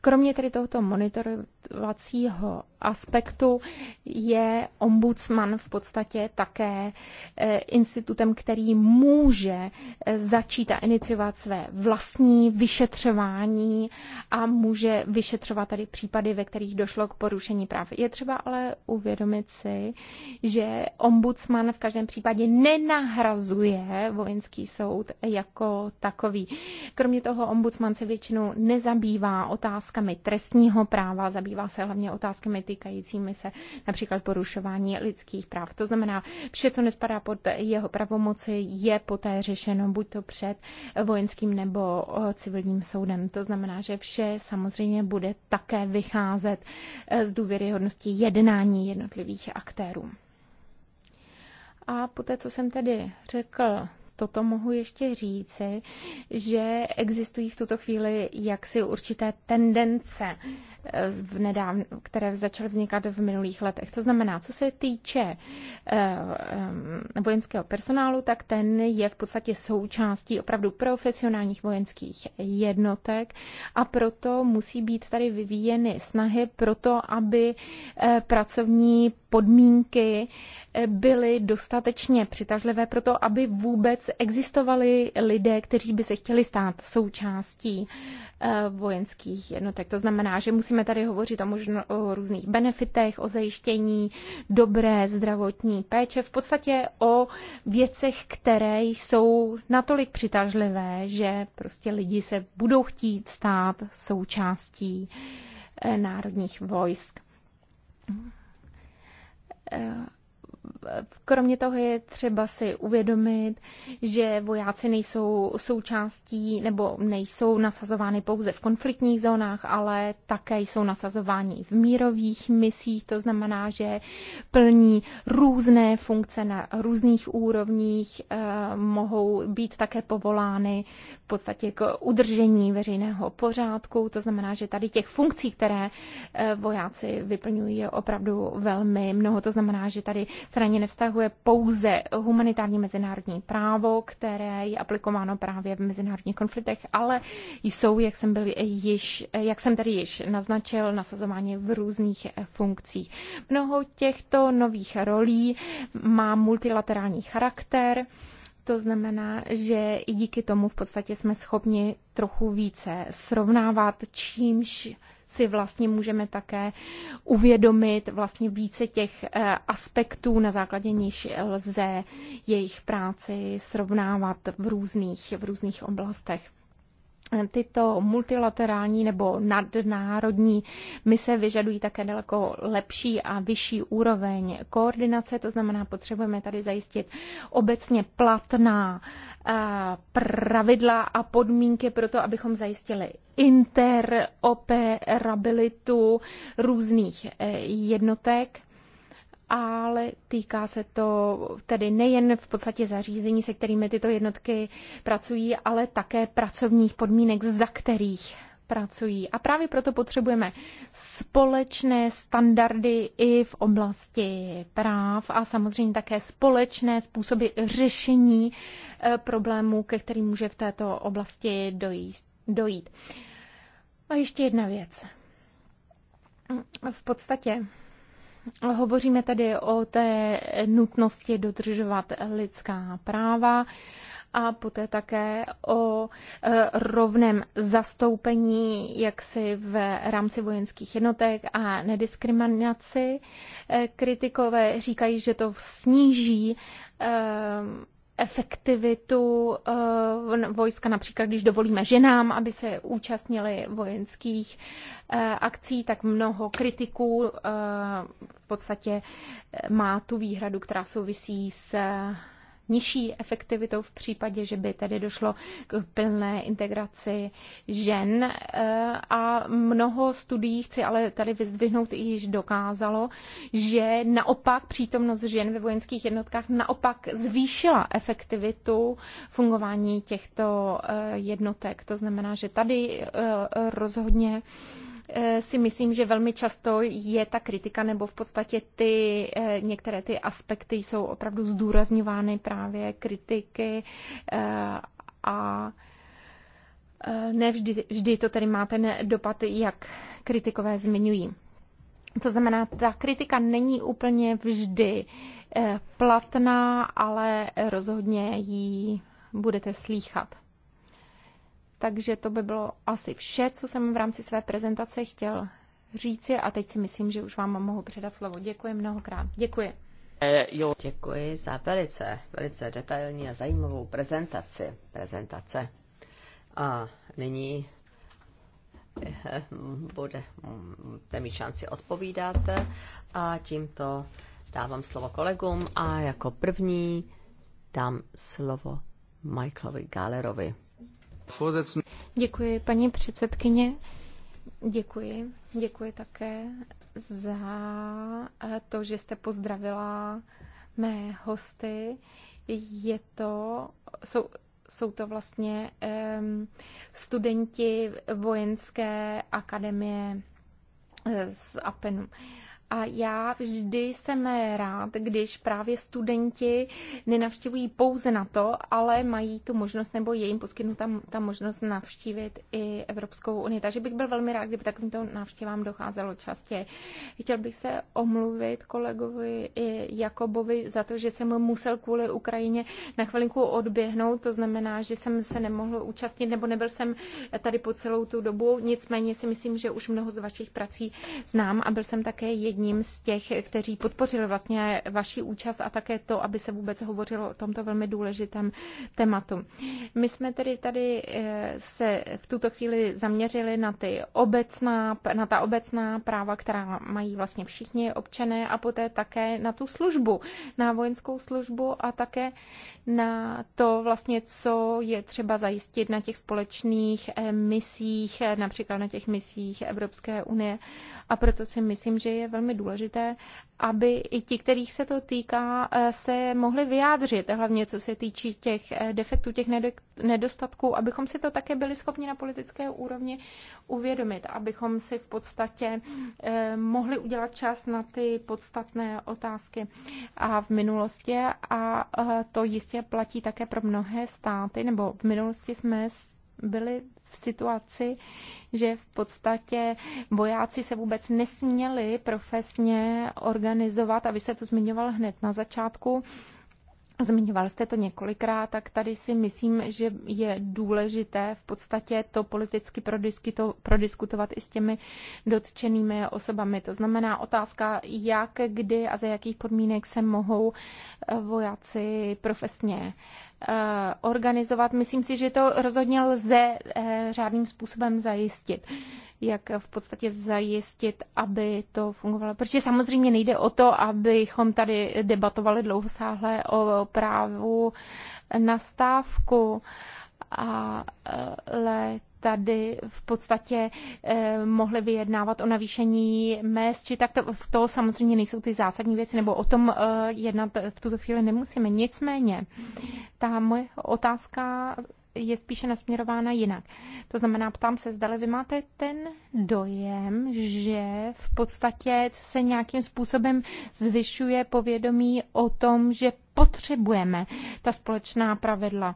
[SPEAKER 2] Kromě tedy tohoto monitorovacího aspektu je ombudsman v podstatě také eh, institutem, který může eh, začít a iniciovat své vlastní vyšetřování a může vyšetřovat tady případy, ve kterých došlo k porušení práv. Je třeba ale uvědomit si, že ombudsman v každém případě nenahrazuje vojenský soud jako takový. Kromě toho ombudsman se většinou nezabývá otázkou, otázkami trestního práva, zabývá se hlavně otázkami týkajícími se například porušování lidských práv. To znamená, vše, co nespadá pod jeho pravomoci, je poté řešeno buď to před vojenským nebo eh, civilním soudem. To znamená, že vše samozřejmě bude také vycházet eh, z důvěryhodnosti jednání jednotlivých aktérů. A poté, co jsem tedy řekl toto mohu ještě říci, že existují v tuto chvíli jaksi určité tendence v nedáv- které začaly vznikat v minulých letech. To znamená, co se týče eh, vojenského personálu, tak ten je v podstatě součástí opravdu profesionálních vojenských jednotek a proto musí být tady vyvíjeny snahy pro to, aby eh, pracovní podmínky eh, byly dostatečně přitažlivé pro to, aby vůbec existovali lidé, kteří by se chtěli stát součástí vojenských jednotek. To znamená, že musíme Můžeme tady hovořit o, možno, o různých benefitech, o zajištění dobré zdravotní péče, v podstatě o věcech, které jsou natolik přitažlivé, že prostě lidi se budou chtít stát součástí eh, národních vojsk eh, Kromě toho je třeba si uvědomit, že vojáci nejsou součástí nebo nejsou nasazovány pouze v konfliktních zónách, ale také jsou nasazováni v mírových misích. To znamená, že plní různé funkce na různých úrovních, eh, mohou být také povolány v podstatě k udržení veřejného pořádku. To znamená, že tady těch funkcí, které eh, vojáci vyplňují, je opravdu velmi mnoho. To znamená, že tady se straně nevztahuje pouze humanitární mezinárodní právo, které je aplikováno právě v mezinárodních konfliktech, ale jsou, jak jsem, byl již, jak jsem tady již naznačil, nasazování v různých eh, funkcích. Mnoho těchto nových rolí má multilaterální charakter, to znamená, že i díky tomu v podstatě jsme schopni trochu více srovnávat, čímž si vlastně můžeme také uvědomit vlastně více těch eh, aspektů, na základě níž lze jejich práci srovnávat v různých, v různých oblastech tyto multilaterální nebo nadnárodní mise vyžadují také daleko lepší a vyšší úroveň koordinace, to znamená, potřebujeme tady zajistit obecně platná eh, pravidla a podmínky pro to, abychom zajistili interoperabilitu různých eh, jednotek ale týká se to tedy nejen v podstatě zařízení, se kterými tyto jednotky pracují, ale také pracovních podmínek, za kterých pracují. A právě proto potřebujeme společné standardy i v oblasti práv a samozřejmě také společné způsoby řešení eh, problémů, ke kterým může v této oblasti dojít. A ještě jedna věc. V podstatě Hovoříme tedy o té nutnosti dodržovat lidská práva a poté také o e, rovném zastoupení jaksi v rámci vojenských jednotek a nediskriminaci. E, kritikové říkají, že to sníží e, efektivitu eh, vojska, například když dovolíme ženám, aby se účastnili vojenských eh, akcí, tak mnoho kritiků eh, v podstatě má tu výhradu, která souvisí s nižší efektivitou v případě, že by tedy došlo k plné integraci žen. E, a mnoho studií, chci ale tady vyzdvihnout, již dokázalo, že naopak přítomnost žen ve vojenských jednotkách naopak zvýšila efektivitu fungování těchto e, jednotek. To znamená, že tady e, rozhodně Eh, si myslím, že velmi často je ta kritika, nebo v podstatě ty, eh, některé ty aspekty jsou opravdu zdůrazňovány právě kritiky eh, a ne vždy, vždy to tedy má ten dopad, jak kritikové zmiňují. To znamená, ta kritika není úplně vždy platná, ale rozhodně ji budete slýchat. Takže to by bylo asi vše, co jsem v rámci své prezentace chtěl říci a teď si myslím, že už vám mohu předat slovo. Děkuji mnohokrát. Děkuji.
[SPEAKER 3] Eh, jo. Děkuji za velice, velice detailní a zajímavou prezentaci. Prezentace. A nyní eh, bude, budete mít šanci odpovídat a tímto dávám slovo kolegům a jako první dám slovo Michaelovi Galerovi.
[SPEAKER 2] Děkuji, paní předsedkyně. Děkuji. Děkuji také za eh, to, že jste pozdravila mé hosty. Je to, jsou, jsou to vlastně um, studenti vojenské akademie eh, z Apenu. Uh, a já vždy jsem rád, když právě studenti nenavštěvují pouze na to, ale mají tu možnost nebo je jim poskytnuta ta možnost navštívit i Evropskou unii. Takže bych byl velmi rád, kdyby takovýmto návštěvám docházelo častěji. Chtěl bych se omluvit kolegovi Jakobovi za to, že jsem musel kvůli Ukrajině na chvilinku odběhnout. To znamená, že jsem se nemohl účastnit nebo nebyl jsem tady po celou tu dobu. Nicméně si myslím, že už mnoho z vašich prací znám a byl jsem také jediný jedním z těch, kteří podpořili vlastně vaši účast a také to, aby se vůbec hovořilo o tomto velmi důležitém tématu. My jsme tedy tady eh, se v tuto chvíli zaměřili na ty obecná, na ta obecná práva, která mají vlastně všichni občané a poté také na tu službu, na vojenskou službu a také na to vlastně, co je třeba zajistit na těch společných eh, misích, eh, například na těch misích Evropské unie. A proto si myslím, že je velmi velmi důležité, aby i ti, kterých se to týká, eh, se mohli vyjádřit, hlavně co se týče těch eh, defektů, těch nedostatků, abychom si to také byli schopni na politické úrovni uvědomit, abychom si v podstatě eh, mohli udělat čas na ty podstatné otázky a v minulosti a to jistě platí také pro mnohé státy, nebo v minulosti jsme byli v situaci, že v podstatě vojáci se vůbec nesměli profesně organizovat, a vy jste to zmiňoval hned na začátku, Zmiňoval jste to několikrát, tak tady si myslím, že je důležité v podstatě to politicky prodiskutovat i s těmi dotčenými osobami. To znamená otázka, jak, kdy a za jakých podmínek se mohou eh, vojáci profesně Eh, organizovat. Myslím si, že to rozhodně lze eh, řádným způsobem zajistit. Jak v podstatě zajistit, aby to fungovalo. Protože samozřejmě nejde o to, abychom tady debatovali dlouhosáhle o právu na stávku, ale tady v podstatě eh, mohli vyjednávat o navýšení mest, či tak to, v toho samozřejmě nejsou ty zásadní věci, nebo o tom eh, jednat v tuto chvíli nemusíme. Nicméně, ta moje otázka je spíše nasměrována jinak. To znamená, ptám se, zdali vy máte ten dojem, že v podstatě se nějakým způsobem zvyšuje povědomí o tom, že potřebujeme ta společná pravidla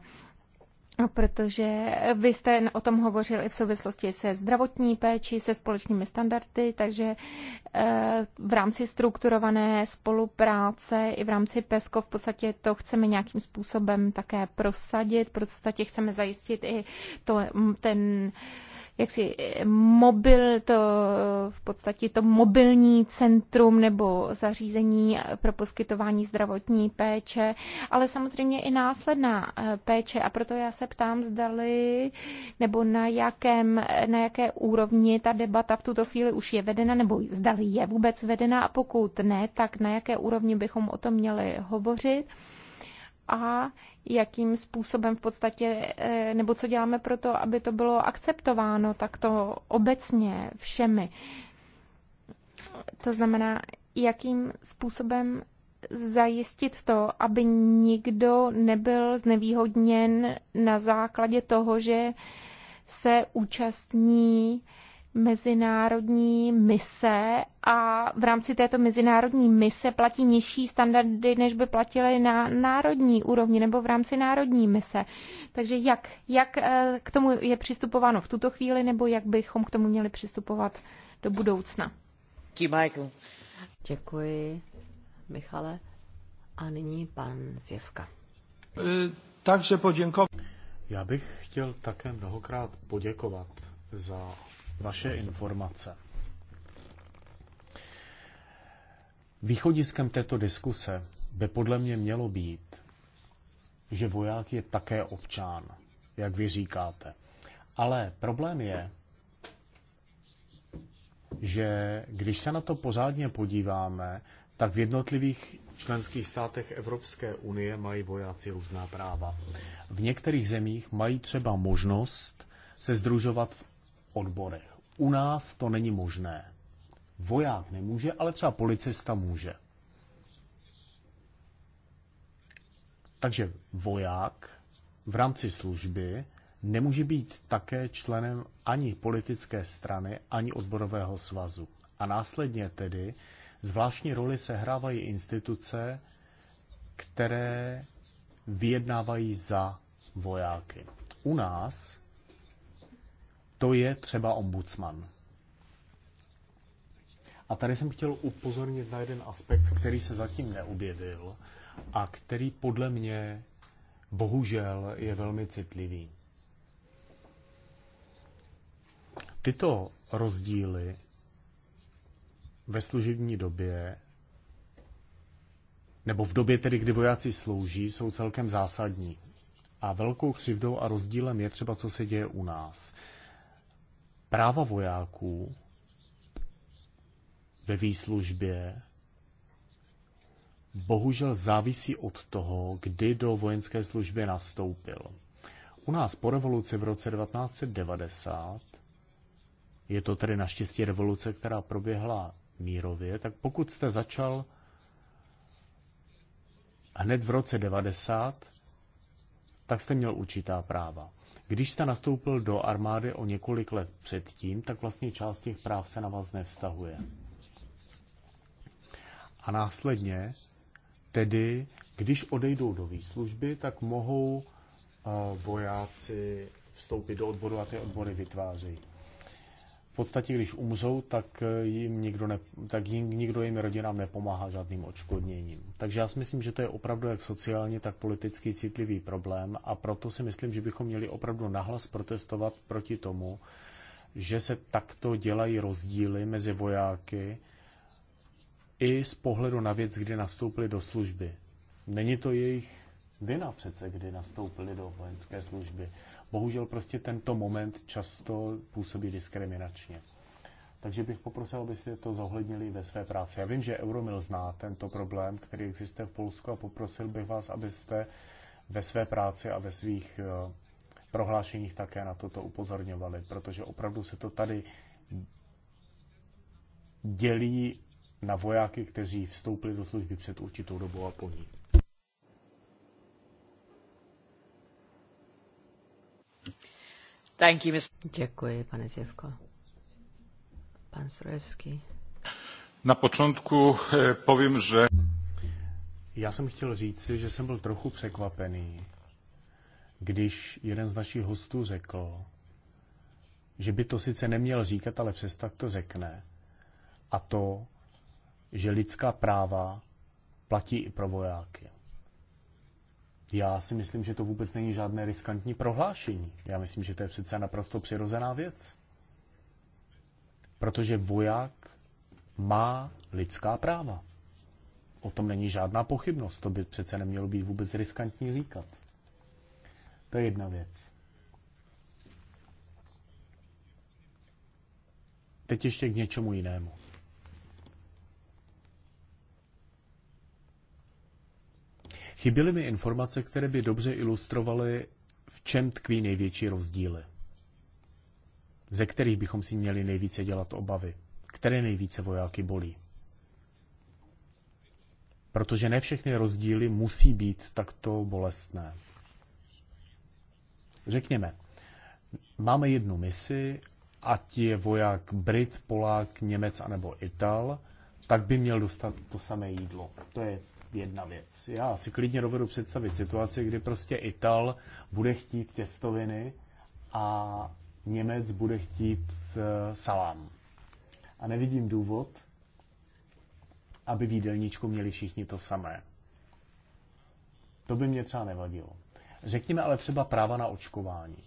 [SPEAKER 2] protože vy jste o tom hovořil i v souvislosti se zdravotní péči, se společnými standardy, takže eh, v rámci strukturované spolupráce i v rámci PESCO v podstatě to chceme nějakým způsobem také prosadit, v podstatě chceme zajistit i to, ten jaksi eh, mobil, to v podstatě to mobilní centrum nebo zařízení pro poskytování zdravotní péče, ale samozřejmě i následná eh, péče. A proto já se ptám, zdali nebo na, jakém, eh, na jaké úrovni ta debata v tuto chvíli už je vedena, nebo zdali je vůbec vedena a pokud ne, tak na jaké úrovni bychom o tom měli hovořit a jakým způsobem v podstatě, eh, nebo co děláme pro to, aby to bylo akceptováno takto obecně všemi. To znamená, jakým způsobem zajistit to, aby nikdo nebyl znevýhodněn na základě toho, že se účastní mezinárodní mise a v rámci této mezinárodní mise platí nižší standardy, než by platily na národní úrovni nebo v rámci národní mise. Takže jak, jak eh, k tomu je přistupováno v tuto chvíli nebo jak bychom k tomu měli přistupovat do budoucna?
[SPEAKER 3] Děkuji, Děkuji Michale. A nyní pan
[SPEAKER 1] Zjevka. Eh, takže poděkovat. Já bych chtěl také mnohokrát poděkovat za vaše informace. Východiskem této diskuse by podle mě mělo být, že voják je také občan, jak vy říkáte. Ale problém je, že když se na to pořádně podíváme, tak v jednotlivých členských státech Evropské unie mají vojáci různá práva. V některých zemích mají třeba možnost se združovat v odborech. U nás to není možné. Voják nemůže, ale třeba policista může. Takže voják v rámci služby nemůže být také členem ani politické strany, ani odborového svazu. A následně tedy zvláštní roli sehrávají instituce, které vyjednávají za vojáky. U nás to je třeba ombudsman. A tady jsem chtěl upozornit na jeden aspekt, který se zatím neobjevil a který podle mě bohužel je velmi citlivý. Tyto rozdíly ve služební době nebo v době tedy, kdy vojáci slouží, jsou celkem zásadní. A velkou křivdou a rozdílem je třeba, co se děje u nás práva vojáků ve výslužbě bohužel závisí od toho, kdy do vojenské služby nastoupil. U nás po revoluci v roce 1990, je to tedy naštěstí revoluce, která proběhla mírově, tak pokud jste začal hned v roce 90, tak jste měl určitá práva. Když jste nastoupil do armády o několik let předtím, tak vlastně část těch práv se na vás nevztahuje. A následně, tedy, když odejdou do výslužby, tak mohou eh, vojáci vstoupit do odboru a ty odbory vytvářejí v podstatě, když umřou, tak eh, jim nikdo, ne, tak jim, nikdo jim rodinám nepomáhá žádným odškodněním. Takže já si myslím, že to je opravdu jak sociálně, tak politicky citlivý problém a proto si myslím, že bychom měli opravdu nahlas protestovat proti tomu, že se takto dělají rozdíly mezi vojáky i z pohledu na věc, kdy nastoupili do služby. Není to jejich Dina přece, kdy nastoupili do vojenské služby. Bohužel prostě tento moment často působí diskriminačně. Takže bych poprosil, abyste to zohlednili ve své práci. Já vím, že Euromil zná tento problém, který existuje v Polsku a poprosil bych vás, abyste ve své práci a ve svých eh, prohlášeních také na toto upozorňovali, protože opravdu se to tady dělí na vojáky, kteří vstoupili do služby před určitou dobou a po ní.
[SPEAKER 3] Děkuji, pane Zjevko. Pan Strojevský.
[SPEAKER 1] Na počátku eh, povím, že... Já jsem chtěl říci, že jsem byl trochu překvapený, když jeden z našich hostů řekl, že by to sice neměl říkat, ale tak to řekne. A to, že lidská práva platí i pro vojáky. Já si myslím, že to vůbec není žádné riskantní prohlášení. Já myslím, že to je přece naprosto přirozená věc. Protože voják má lidská práva. O tom není žádná pochybnost. To by přece nemělo být vůbec riskantní říkat. To je jedna věc. Teď ještě k něčemu jinému. Chyběly mi informace, které by dobře ilustrovaly, v čem tkví největší rozdíly, ze kterých bychom si měli nejvíce dělat obavy, které nejvíce vojáky bolí. Protože ne všechny rozdíly musí být takto bolestné. Řekněme, máme jednu misi, ať je voják Brit, Polák, Němec anebo Ital, tak by měl dostat to samé jídlo. To je jedna věc. Já si klidně dovedu představit situaci, kdy prostě Ital bude chtít těstoviny a Němec bude chtít eh, salám. A nevidím důvod, aby v jídelníčku měli všichni to samé. To by mě třeba nevadilo. Řekněme ale třeba práva na očkování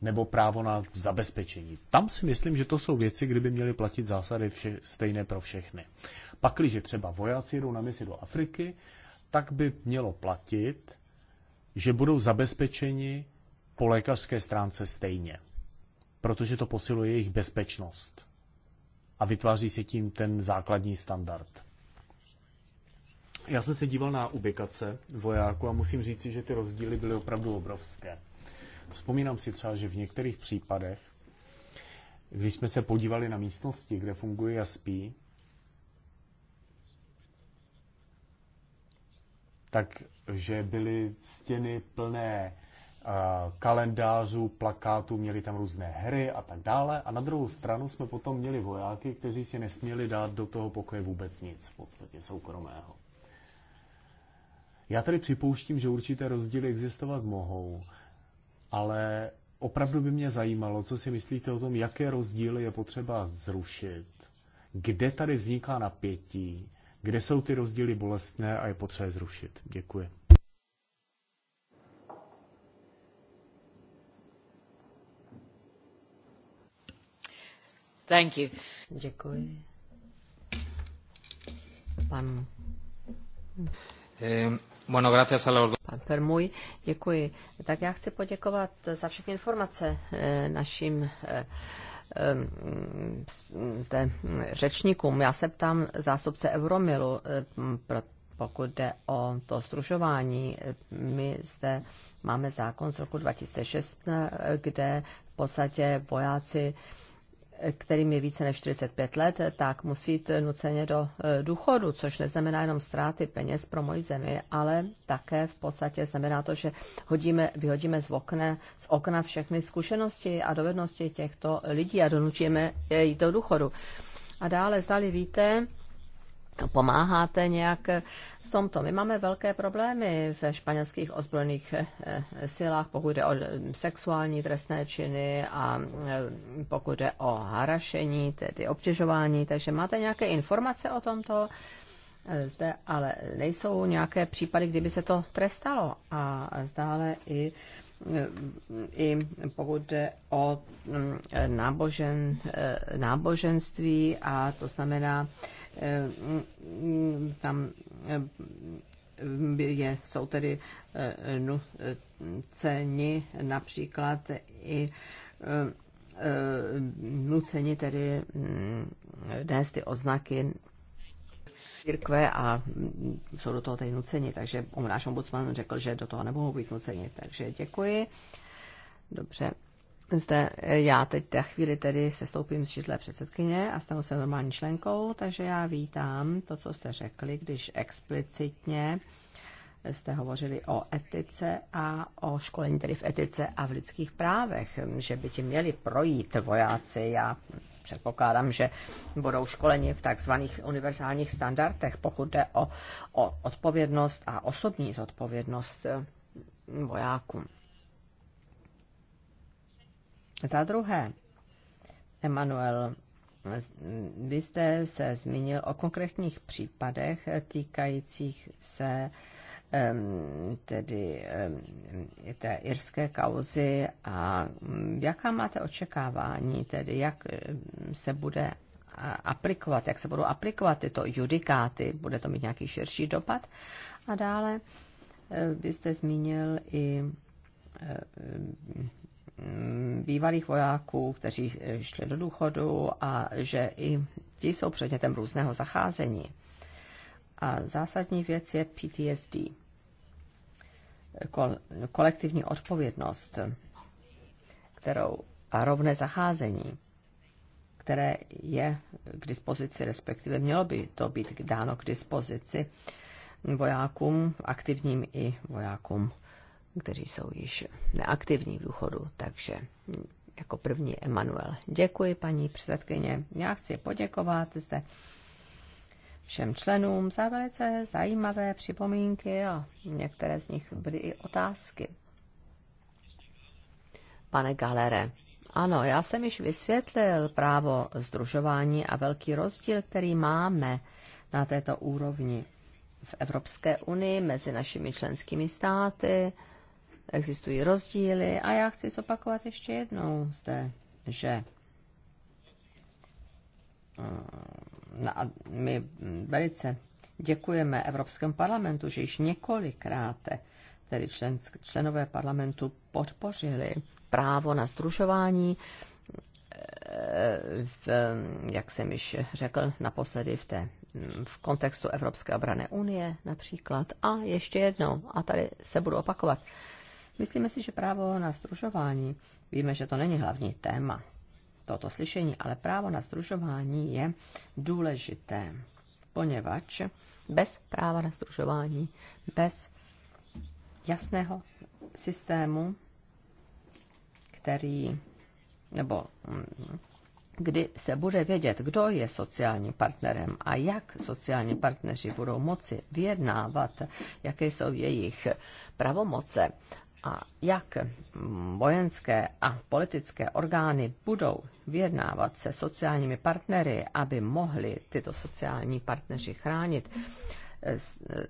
[SPEAKER 1] nebo právo na zabezpečení. Tam si myslím, že to jsou věci, kdyby měly platit zásady vše, stejné pro všechny. Pakliže třeba vojáci jdou na misi do Afriky, tak by mělo platit, že budou zabezpečeni po lékařské stránce stejně, protože to posiluje jejich bezpečnost a vytváří se tím ten základní standard. Já jsem se díval na ubikace vojáků a musím říci, že ty rozdíly byly opravdu obrovské. Vzpomínám si třeba, že v některých případech, když jsme se podívali na místnosti, kde funguje a spí, takže byly stěny plné kalendářů, plakátů, měli tam různé hry a tak dále. A na druhou stranu jsme potom měli vojáky, kteří si nesměli dát do toho pokoje vůbec nic, v podstatě soukromého. Já tady připouštím, že určité rozdíly existovat mohou, ale opravdu by mě zajímalo, co si myslíte o tom, jaké rozdíly je potřeba zrušit, kde tady vzniká napětí, kde jsou ty rozdíly bolestné a je potřeba zrušit. Děkuji.
[SPEAKER 3] Thank you. Děkuji. Pan. Bueno, gracias a los... Pan Permuj, děkuji. Tak já chci poděkovat za všechny informace eh, našim eh, eh, zde hm, řečníkům. Já se ptám zástupce Euromilu, pokud jde o to stružování. My zde máme zákon z roku 2006, kde v podstatě vojáci kterým je více než 45 let, tak musí jít nuceně do e, důchodu, což neznamená jenom ztráty peněz pro moji zemi, ale také v podstatě znamená to, že hodíme, vyhodíme z okna, z okna všechny zkušenosti a dovednosti těchto lidí a donutíme jít do důchodu. A dále, zdali víte, pomáháte nějak v tomto. My máme velké problémy ve španělských ozbrojených eh, eh, silách, pokud jde o eh, sexuální trestné činy a pokud jde o harašení, tedy obtěžování. Takže máte nějaké informace o tomto? Zde ale nejsou nějaké případy, kdyby se to trestalo. A zdále i i pokud jde o hm, nábožen, náboženství a to znamená Eh, tam eh, je, jsou tedy eh, nuceni například i nuceni tedy mm, nést ty oznaky církve a jsou do toho tedy nuceni, takže náš ombudsman řekl, že do toho nemohou být nuceni, takže děkuji. Dobře zde eh, já teď té chvíli tedy se stoupím z židle předsedkyně a stanu se normální členkou, takže já vítám to, co jste řekli, když explicitně jste hovořili o etice a o školení tedy v etice a v lidských právech, že by ti měli projít vojáci. Já předpokládám, že budou školeni v takzvaných univerzálních standardech, pokud jde o, o odpovědnost a osobní zodpovědnost eh, vojákům. Za druhé, Emanuel, vy jste se zmínil o konkrétních případech týkajících se tedy té irské kauzy a jaká máte očekávání, tedy jak se bude aplikovat, jak se budou aplikovat tyto judikáty, bude to mít nějaký širší dopad. A dále byste eh, zmínil i eh, Mm, bývalých vojáků, kteří šli do důchodu a že i ti jsou předmětem různého zacházení. A zásadní věc je PTSD, kol, kolektivní odpovědnost, kterou a rovné zacházení, které je k dispozici, respektive mělo by to být dáno k dispozici vojákům, aktivním i vojákům kteří jsou již neaktivní v důchodu. Takže jako první Emanuel. Děkuji, paní předsedkyně. Já chci poděkovat zde všem členům za velice zajímavé připomínky a některé z nich byly i otázky. Pane Galere, ano, já jsem již vysvětlil právo združování a velký rozdíl, který máme na této úrovni v Evropské unii mezi našimi členskými státy existují rozdíly a já chci zopakovat ještě jednou zde, že eh, my velice děkujeme Evropskému parlamentu, že již několikrát tedy člen, členové parlamentu podpořili právo na združování, eh, v, jak jsem již řekl naposledy v té v kontextu Evropské obrané unie například. A ještě jednou, a tady se budu opakovat, Myslíme si, že právo na združování, víme, že to není hlavní téma tohoto slyšení, ale právo na združování je důležité, poněvadž bez práva na združování, bez jasného systému, který, nebo mm, kdy se bude vědět, kdo je sociálním partnerem a jak sociální partneři budou moci vyjednávat, jaké jsou jejich pravomoce a jak vojenské a politické orgány budou vyjednávat se sociálními partnery, aby mohli tyto sociální partneři chránit eh, eh,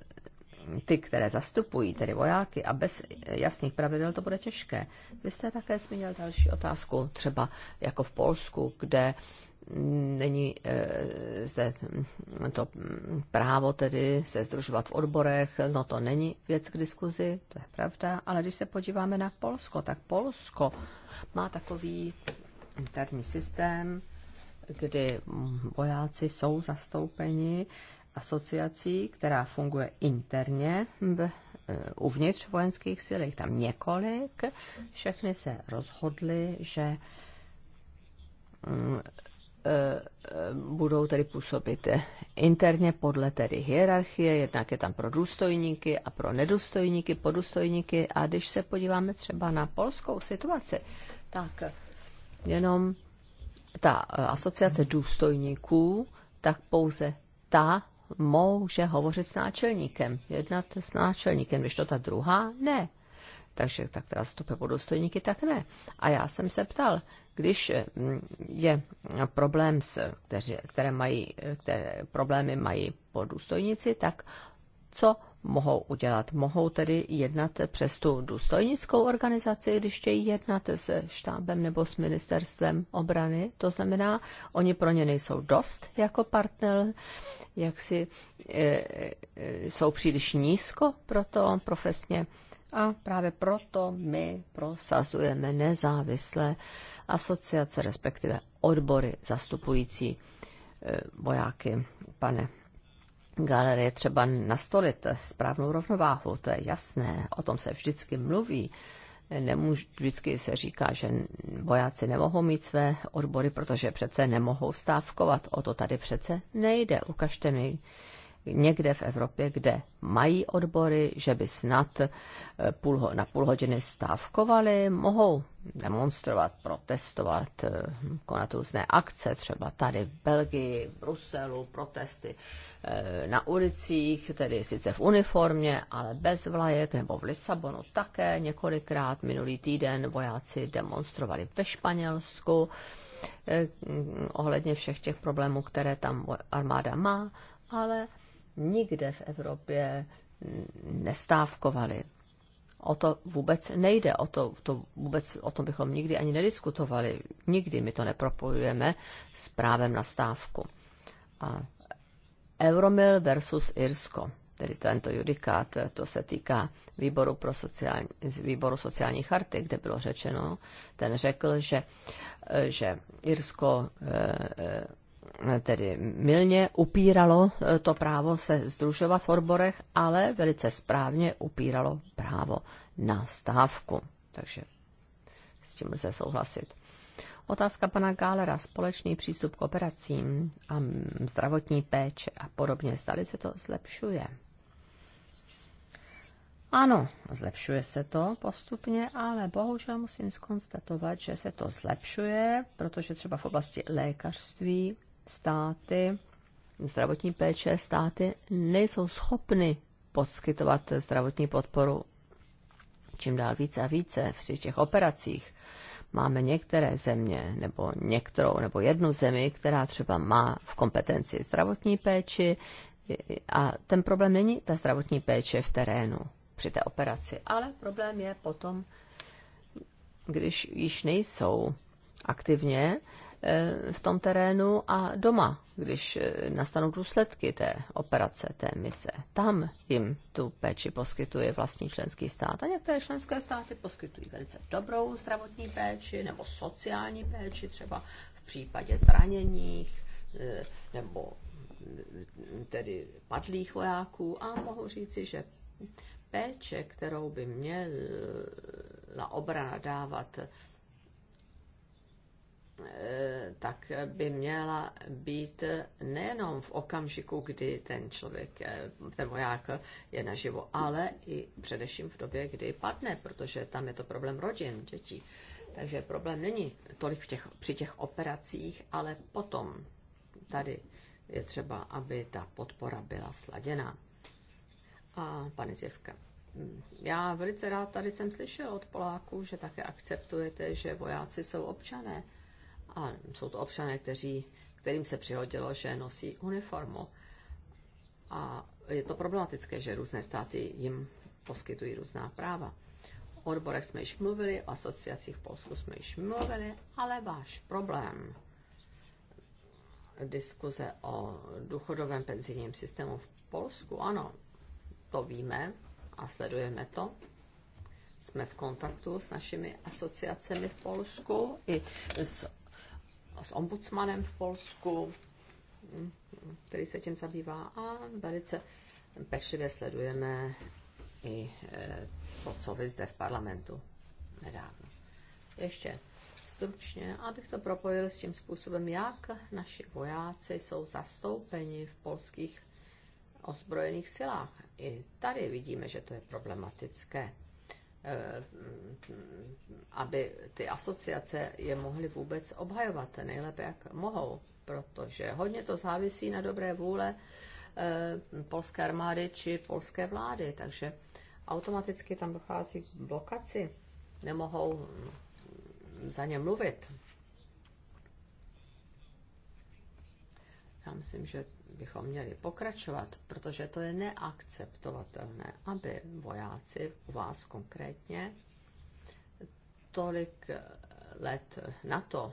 [SPEAKER 3] ty, které zastupují, tedy vojáky, a bez jasných pravidel to bude těžké. Vy jste také zmínil další otázku, třeba jako v Polsku, kde není eh, zde to právo tedy se združovat v odborech, no to není věc k diskuzi, to je pravda, ale když se podíváme na Polsko, tak Polsko má takový interní systém, kdy vojáci jsou zastoupeni asociací, která funguje interně v, eh, uvnitř vojenských sil, jich tam několik, všechny se rozhodly, že mm, Eh, budou tedy působit interně podle tedy hierarchie, jednak je tam pro důstojníky a pro nedůstojníky, podůstojníky. A když se podíváme třeba na polskou situaci, tak jenom ta asociace důstojníků, tak pouze ta může hovořit s náčelníkem, jednat s náčelníkem, když to ta druhá ne takže tak teda stupe podůstojníky, tak ne. A já jsem se ptal, když eh, je problém, s, kteři, které, mají, eh, které problémy mají podůstojníci, tak co mohou udělat? Mohou tedy jednat přes tu důstojnickou organizaci, když chtějí jednat s štábem nebo s ministerstvem obrany. To znamená, oni pro ně nejsou dost jako partner, jak si e, e, jsou příliš nízko pro to profesně a právě proto my prosazujeme nezávislé asociace, respektive odbory zastupující e, vojáky. Pane galerie třeba nastolit správnou rovnováhu, to je jasné, o tom se vždycky mluví. Nemůž, vždycky se říká, že vojáci nemohou mít své odbory, protože přece nemohou stávkovat. O to tady přece nejde. Ukažte mi, někde v Evropě, kde mají odbory, že by snad eh, půl, na půl hodiny stávkovali, mohou demonstrovat, protestovat, eh, konat různé akce, třeba tady v Belgii, v Bruselu, protesty eh, na ulicích, tedy sice v uniformě, ale bez vlajek, nebo v Lisabonu také několikrát minulý týden vojáci demonstrovali ve Španělsku ohledně všech těch problémů, které tam armáda má, ale nikde v Evropě nestávkovali. O to vůbec nejde, o, to, to vůbec, o tom bychom nikdy ani nediskutovali. Nikdy my to nepropojujeme s právem na stávku. A Euromil versus Irsko, tedy tento judikát, to se týká výboru, pro sociální, výboru sociální charty, kde bylo řečeno, ten řekl, že, že Irsko eh, eh, tedy milně upíralo eh, to právo se združovat v odborech, ale velice správně upíralo právo na stávku. Takže s tím lze souhlasit. Otázka pana Gálera, společný přístup k operacím a zdravotní péče a podobně, zdali se to zlepšuje? Ano, zlepšuje se to postupně, ale bohužel musím skonstatovat, že se to zlepšuje, protože třeba v oblasti lékařství státy, zdravotní péče státy nejsou schopny poskytovat zdravotní podporu čím dál více a více při těch operacích. Máme některé země, nebo některou, nebo jednu zemi, která třeba má v kompetenci zdravotní péči a ten problém není ta zdravotní péče v terénu při té operaci, ale problém je potom, když již nejsou aktivně Eh, v tom terénu a doma, když eh, nastanou důsledky té operace, té mise. Tam jim tu péči poskytuje vlastní členský stát. A některé členské státy poskytují velice dobrou zdravotní péči nebo sociální péči, třeba v případě zraněních eh, nebo tedy padlých vojáků. A mohu říci, že péče, kterou by měla obrana dávat Eh, tak by měla být nejenom v okamžiku, kdy ten člověk, eh, ten voják je naživo, ale i především v době, kdy padne, protože tam je to problém rodin, dětí. Takže problém není tolik v těch, při těch operacích, ale potom tady je třeba, aby ta podpora byla sladěná. A pane Zjevka, já velice rád tady jsem slyšel od Poláků, že také akceptujete, že vojáci jsou občané a jsou to občané, kteří, kterým se přihodilo, že nosí uniformu. A je to problematické, že různé státy jim poskytují různá práva. O odborech jsme již mluvili, o asociacích v Polsku jsme již mluvili, ale váš problém diskuze o důchodovém penzijním systému v Polsku, ano, to víme a sledujeme to. Jsme v kontaktu s našimi asociacemi v Polsku i s s ombudsmanem v Polsku, který se tím zabývá a velice pečlivě sledujeme i e, to, co vy zde v parlamentu nedávno. Ještě stručně, abych to propojil s tím způsobem, jak naši vojáci jsou zastoupeni v polských ozbrojených silách. I tady vidíme, že to je problematické. Eh, aby ty asociace je mohly vůbec obhajovat nejlépe, jak mohou, protože hodně to závisí na dobré vůle eh, polské armády či polské vlády, takže automaticky tam dochází k blokaci, nemohou za ně mluvit. Já myslím, že bychom měli pokračovat, protože to je neakceptovatelné, aby vojáci u vás konkrétně tolik let na to,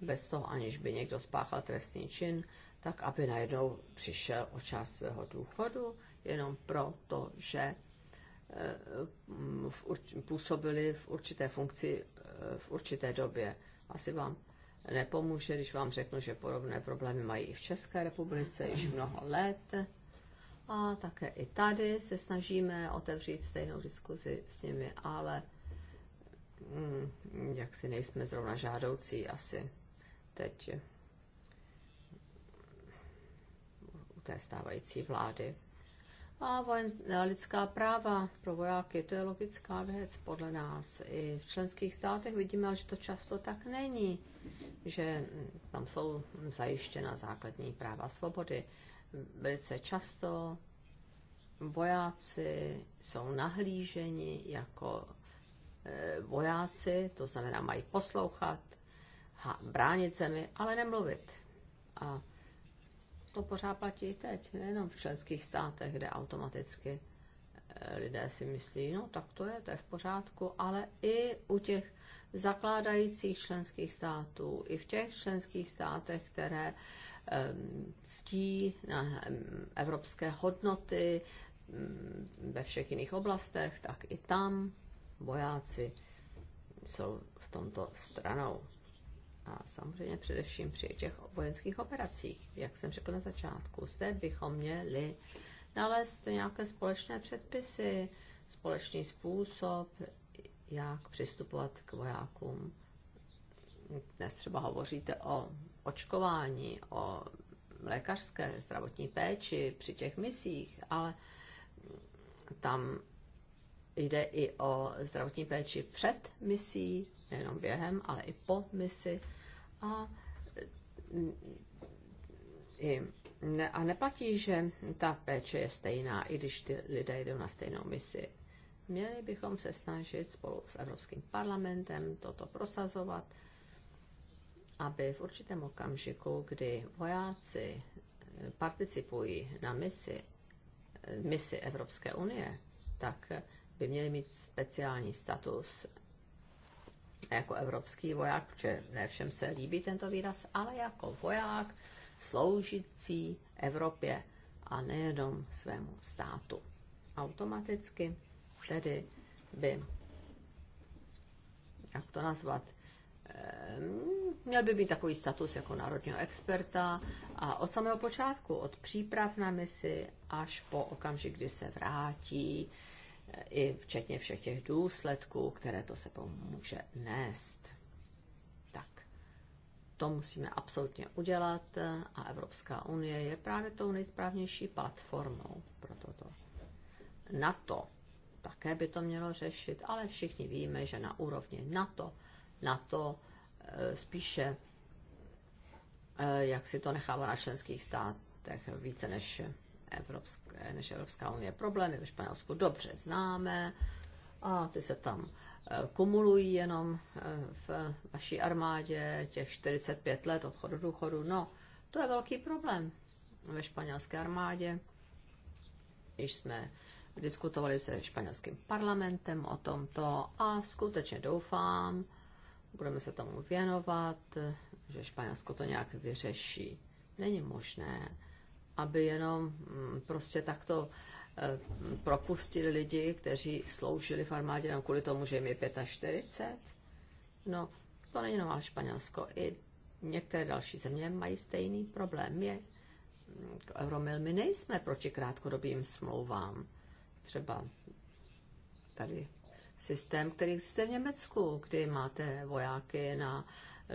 [SPEAKER 3] bez toho aniž by někdo spáchal trestný čin, tak aby najednou přišel o část svého důchodu, jenom proto, že eh, působili v určité funkci eh, v určité době. Asi vám nepomůže, když vám řeknu, že podobné problémy mají i v České republice již mnoho let. A také i tady se snažíme otevřít stejnou diskuzi s nimi, ale hmm, jak si nejsme zrovna žádoucí asi teď u té stávající vlády a vojen, eh, lidská práva pro vojáky, to je logická věc podle nás. I v členských státech vidíme, že to často tak není, že hm, tam jsou zajištěna základní práva svobody. Velice často vojáci jsou nahlíženi jako eh, vojáci, to znamená mají poslouchat, bránit zemi, ale nemluvit. A to pořád platí i teď, nejenom v členských státech, kde automaticky eh, lidé si myslí, no tak to je, to je v pořádku, ale i u těch zakládajících členských států, i v těch členských státech, které ctí na evropské hodnoty mm, ve všech jiných oblastech, tak i tam vojáci jsou v tomto stranou a samozřejmě především při těch vojenských operacích, jak jsem řekl na začátku. Zde bychom měli nalézt nějaké společné předpisy, společný způsob, jak přistupovat k vojákům. Dnes třeba hovoříte o očkování, o lékařské zdravotní péči při těch misích, ale tam jde i o zdravotní péči před misí, nejenom během, ale i po misi. A, mm, i, ne, a neplatí, že ta péče je stejná, i když ty lidé jdou na stejnou misi. Měli bychom se snažit spolu s Evropským parlamentem toto prosazovat, aby v určitém okamžiku, kdy vojáci eh, participují na misi, eh, misi Evropské unie, tak by měli mít speciální status jako evropský voják, protože ne všem se líbí tento výraz, ale jako voják sloužící Evropě a nejenom svému státu. Automaticky tedy by, jak to nazvat, eh, měl by být takový status jako národního experta a od samého počátku, od příprav na misi až po okamžik, kdy se vrátí, i včetně všech těch důsledků, které to se pomůže nést. Tak to musíme absolutně udělat a Evropská unie je právě tou nejsprávnější platformou pro toto. NATO také by to mělo řešit, ale všichni víme, že na úrovni NATO, NATO eh, spíše eh, jak si to nechává na členských státech více než Evropské, než Evropská unie. Problémy ve Španělsku dobře známe a ty se tam eh, kumulují jenom eh, v vaší armádě těch 45 let odchodu důchodu. No, to je velký problém ve španělské armádě. Když jsme diskutovali se španělským parlamentem o tomto a skutečně doufám, budeme se tomu věnovat, že Španělsko to nějak vyřeší. Není možné, aby jenom mm, prostě takto eh, propustili lidi, kteří sloužili v armádě jenom kvůli tomu, že jim je 45. No, to není jenom Španělsko. I některé další země mají stejný problém. Je, mm, Euromil, my nejsme proti krátkodobým smlouvám. Třeba tady systém, který existuje v Německu, kdy máte vojáky na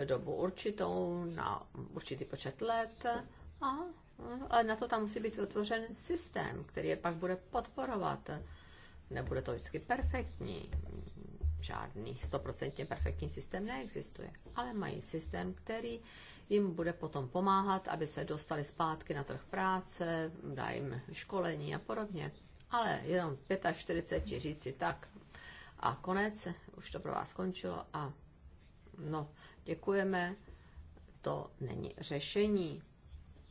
[SPEAKER 3] dobu určitou, na určitý počet let a ale na to tam musí být vytvořen systém, který je pak bude podporovat. Nebude to vždycky perfektní, žádný stoprocentně perfektní systém neexistuje, ale mají systém, který jim bude potom pomáhat, aby se dostali zpátky na trh práce, dá jim školení a podobně. Ale jenom 45 říci tak a konec, už to pro vás skončilo a no, děkujeme, to není řešení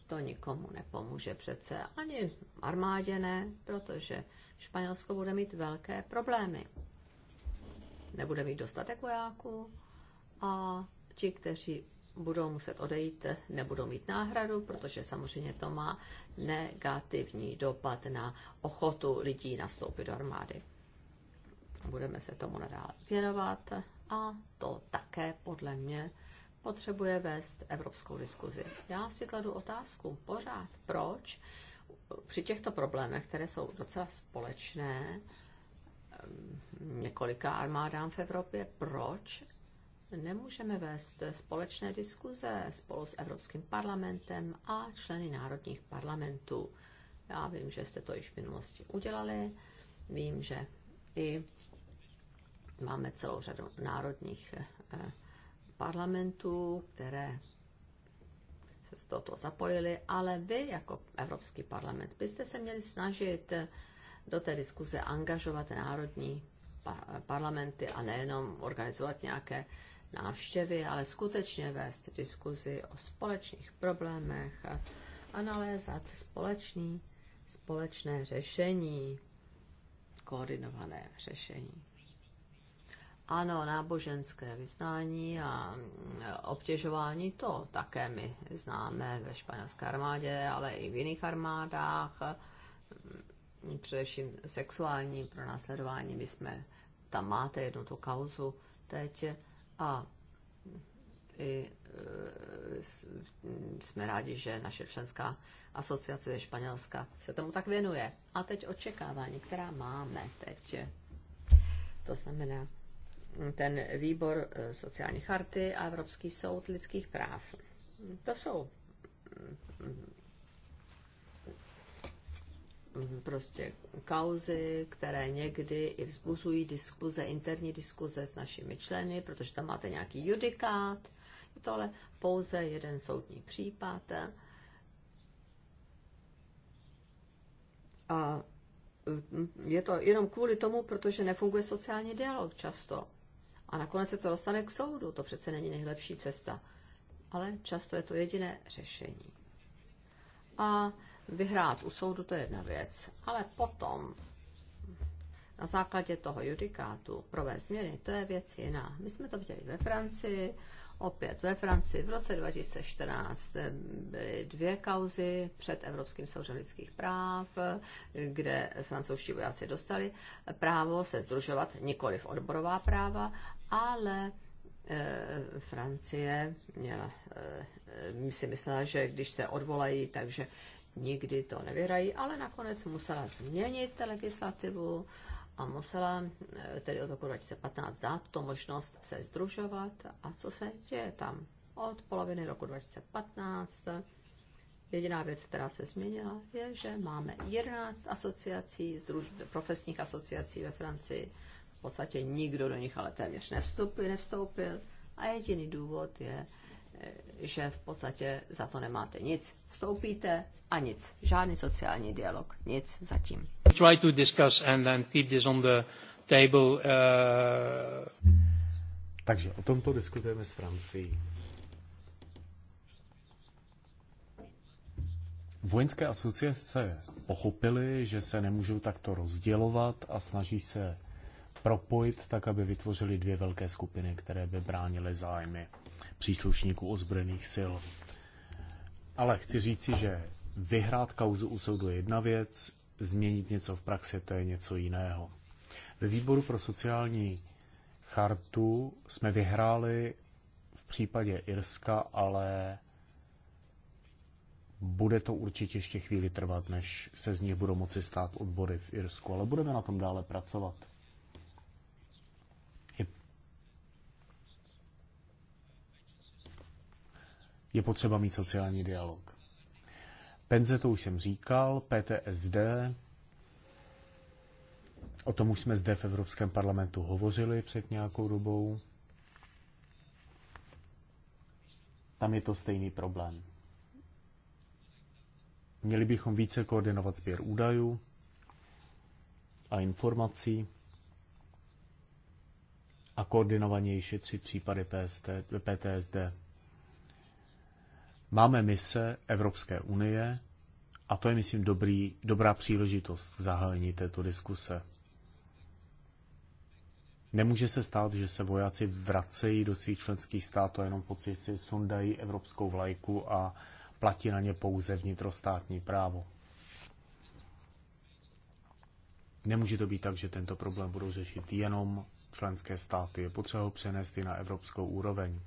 [SPEAKER 3] to nikomu nepomůže přece, ani armádě ne, protože Španělsko bude mít velké problémy. Nebude mít dostatek vojáků a ti, kteří budou muset odejít, nebudou mít náhradu, protože samozřejmě to má negativní dopad na ochotu lidí nastoupit do armády. Budeme se tomu nadále věnovat a to také podle mě potřebuje vést evropskou diskuzi. Já si kladu otázku pořád, proč při těchto problémech, které jsou docela společné ehm, několika armádám v Evropě, proč nemůžeme vést společné diskuze spolu s Evropským parlamentem a členy národních parlamentů. Já vím, že jste to již v minulosti udělali, vím, že i máme celou řadu národních eh, parlamentů, které se z toho zapojili, ale vy jako Evropský parlament byste se měli snažit do té diskuze angažovat národní parlamenty a nejenom organizovat nějaké návštěvy, ale skutečně vést diskuzi o společných problémech a nalézat společný, společné řešení, koordinované řešení. Ano, náboženské vyznání a mm, obtěžování, to také my známe ve španělské armádě, ale i v jiných armádách, mm, především sexuální pronásledování. My jsme, tam máte jednu tu kauzu teď a mm, i e, jsme rádi, že naše členská asociace ze Španělska se tomu tak věnuje. A teď očekávání, která máme teď. To znamená, ten výbor eh, sociální charty a Evropský soud lidských práv. To jsou mm, mm, prostě kauzy, které někdy i vzbuzují diskuze, interní diskuze s našimi členy, protože tam máte nějaký judikát, je to ale pouze jeden soudní případ. A mm, je to jenom kvůli tomu, protože nefunguje sociální dialog často a nakonec se to dostane k soudu. To přece není nejlepší cesta. Ale často je to jediné řešení. A vyhrát u soudu to je jedna věc, ale potom na základě toho judikátu provést změny, to je věc jiná. My jsme to viděli ve Francii, opět ve Francii v roce 2014 byly dvě kauzy před Evropským soudem lidských práv, kde francouzští vojáci dostali právo se združovat, nikoli v odborová práva, ale eh, Francie měla, eh, si myslela, že když se odvolají, takže nikdy to nevyhrají, ale nakonec musela změnit legislativu a musela eh, tedy od roku 2015 dát to možnost se združovat. A co se děje tam? Od poloviny roku 2015 jediná věc, která se změnila, je, že máme 11 asociací, združ, profesních asociací ve Francii v podstatě nikdo do nich ale téměř nevstoupil, nevstoupil a jediný důvod je, eh, že v podstatě za to nemáte nic. Vstoupíte a nic. Žádný sociální dialog. Nic zatím.
[SPEAKER 1] Try to discuss and, then keep this on the table. Uh... Takže o tomto diskutujeme s Francií. Vojenské asociace pochopily, že se nemůžou takto rozdělovat a snaží se propojit tak, aby vytvořili dvě velké skupiny, které by bránily zájmy příslušníků ozbrojených sil. Ale chci říci, že vyhrát kauzu u soudu je jedna věc, změnit něco v praxi to je něco jiného. Ve výboru pro sociální chartu jsme vyhráli v případě Irska, ale bude to určitě ještě chvíli trvat, než se z nich budou moci stát odbory v Irsku, ale budeme na tom dále pracovat. je potřeba mít sociální dialog. Penze to už jsem říkal, PTSD, o tom už jsme zde v Evropském parlamentu hovořili před nějakou dobou. Tam je to stejný problém. Měli bychom více koordinovat sběr údajů a informací a koordinovaně šetřit případy PST, PTSD. Máme mise Evropské unie a to je, myslím, dobrý, dobrá příležitost k zahájení této diskuse. Nemůže se stát, že se vojáci vracejí do svých členských států jenom pocit, si sundají evropskou vlajku a platí na ně pouze vnitrostátní právo. Nemůže to být tak, že tento problém budou řešit jenom členské státy. Je potřeba ho přenést i na evropskou úroveň.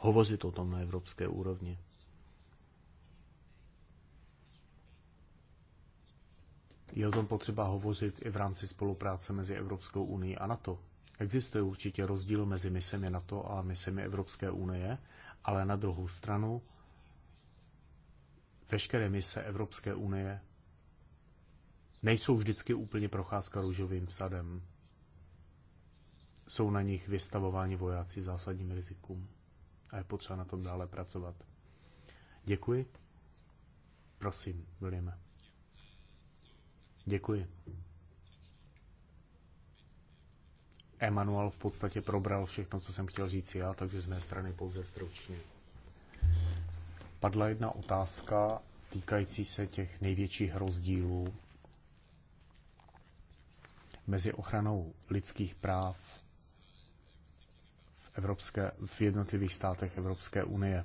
[SPEAKER 1] Hovořit o tom na evropské úrovni. Je o tom potřeba hovořit i v rámci spolupráce mezi Evropskou unii a NATO. Existuje určitě rozdíl mezi misemi NATO a misemi Evropské unie, ale na druhou stranu veškeré mise Evropské unie nejsou vždycky úplně procházka růžovým sadem. Jsou na nich vystavováni vojáci zásadním rizikům a je potřeba na tom dále pracovat. Děkuji. Prosím, budeme. Děkuji. Emanuel v podstatě probral všechno, co jsem chtěl říct já, takže z mé strany pouze stručně. Padla jedna otázka týkající se těch největších rozdílů mezi ochranou lidských práv v, Evropské, v jednotlivých státech Evropské unie.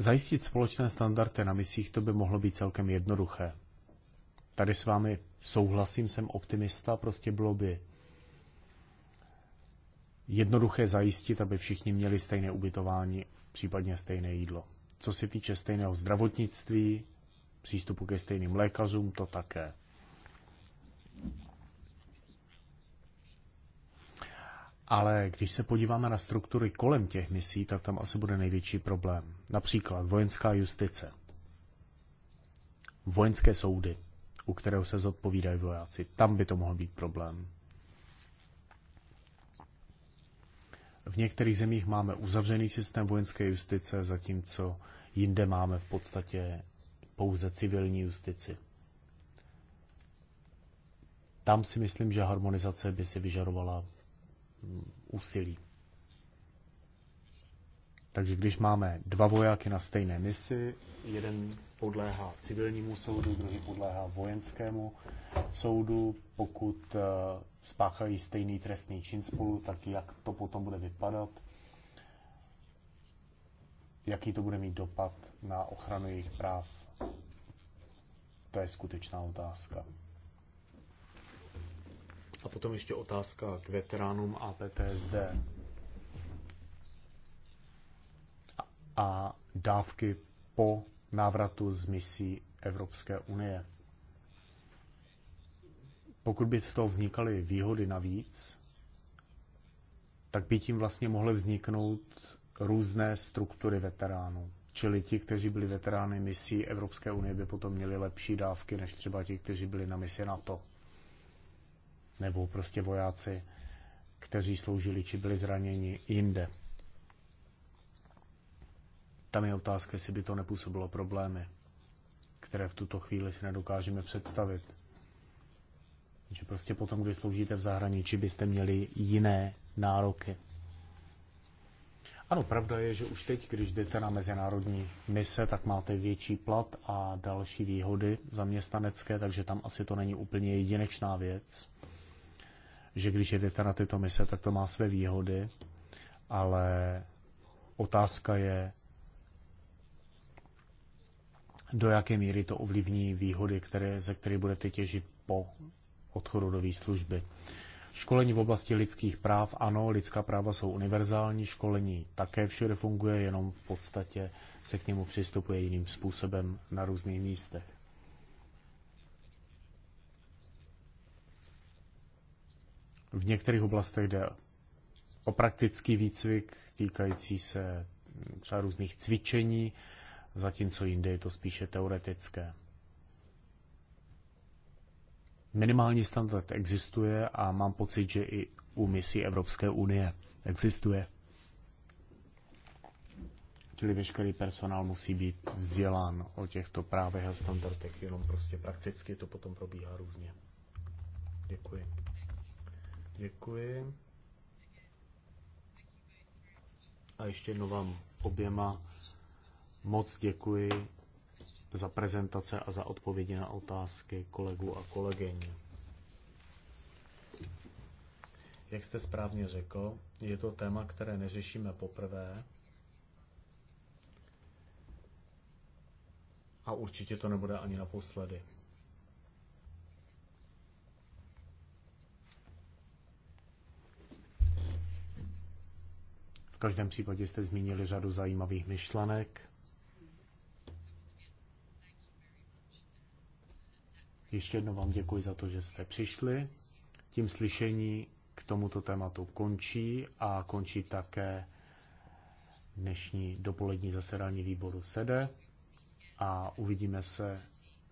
[SPEAKER 1] Zajistit společné standardy na misích, to by mohlo být celkem jednoduché. Tady s vámi souhlasím, jsem optimista, prostě bylo by jednoduché zajistit, aby všichni měli stejné ubytování, případně stejné jídlo. Co se týče stejného zdravotnictví, přístupu ke stejným lékařům, to také. Ale když se podíváme na struktury kolem těch misí, tak tam asi bude největší problém. Například vojenská justice, vojenské soudy, u kterého se zodpovídají vojáci. Tam by to mohl být problém. V některých zemích máme uzavřený systém vojenské justice, zatímco jinde máme v podstatě pouze civilní justici. Tam si myslím, že harmonizace by si vyžadovala úsilí. Takže když máme dva vojáky na stejné misi, jeden podléhá civilnímu soudu, druhý podléhá vojenskému soudu, pokud eh, spáchají stejný trestný čin spolu, tak jak to potom bude vypadat, jaký to bude mít dopad na ochranu jejich práv, to je skutečná otázka. A potom ještě otázka k veteránům a PTSD. A dávky po návratu z misí Evropské unie. Pokud by z toho vznikaly výhody navíc, tak by tím vlastně mohly vzniknout různé struktury veteránů. Čili ti, kteří byli veterány misí Evropské unie, by potom měli lepší dávky než třeba ti, kteří byli na misi NATO nebo prostě vojáci, kteří sloužili či byli zraněni jinde. Tam je otázka, jestli by to nepůsobilo problémy, které v tuto chvíli si nedokážeme představit. Že prostě potom, když sloužíte v zahraničí, byste měli jiné nároky. Ano, pravda je, že už teď, když jdete na mezinárodní mise, tak máte větší plat a další výhody zaměstnanecké, takže tam asi to není úplně jedinečná věc že když jedete na tyto mise, tak to má své výhody, ale otázka je, do jaké míry to ovlivní výhody, které, ze které budete těžit po odchodu do výslužby. Školení v oblasti lidských práv, ano, lidská práva jsou univerzální, školení také všude funguje, jenom v podstatě se k němu přistupuje jiným způsobem na různých místech. V některých oblastech jde o praktický výcvik týkající se třeba různých cvičení, zatímco jinde je to spíše teoretické. Minimální standard existuje a mám pocit, že i u misí Evropské unie existuje. Čili veškerý personál musí být vzdělán o těchto právech a standardech, jenom prostě prakticky to potom probíhá různě. Děkuji. Děkuji. A ještě jednou vám oběma moc děkuji za prezentace a za odpovědi na otázky kolegů a kolegyň. Jak jste správně řekl, je to téma, které neřešíme poprvé. A určitě to nebude ani naposledy. každém případě jste zmínili řadu zajímavých myšlenek. Ještě jednou vám děkuji za to, že jste přišli. Tím slyšení k tomuto tématu končí a končí také dnešní dopolední zasedání výboru SEDE a uvidíme se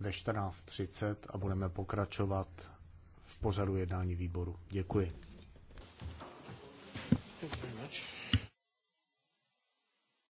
[SPEAKER 1] ve 14.30 a budeme pokračovat v pořadu jednání výboru. Děkuji.
[SPEAKER 5] Thank you very much.